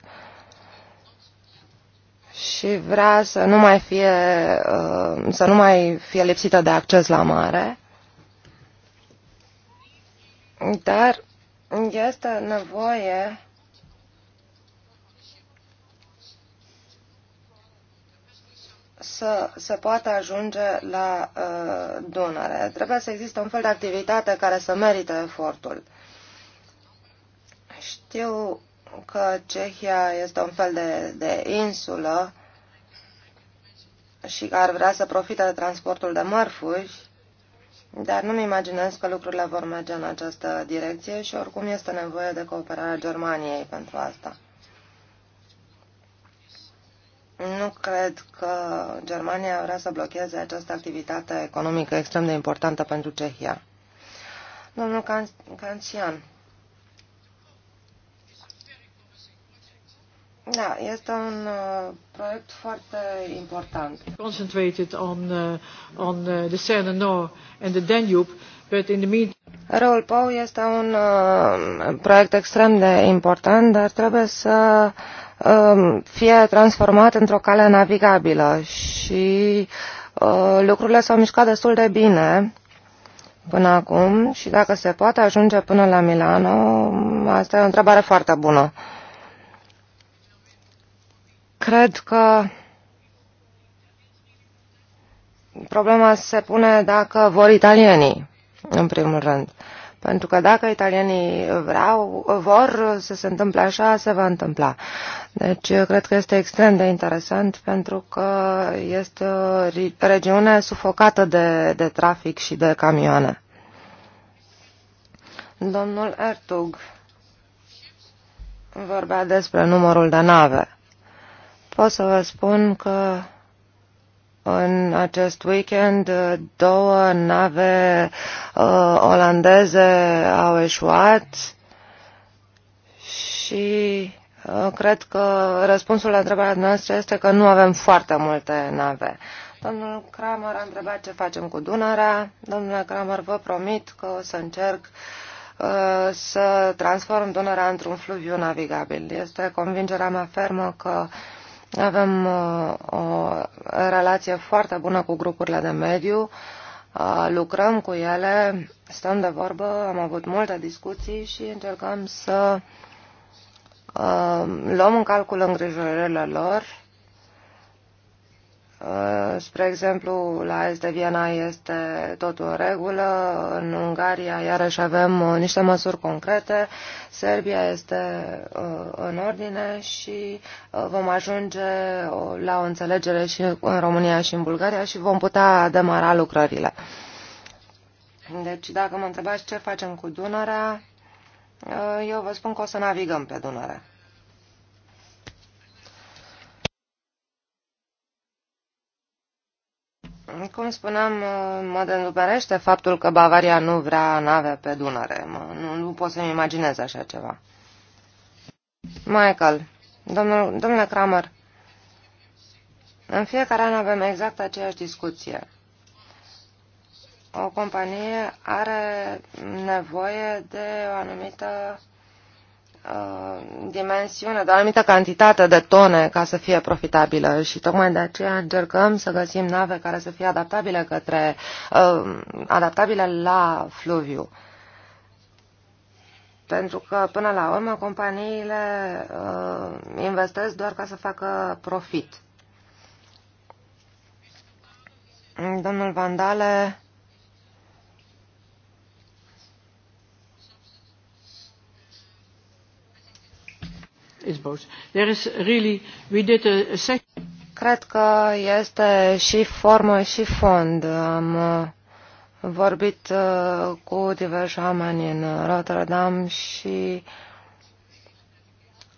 și vrea să nu mai fie, uh, să nu mai fie lipsită de acces la mare. Dar este nevoie să se poată ajunge la uh, donare. Trebuie să existe un fel de activitate care să merită efortul. Știu că Cehia este un fel de, de insulă și că ar vrea să profite de transportul de mărfuri, dar nu-mi imaginez că lucrurile vor merge în această direcție și oricum este nevoie de cooperarea Germaniei pentru asta. Nu cred că Germania vrea să blocheze această activitate economică extrem de importantă pentru Cehia. Domnul Can Cancian. Da, este un uh, proiect foarte important. Concentrated on, uh, on uh, the Seine Nord and the Danube, but in the meantime... Râul este un uh, proiect extrem de important, dar trebuie să uh, Um, fie transformat într-o cale navigabilă și uh, lucrurile s-au mișcat destul de bine până acum și dacă se poate ajunge până la Milano, asta e o întrebare foarte bună. Cred că problema se pune dacă vor italienii, în primul rând. Uh, pentru că dacă italienii vreau, vor să se întâmple așa, se va întâmpla. Deci cred că este extrem de interesant pentru că este o regiune sufocată de, de trafic și de camioane. Domnul Ertug vorbea despre numărul de nave. Pot să vă spun că în acest weekend două nave uh, olandeze au eșuat și uh, cred că răspunsul la întrebarea noastră este că nu avem foarte multe nave. Domnul Kramer a întrebat ce facem cu Dunărea. Domnule Kramer, vă promit că o să încerc uh, să transform Dunărea într-un fluviu navigabil. Este convingerea mea fermă că uh, avem uh, o relație foarte bună cu grupurile de mediu, uh, lucrăm cu ele, stăm de vorbă, am avut multe discuții și încercăm să uh, luăm în calcul îngrijorările lor Uh, spre exemplu, la Est de Viena este totul în regulă, în Ungaria iarăși avem uh, niște măsuri concrete, Serbia este uh, în ordine și vom ajunge la o înțelegere și în România și în Bulgaria și vom putea demara lucrările. Deci, dacă mă întrebați ce facem cu Dunărea, eu vă spun că o să navigăm pe Dunărea. Cum spuneam, uh, mă denuberește faptul că Bavaria nu vrea nave pe Dunăre. Mă, nu, nu pot să-mi imaginez așa ceva. Michael, domnul, domnule Kramer, în fiecare an avem exact aceeași discuție. O companie are nevoie de o anumită Uh, dimensiune, de o anumită cantitate de tone ca să fie profitabilă și tocmai de aceea încercăm să găsim nave care să fie adaptabile către uh, adaptabile la fluviu. Pentru că, până la urmă, companiile uh, investesc doar ca să facă profit. Domnul Vandale Cred că este și formă și fond. Am uh, vorbit uh, cu diversi oameni în Rotterdam și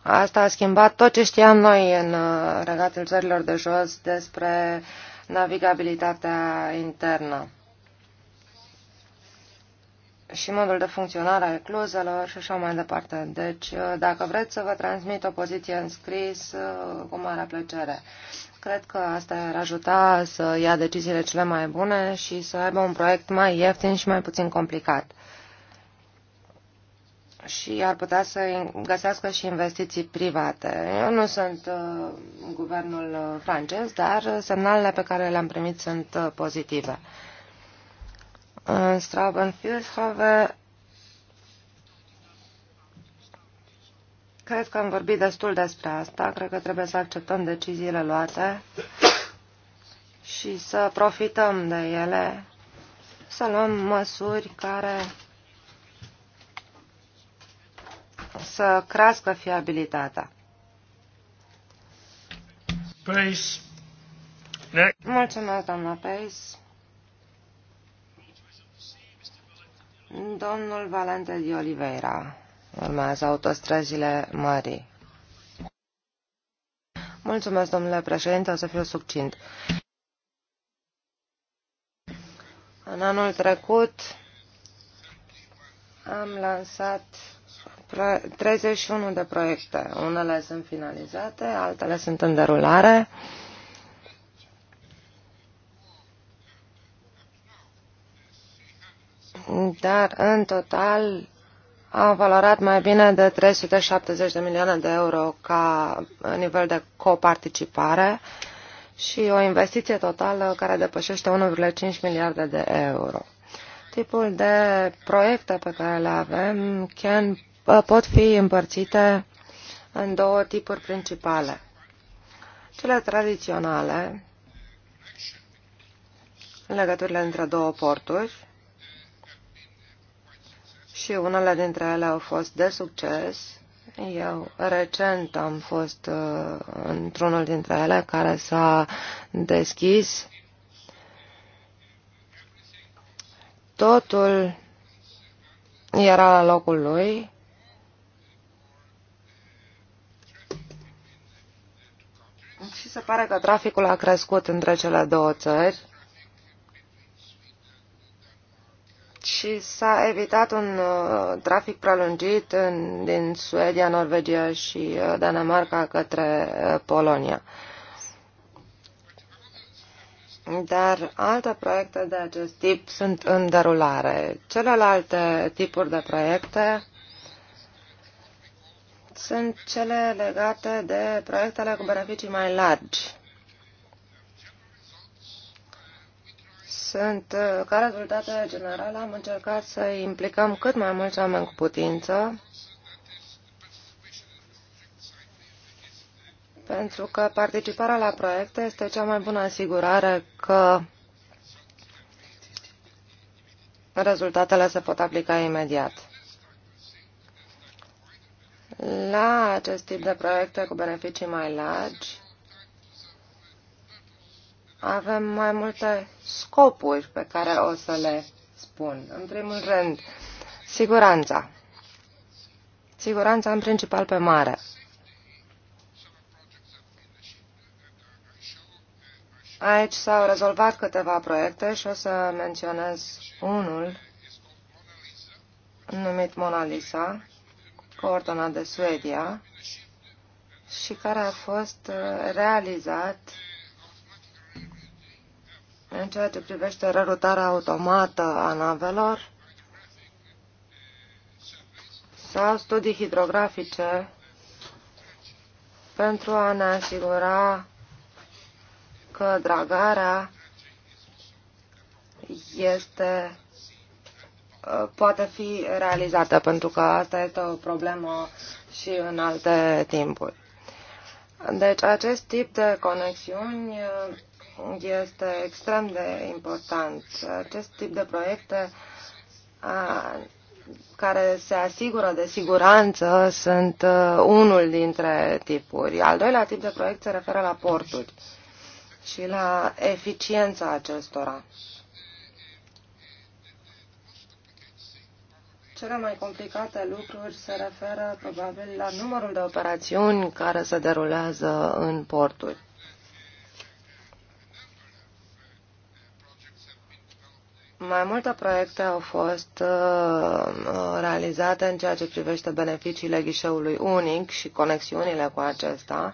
asta a schimbat tot ce știam noi în uh, regatul țărilor de jos despre navigabilitatea internă și modul de funcționare al cluzelor și așa mai departe. Deci, uh, dacă vreți să vă transmit o poziție în scris, uh, cu mare plăcere. Cred că asta ar ajuta să ia deciziile cele mai bune și să aibă un proiect mai ieftin și mai puțin complicat. Și ar putea să găsească și investiții private. Eu nu sunt uh, guvernul uh, francez, dar semnalele pe care le-am primit sunt pozitive. În Strauben-Filshove Cred că am vorbit destul despre asta. Cred că trebuie să acceptăm deciziile luate și să profităm de ele, să luăm măsuri care să crească fiabilitatea. Pace. Mulțumesc, doamna Pace. Domnul Valente de Oliveira urmează autostrăzile mării. Mulțumesc, domnule președinte, o să fiu succint. În anul trecut am lansat 31 de proiecte. Unele sunt finalizate, altele sunt în derulare. dar în total au valorat mai bine de 370 de milioane de euro ca nivel de coparticipare și o investiție totală care depășește 1,5 miliarde de euro. Tipul de proiecte pe care le avem can, pot fi împărțite în două tipuri principale. Cele tradiționale, legăturile între două porturi, și unele dintre ele au fost de succes. Eu recent am fost uh, într-unul dintre ele care s-a deschis. Totul era la locul lui. Și se pare că traficul a crescut între cele două țări. și s-a evitat un uh, trafic prelungit în, din Suedia, Norvegia și uh, Danemarca către uh, Polonia. Dar alte proiecte de acest tip sunt în derulare. Celelalte tipuri de proiecte sunt cele legate de proiectele cu beneficii mai largi sunt, uh, ca rezultat general, am încercat să implicăm cât mai mulți oameni cu putință, pentru că participarea la proiecte este cea mai bună asigurare că rezultatele se pot aplica imediat. La acest tip de proiecte cu beneficii mai largi, avem mai multe scopuri pe care o să le spun. În primul rând, siguranța. Siguranța în principal pe mare. Aici s-au rezolvat câteva proiecte și o să menționez unul numit Mona Lisa, coordonat de Suedia, și care a fost realizat în ceea ce privește rerutarea automată a navelor sau studii hidrografice pentru a ne asigura că dragarea este uh, poate fi realizată, pentru că asta este o problemă și în alte timpuri. Deci acest tip de conexiuni uh, este extrem de important. Acest tip de proiecte care se asigură de siguranță sunt unul dintre tipuri. Al doilea tip de proiect se referă la porturi și la eficiența acestora. Cele mai complicate lucruri se referă probabil la numărul de operațiuni care se derulează în porturi. Mai multe proiecte au fost uh, uh, realizate în ceea ce privește beneficiile ghișeului unic și conexiunile cu acesta.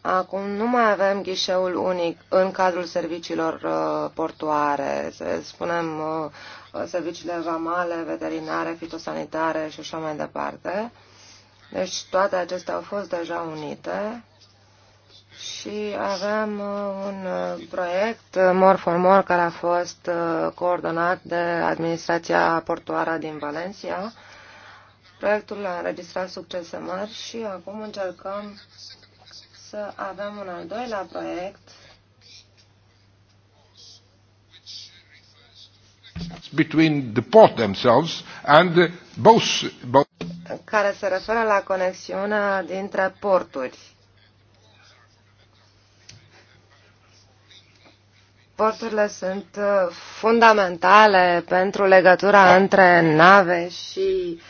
Acum nu mai avem ghișeul unic în cadrul serviciilor uh, portoare, să spunem serviciile vamale, veterinare, fitosanitare și așa mai departe. Deci toate acestea au fost deja unite și aveam uh, un uh, proiect uh, More for More care a fost coordonat de administrația portoară din Valencia. Proiectul a înregistrat succese mari și acum încercăm să avem un al doilea proiect between the port themselves and both, both care se referă la conexiunea dintre porturi Transporturile sunt uh, fundamentale pentru legătura între nave și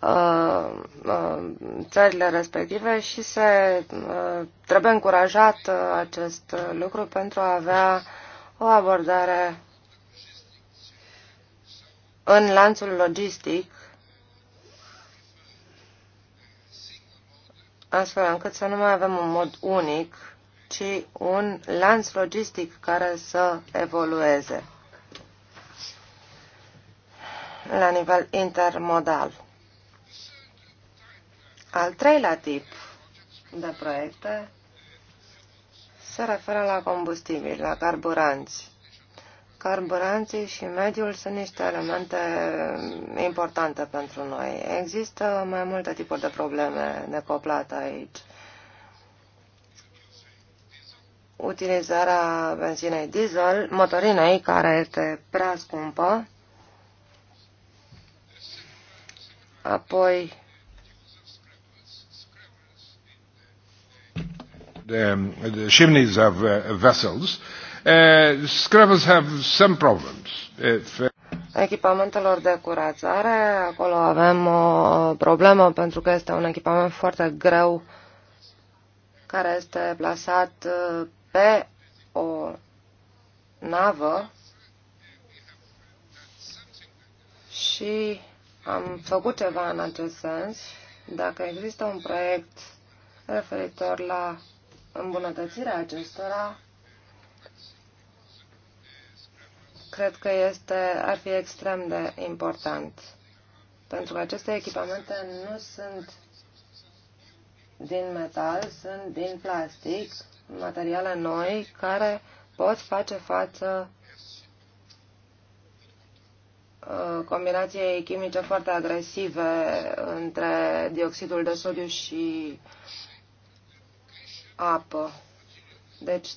uh, uh, țările respective și se uh, trebuie încurajat uh, acest lucru pentru a avea o abordare în lanțul logistic astfel încât să nu mai avem un mod unic ci un lanț logistic care să evolueze la nivel intermodal. Al treilea tip de proiecte se referă la combustibili, la carburanți. Carburanții și mediul sunt niște elemente importante pentru noi. Există mai multe tipuri de probleme decoplate aici. utilizarea benzinei diesel, motorinei, care este prea scumpă, apoi the, the chimneys of uh, vessels, uh, scrubbers have some problems. If, uh, echipamentelor de curățare. Acolo avem o problemă pentru că este un echipament foarte greu care este plasat uh, pe o navă și am făcut ceva în acest sens. Dacă există un proiect referitor la îmbunătățirea acestora, cred că este, ar fi extrem de important. Pentru că aceste echipamente nu sunt din metal, sunt din plastic materiale noi care pot face față uh, combinației chimice foarte agresive între dioxidul de sodiu și apă. Deci,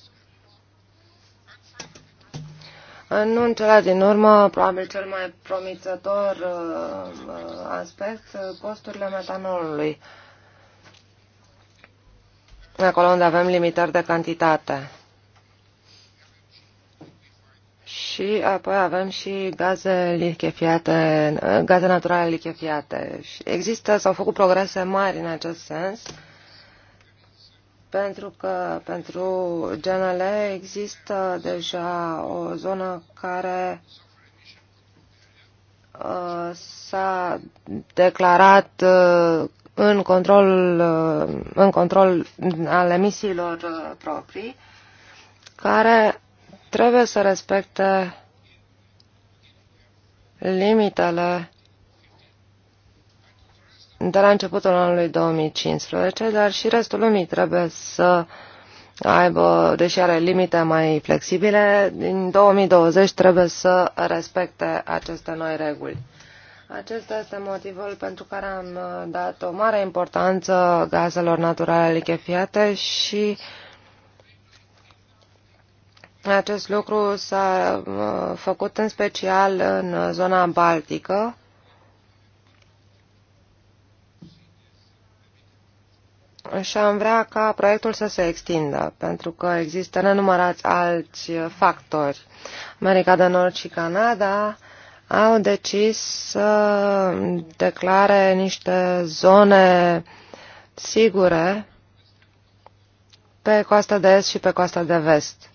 nu în cele din urmă, probabil cel mai promițător uh, uh, aspect, costurile metanolului acolo unde avem limitări de cantitate. Și apoi avem și gaze lichefiate, gaze naturale lichefiate. Există, s-au făcut progrese mari în acest sens, pentru că pentru GNL există deja o zonă care uh, s-a declarat uh, în control, uh, în control al emisiilor uh, proprii, care trebuie să respecte limitele de la începutul anului 2015, dar și restul lumii trebuie să aibă, deși are limite mai flexibile, din 2020 trebuie să respecte aceste noi reguli. Acesta este motivul pentru care am uh, dat o mare importanță gazelor naturale lichefiate și acest lucru s-a uh, făcut în special în zona baltică. și am vrea ca proiectul să se extindă, pentru că există nenumărați alți uh, factori. America de Nord și Canada au decis să declare niște zone sigure pe coasta de est și pe coasta de vest.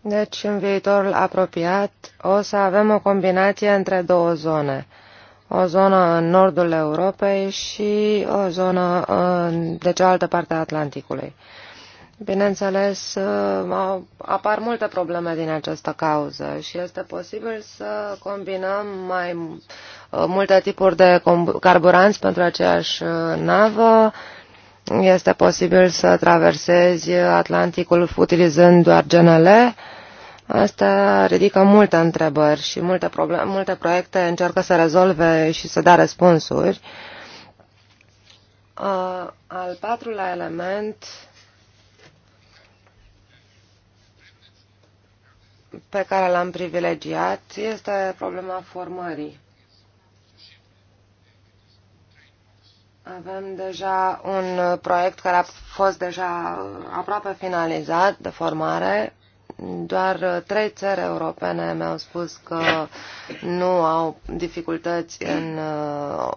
Deci, în viitorul apropiat, o să avem o combinație între două zone. O zonă în nordul Europei și o zonă de cealaltă parte a Atlanticului. Bineînțeles, uh, apar multe probleme din această cauză și este posibil să combinăm mai uh, multe tipuri de carburanți pentru aceeași uh, navă. Este posibil să traversezi Atlanticul utilizând doar GNL. Asta ridică multe întrebări și multe, probleme, multe proiecte încearcă să rezolve și să dea răspunsuri. Al patrulea element pe care l-am privilegiat este problema formării. Avem deja un proiect care a fost deja aproape finalizat de formare. Doar trei țări europene mi-au spus că nu au dificultăți în uh,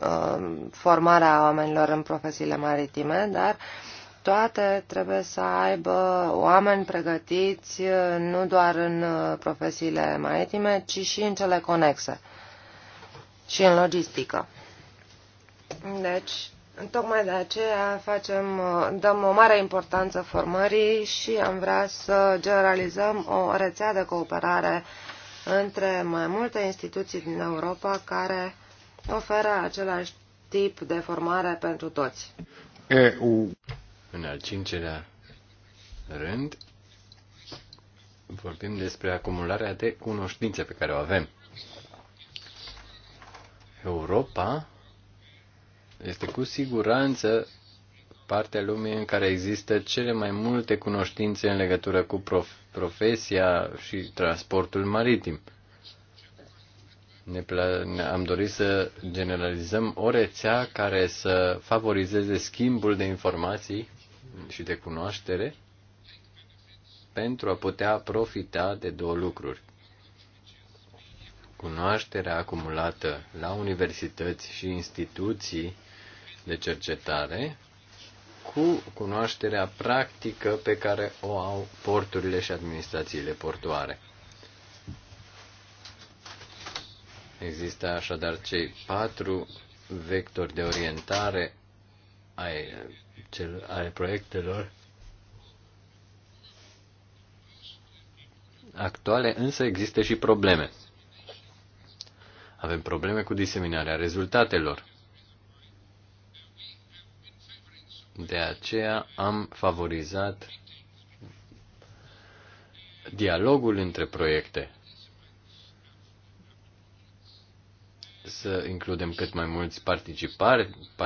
uh, formarea oamenilor în profesiile maritime, dar uh, toate trebuie să aibă oameni pregătiți nu doar în uh, profesiile maritime, ci și în cele conexe și în logistică. Deci, tocmai de aceea facem, uh, dăm o mare importanță formării și am vrea să generalizăm o rețea de cooperare între mai multe instituții din Europa care oferă același tip de formare pentru toți. EU. În al cincelea rând, vorbim despre acumularea de cunoștințe pe care o avem. Europa este cu siguranță partea lumii în care există cele mai multe cunoștințe în legătură cu prof- profesia și transportul maritim. Ne pla- am dorit să generalizăm o rețea care să favorizeze schimbul de informații și de cunoaștere pentru a putea profita de două lucruri. Cunoașterea acumulată la universități și instituții de cercetare cu cunoașterea practică pe care o au porturile și administrațiile portoare. Există așadar cei patru vectori de orientare ai cel, ale proiectelor actuale, însă există și probleme. Avem probleme cu diseminarea rezultatelor. De aceea am favorizat dialogul între proiecte. Să includem cât mai mulți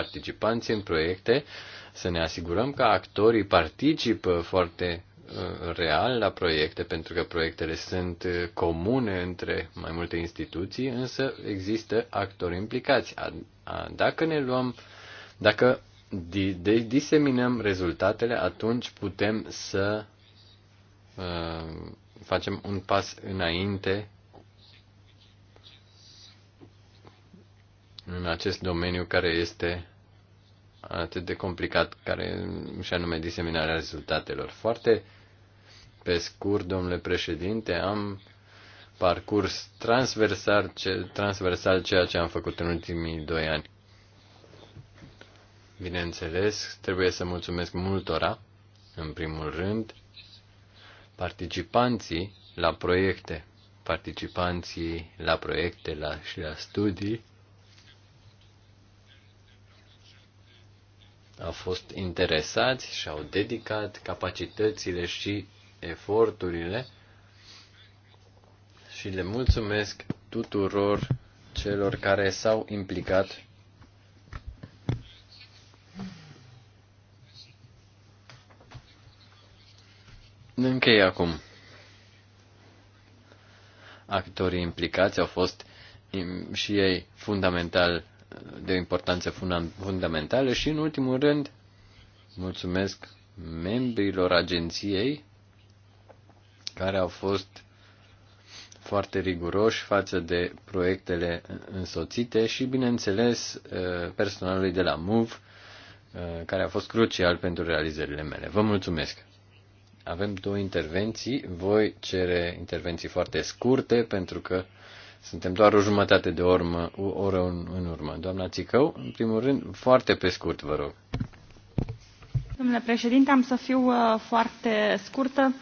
participanți în proiecte, să ne asigurăm că actorii participă foarte uh, real la proiecte, pentru că proiectele sunt uh, comune între mai multe instituții, însă există actori implicați. Dacă ne luăm, dacă diseminăm rezultatele, atunci putem să uh, facem un pas înainte în acest domeniu care este atât de complicat, care și anume diseminarea rezultatelor. Foarte pe scurt, domnule președinte, am parcurs transversal, ce, transversal ceea ce am făcut în ultimii doi ani. Bineînțeles, trebuie să mulțumesc multora, în primul rând, participanții la proiecte, participanții la proiecte la, și la studii, au fost interesați și au dedicat capacitățile și eforturile și le mulțumesc tuturor celor care s-au implicat Închei acum. Actorii implicați au fost și ei fundamental de o importanță fundamentală și, în ultimul rând, mulțumesc membrilor agenției care au fost foarte riguroși față de proiectele însoțite și, bineînțeles, eh, personalului de la MOVE, eh, care a fost crucial pentru realizările mele. Vă mulțumesc! Avem două intervenții. Voi cere intervenții foarte scurte pentru că suntem doar o jumătate de urmă, o oră în, în urmă. Doamna Țicău, în primul rând, foarte pe scurt, vă rog. Domnule președinte, am să fiu uh, foarte scurtă.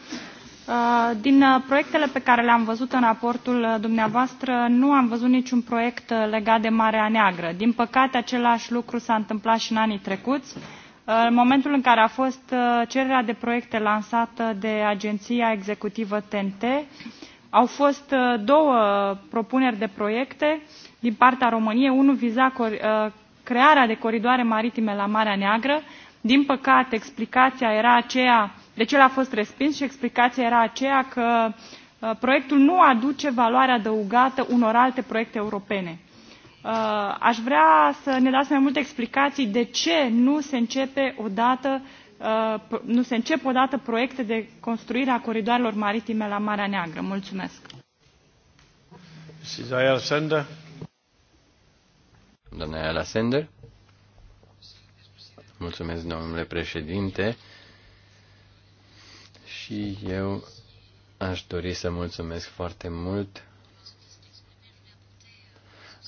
Uh, din uh, proiectele pe care le-am văzut în raportul uh, dumneavoastră, nu am văzut niciun proiect uh, legat de Marea Neagră. Din păcate, același lucru s-a întâmplat și în anii trecuți. Uh, în momentul în care a fost cererea de proiecte lansată de Agenția Executivă TNT, au fost uh, două propuneri de proiecte din partea României. Unul viza uh, crearea de coridoare maritime la Marea Neagră. Din păcate, explicația era aceea, deci el a fost respins și explicația era aceea că uh, proiectul nu aduce valoare adăugată unor alte proiecte europene. Aș vrea să ne dați mai multe explicații de ce nu se începe odată Uh, nu se încep odată proiecte de construire a coridoarelor maritime la Marea Neagră. Mulțumesc. Doamna Ayala Sender. Mulțumesc, domnule președinte. Și eu aș dori să mulțumesc foarte mult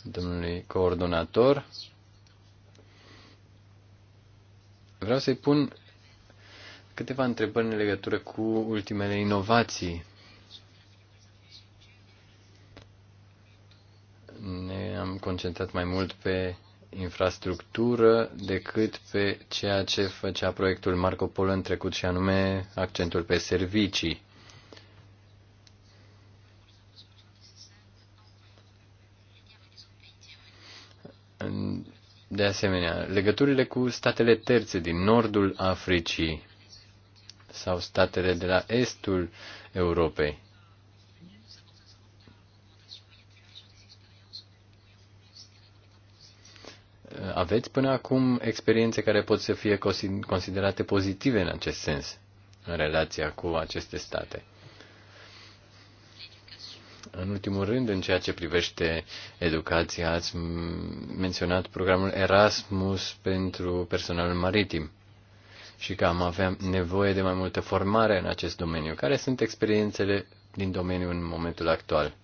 domnului coordonator. Vreau să-i pun Câteva întrebări în legătură cu ultimele inovații. Ne-am concentrat mai mult pe infrastructură decât pe ceea ce făcea proiectul Marco Polo în trecut și anume accentul pe servicii. De asemenea, legăturile cu statele terțe din nordul Africii sau statele de la estul Europei. Aveți până acum experiențe care pot să fie considerate pozitive în acest sens, în relația cu aceste state. În ultimul rând, în ceea ce privește educația, ați menționat programul Erasmus pentru personalul maritim și că am avea nevoie de mai multă formare în acest domeniu. Care sunt experiențele din domeniu în momentul actual?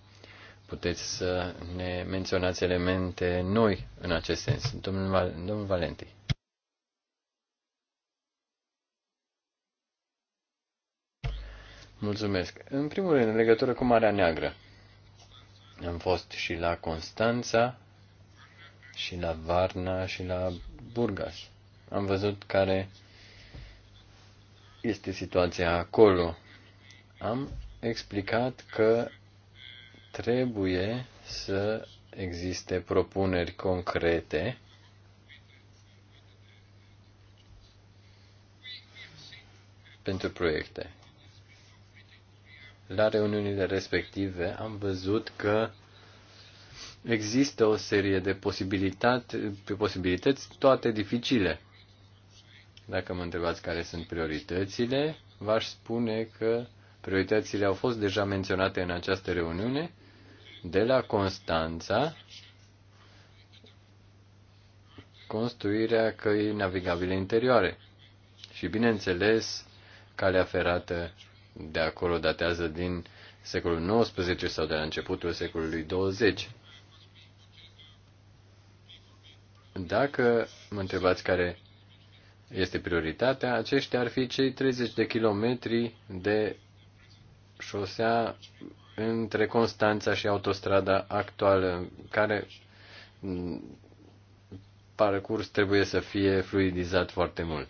Puteți să ne menționați elemente noi în acest sens. Domnul, Val- domnul Valenti. Mulțumesc. În primul rând, în legătură cu Marea Neagră. Am fost și la Constanța, și la Varna, și la Burgas. Am văzut care este situația acolo. Am explicat că trebuie să existe propuneri concrete pentru proiecte. La reuniunile respective am văzut că există o serie de posibilități, posibilități toate dificile. Dacă mă întrebați care sunt prioritățile, v-aș spune că prioritățile au fost deja menționate în această reuniune, de la Constanța, construirea căii navigabile interioare. Și bineînțeles, calea ferată de acolo datează din secolul XIX sau de la începutul secolului 20. Dacă mă întrebați care este prioritatea, aceștia ar fi cei 30 de kilometri de șosea între Constanța și autostrada actuală, care mm, parcurs trebuie să fie fluidizat foarte mult.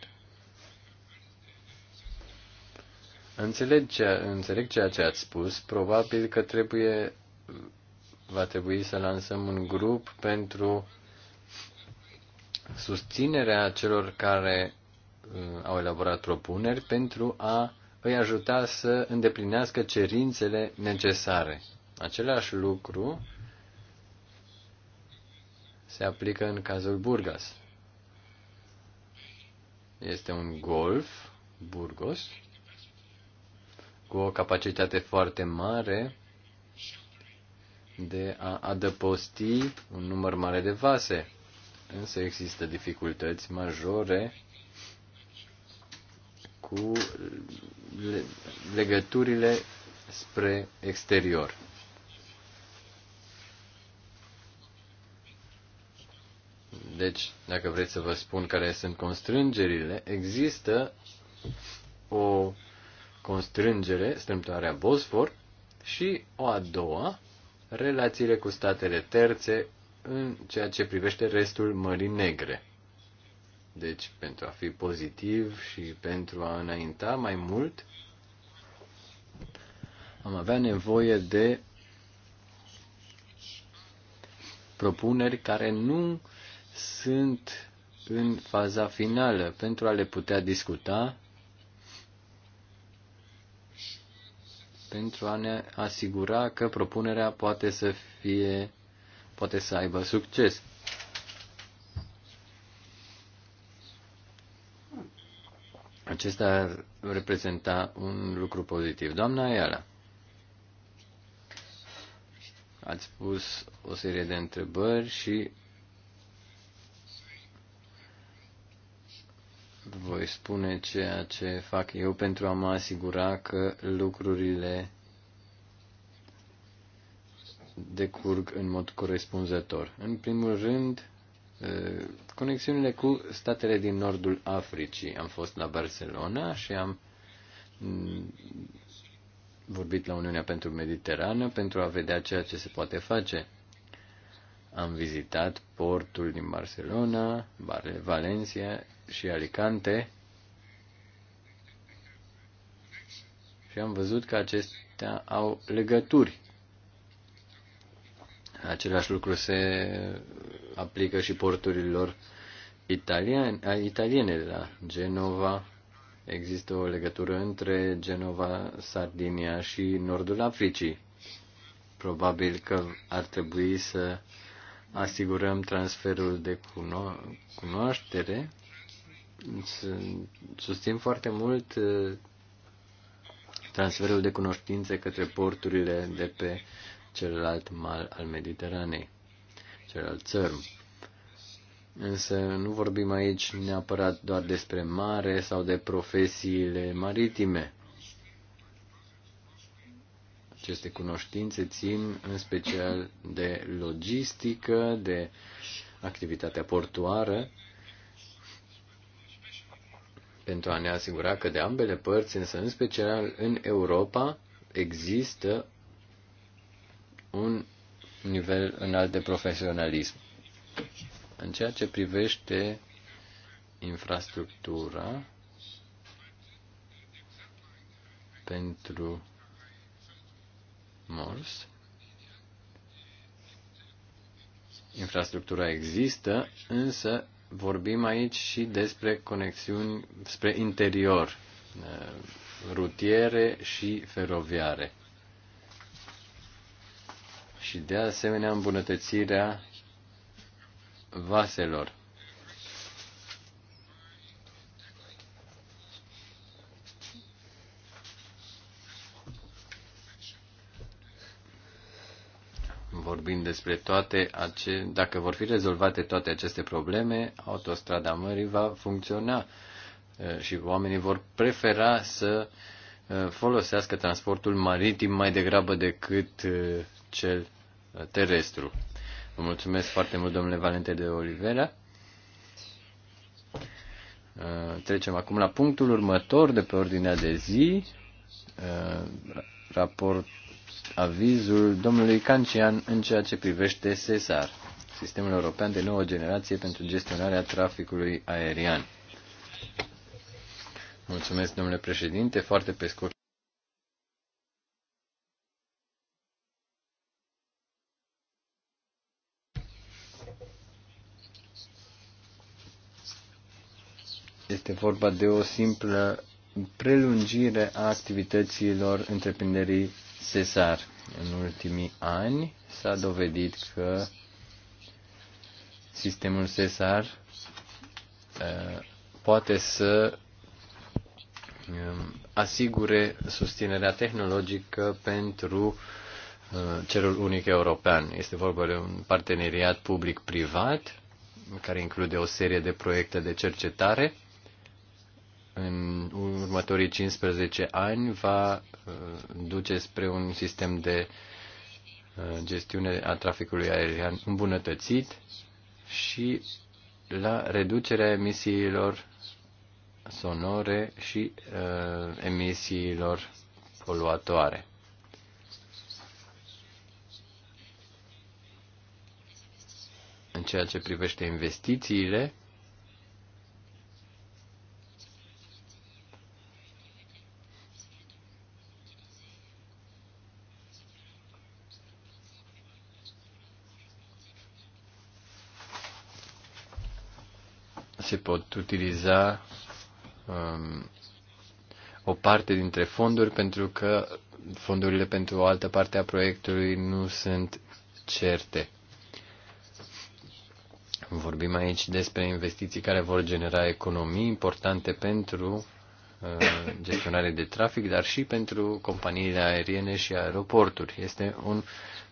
Înțeleg, ceea, înțeleg ceea ce ați spus. Probabil că trebuie, va trebui să lansăm un grup pentru susținerea celor care uh, au elaborat propuneri pentru a îi ajuta să îndeplinească cerințele necesare. Același lucru se aplică în cazul Burgas. Este un golf, Burgos, cu o capacitate foarte mare de a adăposti un număr mare de vase însă există dificultăți majore cu legăturile spre exterior. Deci, dacă vreți să vă spun care sunt constrângerile, există o constrângere, strâmtoarea Bosfor, și o a doua, relațiile cu statele terțe în ceea ce privește restul Mării Negre. Deci, pentru a fi pozitiv și pentru a înainta mai mult, am avea nevoie de propuneri care nu sunt în faza finală pentru a le putea discuta, pentru a ne asigura că propunerea poate să fie poate să aibă succes. Acesta ar reprezenta un lucru pozitiv. Doamna Ayala, ați pus o serie de întrebări și voi spune ceea ce fac eu pentru a mă asigura că lucrurile decurg în mod corespunzător. În primul rând, conexiunile cu statele din nordul Africii. Am fost la Barcelona și am mm, vorbit la Uniunea pentru Mediterană pentru a vedea ceea ce se poate face. Am vizitat portul din Barcelona, Valencia și Alicante și am văzut că acestea au legături Același lucru se aplică și porturilor italian, italiene la Genova. Există o legătură între Genova, Sardinia și nordul Africii. Probabil că ar trebui să asigurăm transferul de cuno- cunoaștere. Susțin foarte mult uh, transferul de cunoștințe către porturile de pe celălalt mal al Mediteranei, celălalt țărm. Însă nu vorbim aici neapărat doar despre mare sau de profesiile maritime. Aceste cunoștințe țin în special de logistică, de activitatea portoară, pentru a ne asigura că de ambele părți, însă în special în Europa, există un nivel înalt de profesionalism. În ceea ce privește infrastructura pentru MORS, infrastructura există, însă vorbim aici și despre conexiuni spre interior, rutiere și feroviare și de asemenea îmbunătățirea vaselor. vorbind despre toate ace- dacă vor fi rezolvate toate aceste probleme, autostrada mării va funcționa și oamenii vor prefera să folosească transportul maritim mai degrabă decât cel uh, terestru. Vă mulțumesc foarte mult, domnule Valente de Olivera. Uh, trecem acum la punctul următor de pe ordinea de zi, uh, raport avizul domnului Cancian în ceea ce privește SESAR, Sistemul European de Nouă Generație pentru Gestionarea Traficului Aerian. Mulțumesc, domnule președinte. Foarte pe scurt Este vorba de o simplă prelungire a activităților întreprinderii Cesar. În ultimii ani s-a dovedit că sistemul Cesar uh, poate să um, asigure susținerea tehnologică pentru uh, cerul unic european. Este vorba de un parteneriat public-privat care include o serie de proiecte de cercetare în următorii 15 ani va uh, duce spre un sistem de uh, gestiune a traficului aerian îmbunătățit și la reducerea emisiilor sonore și uh, emisiilor poluatoare. În ceea ce privește investițiile, pot utiliza um, o parte dintre fonduri pentru că fondurile pentru o altă parte a proiectului nu sunt certe. Vorbim aici despre investiții care vor genera economii importante pentru uh, gestionare de trafic, dar și pentru companiile aeriene și aeroporturi. Este un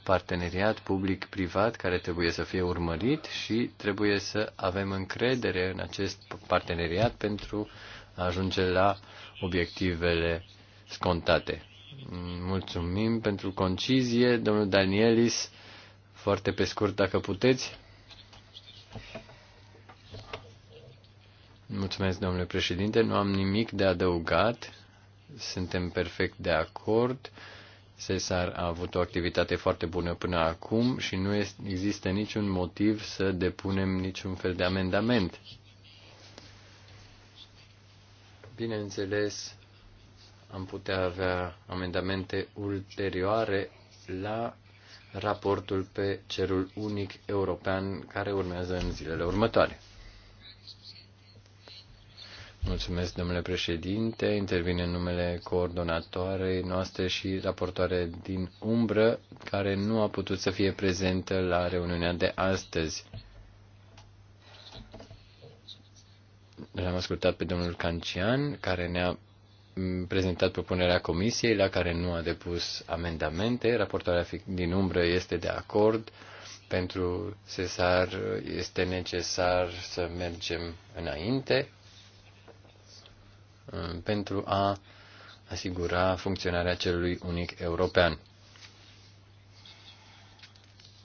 parteneriat public-privat care trebuie să fie urmărit și trebuie să avem încredere în acest parteneriat pentru a ajunge la obiectivele scontate. Mulțumim pentru concizie, domnul Danielis. Foarte pe scurt, dacă puteți. Mulțumesc, domnule președinte. Nu am nimic de adăugat. Suntem perfect de acord Cesar a avut o activitate foarte bună până acum și nu există niciun motiv să depunem niciun fel de amendament. Bineînțeles, am putea avea amendamente ulterioare la raportul pe cerul unic european care urmează în zilele următoare. Mulțumesc, domnule președinte. Intervine în numele coordonatoarei noastre și raportoare din umbră, care nu a putut să fie prezentă la reuniunea de astăzi. L-am ascultat pe domnul Cancian, care ne-a prezentat propunerea comisiei, la care nu a depus amendamente. Raportoarea din umbră este de acord. Pentru Cesar este necesar să mergem înainte Uh, pentru a asigura funcționarea celui unic european.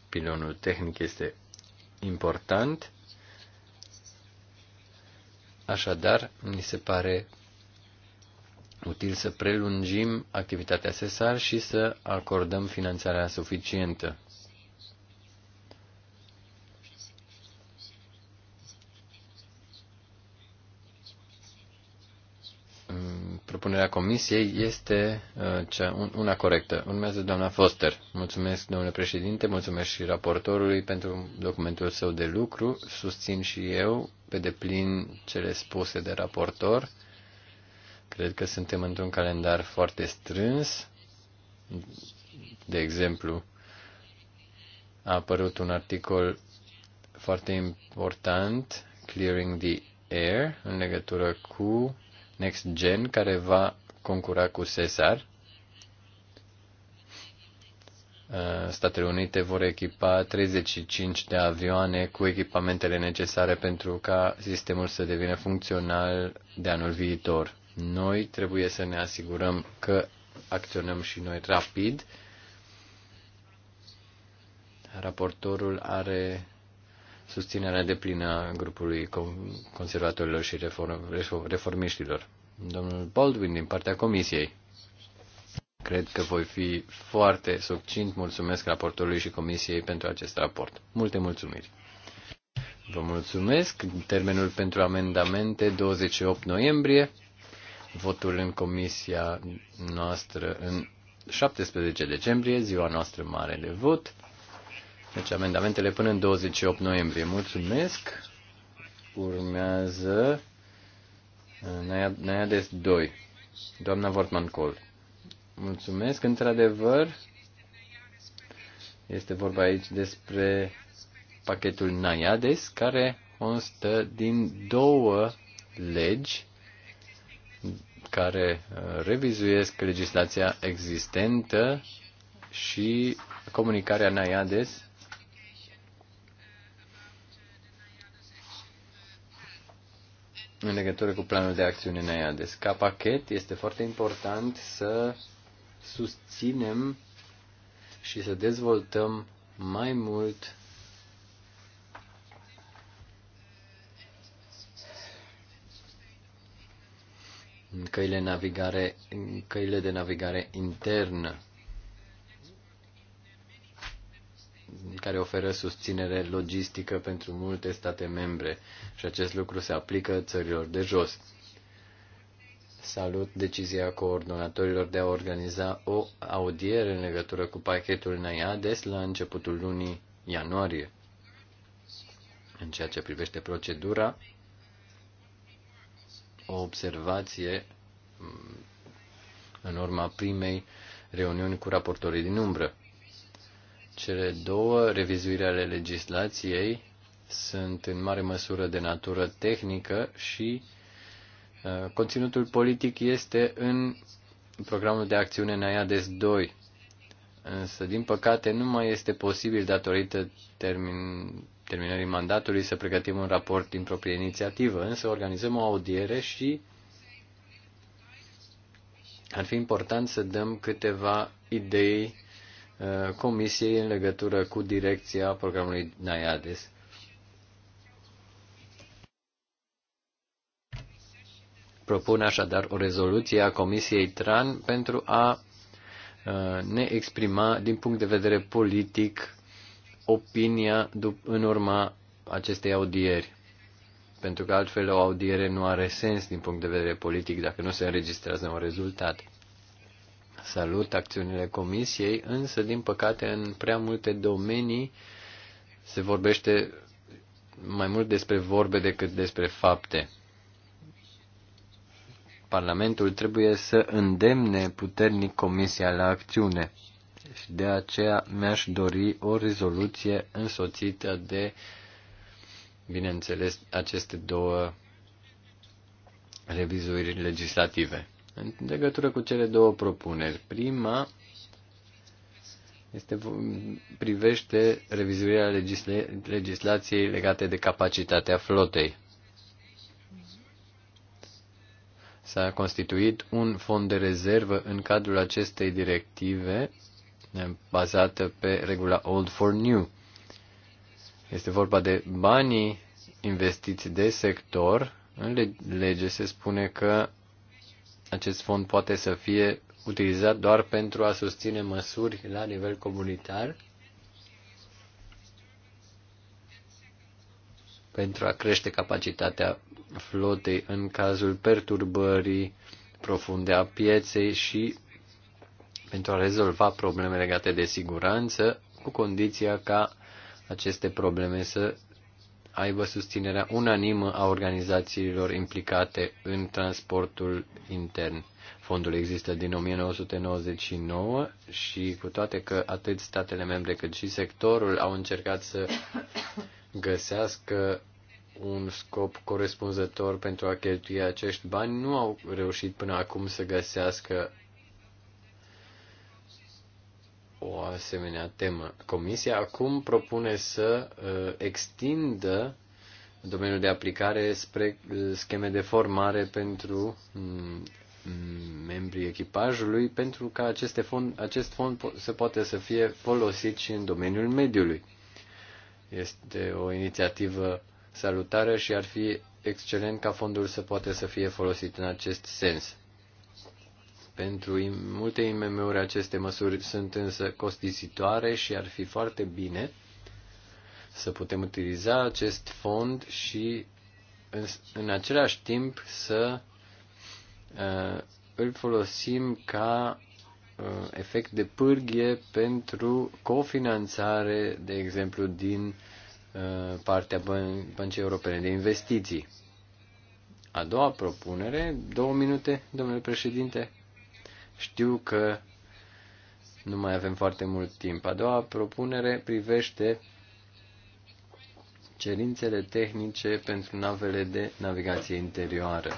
Pilonul tehnic este important, așadar, mi se pare util să prelungim activitatea SESAR și să acordăm finanțarea suficientă. propunerea comisiei este uh, cea, una corectă. Urmează doamna Foster. Mulțumesc, domnule președinte, mulțumesc și raportorului pentru documentul său de lucru. Susțin și eu pe deplin cele spuse de raportor. Cred că suntem într-un calendar foarte strâns. De exemplu, a apărut un articol foarte important, Clearing the Air, în legătură cu Next Gen, care va concura cu Cesar. Uh, Statele Unite vor echipa 35 de avioane cu echipamentele necesare pentru ca sistemul să devină funcțional de anul viitor. Noi trebuie să ne asigurăm că acționăm și noi rapid. Raportorul are susținerea deplină a grupului conservatorilor și reformiștilor. Domnul Baldwin, din partea Comisiei. Cred că voi fi foarte succint. Mulțumesc raportorului și Comisiei pentru acest raport. Multe mulțumiri! Vă mulțumesc. Termenul pentru amendamente 28 noiembrie. Votul în comisia noastră în 17 decembrie, ziua noastră mare de vot. Deci amendamentele până în 28 noiembrie. Mulțumesc. Urmează uh, Naiades 2. Doamna Vortman Col. Mulțumesc. Într-adevăr, este vorba aici despre pachetul Naiades, care constă din două legi care uh, revizuiesc legislația existentă și comunicarea Naiades în legătură cu planul de acțiune în EADES. Ca pachet este foarte important să susținem și să dezvoltăm mai mult căile, navigare, căile de navigare internă. care oferă susținere logistică pentru multe state membre și acest lucru se aplică țărilor de jos. Salut decizia coordonatorilor de a organiza o audiere în legătură cu pachetul NAIADES la începutul lunii ianuarie. În ceea ce privește procedura, o observație mm, în urma primei reuniuni cu raportorii din umbră cele două revizuiri ale legislației sunt în mare măsură de natură tehnică și uh, conținutul politic este în programul de acțiune NAIADES 2. Însă, din păcate, nu mai este posibil, datorită termin, terminării mandatului, să pregătim un raport din proprie inițiativă. Însă, organizăm o audiere și ar fi important să dăm câteva idei Uh, comisiei în legătură cu direcția programului NAIADES. Propun așadar o rezoluție a Comisiei TRAN pentru a uh, ne exprima din punct de vedere politic opinia în urma acestei audieri. Pentru că altfel o audiere nu are sens din punct de vedere politic dacă nu se înregistrează un rezultat. Salut acțiunile comisiei, însă, din păcate, în prea multe domenii se vorbește mai mult despre vorbe decât despre fapte. Parlamentul trebuie să îndemne puternic Comisia la acțiune și de aceea mi-aș dori o rezoluție însoțită de, bineînțeles, aceste două revizuiri legislative. În legătură cu cele două propuneri, prima este, privește revizuirea legisla, legislației legate de capacitatea flotei. S-a constituit un fond de rezervă în cadrul acestei directive eh, bazată pe regula Old for New. Este vorba de banii investiți de sector. În lege se spune că acest fond poate să fie utilizat doar pentru a susține măsuri la nivel comunitar, pentru a crește capacitatea flotei în cazul perturbării profunde a pieței și pentru a rezolva probleme legate de siguranță, cu condiția ca aceste probleme să aibă susținerea unanimă a organizațiilor implicate în transportul intern. Fondul există din 1999 și cu toate că atât statele membre cât și sectorul au încercat să găsească un scop corespunzător pentru a cheltui acești bani, nu au reușit până acum să găsească o asemenea temă. Comisia acum propune să uh, extindă domeniul de aplicare spre uh, scheme de formare pentru mm, mm, membrii echipajului, pentru ca aceste fond, acest fond se poate să fie folosit și în domeniul mediului. Este o inițiativă salutară și ar fi excelent ca fondul să poate să fie folosit în acest sens. Pentru multe IMM-uri aceste măsuri sunt însă costisitoare și ar fi foarte bine să putem utiliza acest fond și în, în același timp să uh, îl folosim ca uh, efect de pârghie pentru cofinanțare, de exemplu, din uh, partea Băn- Băncii Europene de Investiții. A doua propunere, două minute, domnule președinte. Știu că nu mai avem foarte mult timp. A doua propunere privește cerințele tehnice pentru navele de navigație interioară.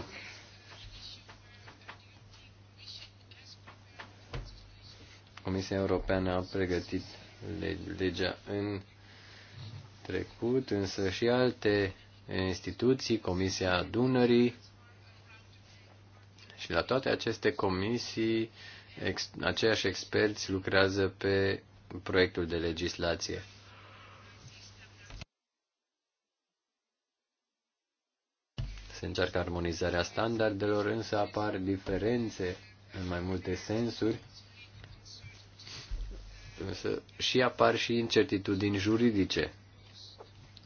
Comisia Europeană a pregătit legea în trecut, însă și alte instituții, Comisia Dunării, și la toate aceste comisii, ex, aceiași experți lucrează pe proiectul de legislație. Se încearcă armonizarea standardelor, însă apar diferențe în mai multe sensuri însă și apar și incertitudini juridice.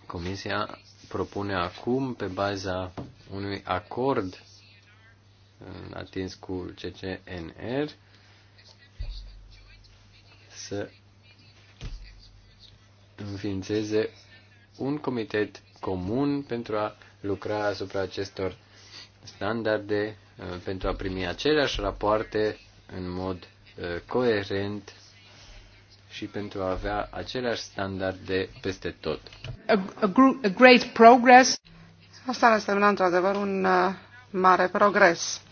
Comisia propune acum, pe baza unui acord atins cu CCNR să înființeze un comitet comun pentru a lucra asupra acestor standarde, uh, pentru a primi aceleași rapoarte în mod uh, coerent și pentru a avea aceleași standarde peste tot. A, a, a great progress. Asta însemna într-adevăr un uh, mare progres.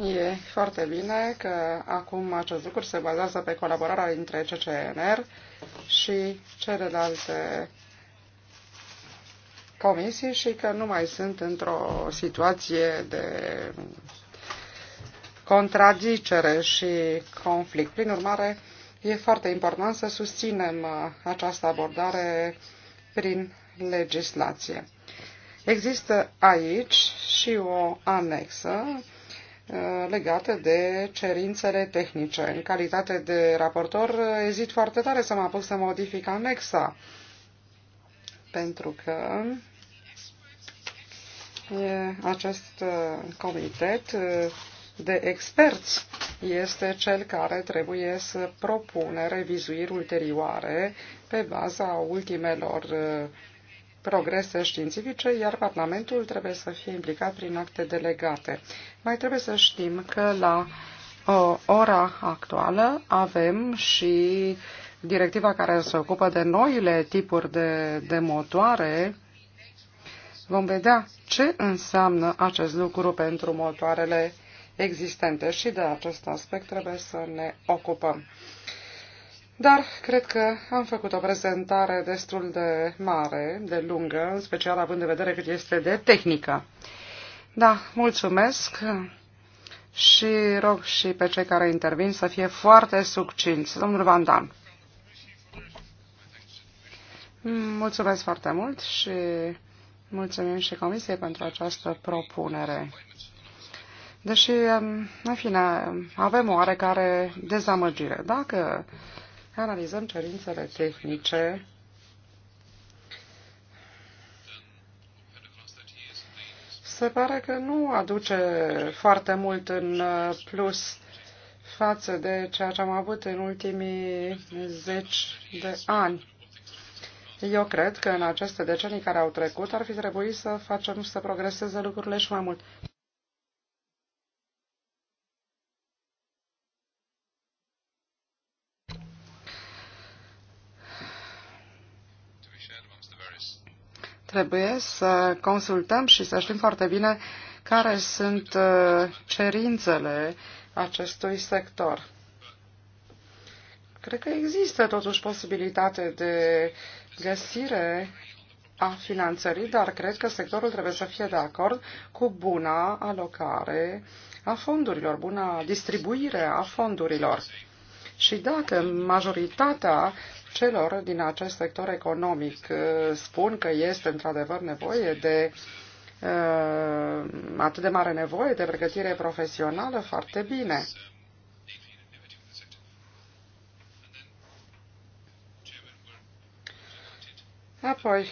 E foarte bine că acum acest lucru se bazează pe colaborarea dintre CCNR și celelalte comisii și că nu mai sunt într-o situație de contradicere și conflict. Prin urmare, e foarte important să susținem această abordare prin legislație. Există aici și o anexă Uh, legate de cerințele tehnice. În calitate de raportor, ezit foarte tare să mă apuc să modific anexa, pentru că acest uh, comitet uh, de experți este cel care trebuie să propune revizuiri ulterioare pe baza ultimelor progrese științifice, iar Parlamentul trebuie să fie implicat prin acte delegate. Mai trebuie să știm că la uh, ora actuală avem și directiva care se ocupă de noile tipuri de, de motoare. Vom vedea ce înseamnă acest lucru pentru motoarele existente și de acest aspect trebuie să ne ocupăm. Dar cred că am făcut o prezentare destul de mare, de lungă, în special având în vedere cât este de tehnică. Da, mulțumesc și rog și pe cei care intervin să fie foarte succinți. Domnul Van Dan. Mulțumesc foarte mult și mulțumim și Comisiei pentru această propunere. Deși, în fine, avem o oarecare dezamăgire. Dacă analizăm cerințele tehnice se pare că nu aduce foarte mult în plus față de ceea ce am avut în ultimii zeci de ani. Eu cred că în aceste decenii care au trecut ar fi trebuit să facem să progreseze lucrurile și mai mult. trebuie să consultăm și să știm foarte bine care sunt uh, cerințele acestui sector. Cred că există totuși posibilitate de găsire a finanțării, dar cred că sectorul trebuie să fie de acord cu buna alocare a fondurilor, buna distribuire a fondurilor. Și dacă majoritatea celor din acest sector economic uh, spun că este într-adevăr nevoie de uh, atât de mare nevoie de pregătire profesională, foarte bine. Apoi,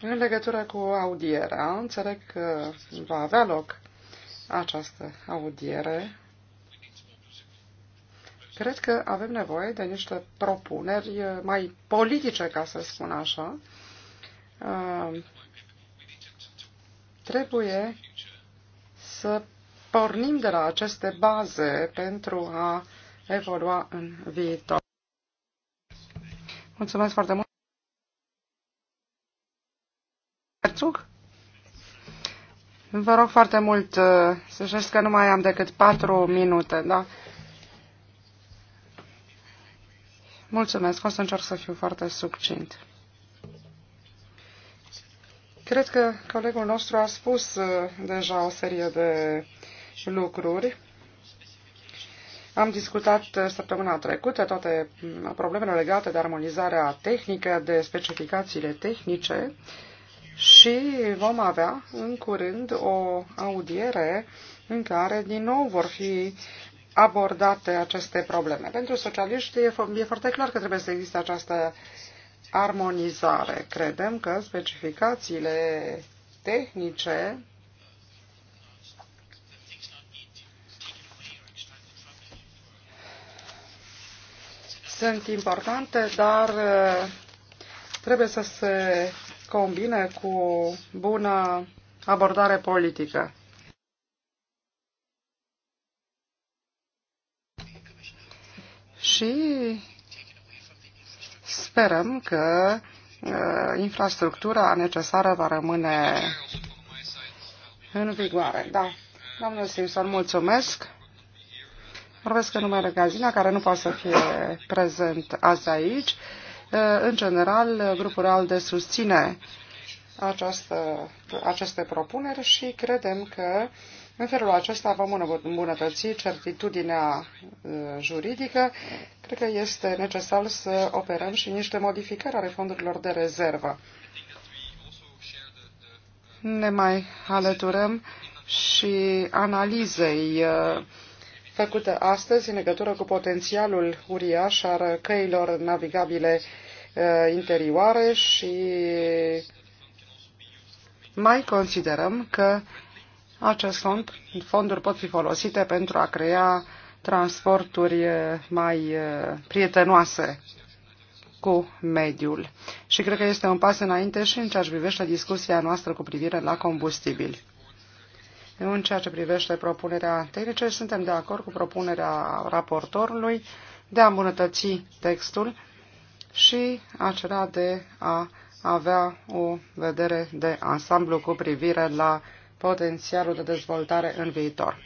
în legătură cu audierea, înțeleg că va avea loc această audiere Cred că avem nevoie de niște propuneri eh, mai politice, ca să spun așa. Eh, trebuie să pornim de la aceste baze pentru a evolua în viitor. Mulțumesc foarte mult. Vă rog foarte mult eh, să știți că nu mai am decât patru minute, da? Mulțumesc, o să încerc să fiu foarte succint. Cred că colegul nostru a spus uh, deja o serie de lucruri. Am discutat uh, săptămâna trecută toate mm, problemele legate de armonizarea tehnică, de specificațiile tehnice și vom avea în curând o audiere în care din nou vor fi abordate aceste probleme. Pentru socialiști e, e foarte clar că trebuie să existe această armonizare. Credem că specificațiile tehnice sunt importante, dar uh, trebuie să se combine cu bună abordare politică. și sperăm că uh, infrastructura necesară va rămâne în vigoare. Da. Domnul Simpson, mulțumesc. Vorbesc în numele Gazina, care nu poate să fie prezent azi aici. Uh, în general, grupul RAL de susține această, aceste propuneri și credem că în felul acesta vom îmbunătăți certitudinea uh, juridică. Cred că este necesar să operăm și niște modificări ale fondurilor de rezervă. Ne mai alăturăm și analizei uh, făcute astăzi în legătură cu potențialul uriaș al căilor navigabile uh, interioare și mai considerăm că acest fond, fonduri pot fi folosite pentru a crea transporturi eh, mai eh, prietenoase cu mediul. Și cred că este un pas înainte și în ceea ce privește discuția noastră cu privire la combustibili. În ceea ce privește propunerea tehnice, suntem de acord cu propunerea raportorului de a îmbunătăți textul și acela de a avea o vedere de ansamblu cu privire la potențialul de dezvoltare în viitor.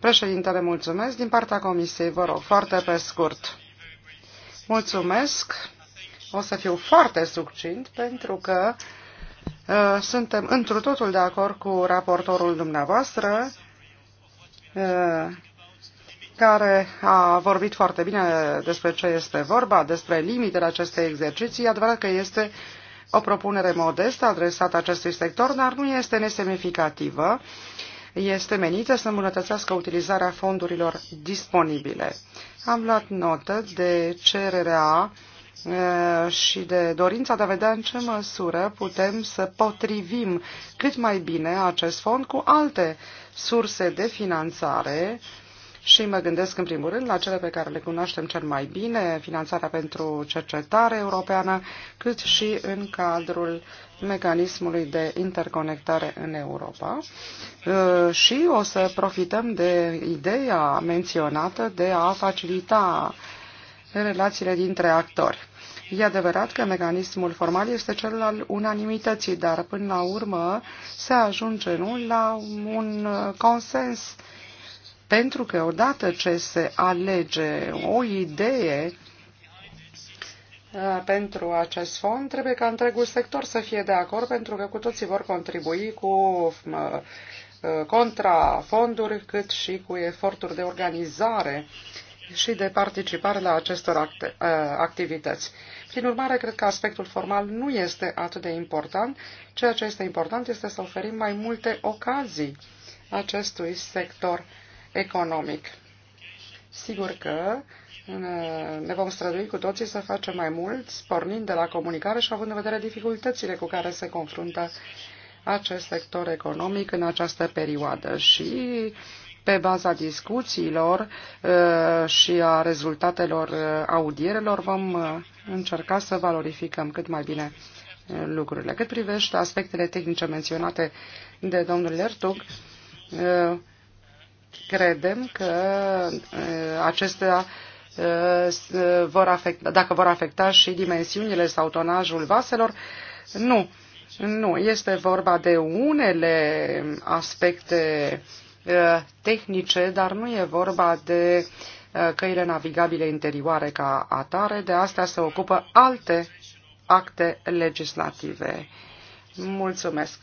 Președintele, mulțumesc. Din partea Comisiei, vă rog, foarte pe scurt. Mulțumesc. O să fiu foarte succint pentru că uh, suntem întru totul de acord cu raportorul dumneavoastră uh, care a vorbit foarte bine despre ce este vorba, despre limitele acestei exerciții. E adevărat că este uh, o propunere modestă adresată acestui sector, dar nu este nesemnificativă. Este menită să îmbunătățească utilizarea fondurilor disponibile. Am luat notă de cererea și de dorința de a vedea în ce măsură putem să potrivim cât mai bine acest fond cu alte surse de finanțare și mă gândesc în primul rând la cele pe care le cunoaștem cel mai bine, finanțarea pentru cercetare europeană, cât și în cadrul mecanismului de interconectare în Europa. Uh, și o să profităm de ideea menționată de a facilita relațiile dintre actori. E adevărat că mecanismul formal este cel al unanimității, dar până la urmă se ajunge nu, la un consens pentru că odată ce se alege o idee uh, pentru acest fond, trebuie ca întregul sector să fie de acord, pentru că cu toții vor contribui cu uh, uh, contrafonduri, cât și cu eforturi de organizare și de participare la acestor act activități. Prin urmare, cred că aspectul formal nu este atât de important. Ceea ce este important este să oferim mai multe ocazii acestui sector economic. Sigur că ne vom strădui cu toții să facem mai mult, pornind de la comunicare și având în vedere dificultățile cu care se confruntă acest sector economic în această perioadă și pe baza discuțiilor uh, și a rezultatelor uh, audierelor vom uh, încerca să valorificăm cât mai bine lucrurile. Cât privește aspectele tehnice menționate de domnul Lertug, credem că uh, acestea uh, vor afecta, dacă vor afecta și dimensiunile sau tonajul vaselor. Nu, nu. Este vorba de unele aspecte uh, tehnice, dar nu e vorba de căile navigabile interioare ca atare. De astea se ocupă alte acte legislative. Mulțumesc!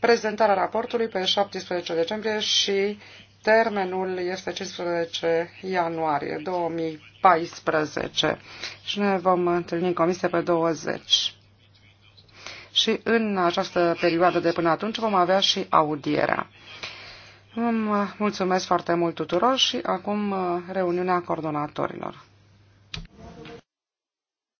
Prezentarea raportului pe 17 decembrie și Termenul este 15 ianuarie 2014 și ne vom întâlni în comisie pe 20. Și în această perioadă de până atunci vom avea și audierea. mulțumesc foarte mult tuturor și acum uh, reuniunea coordonatorilor.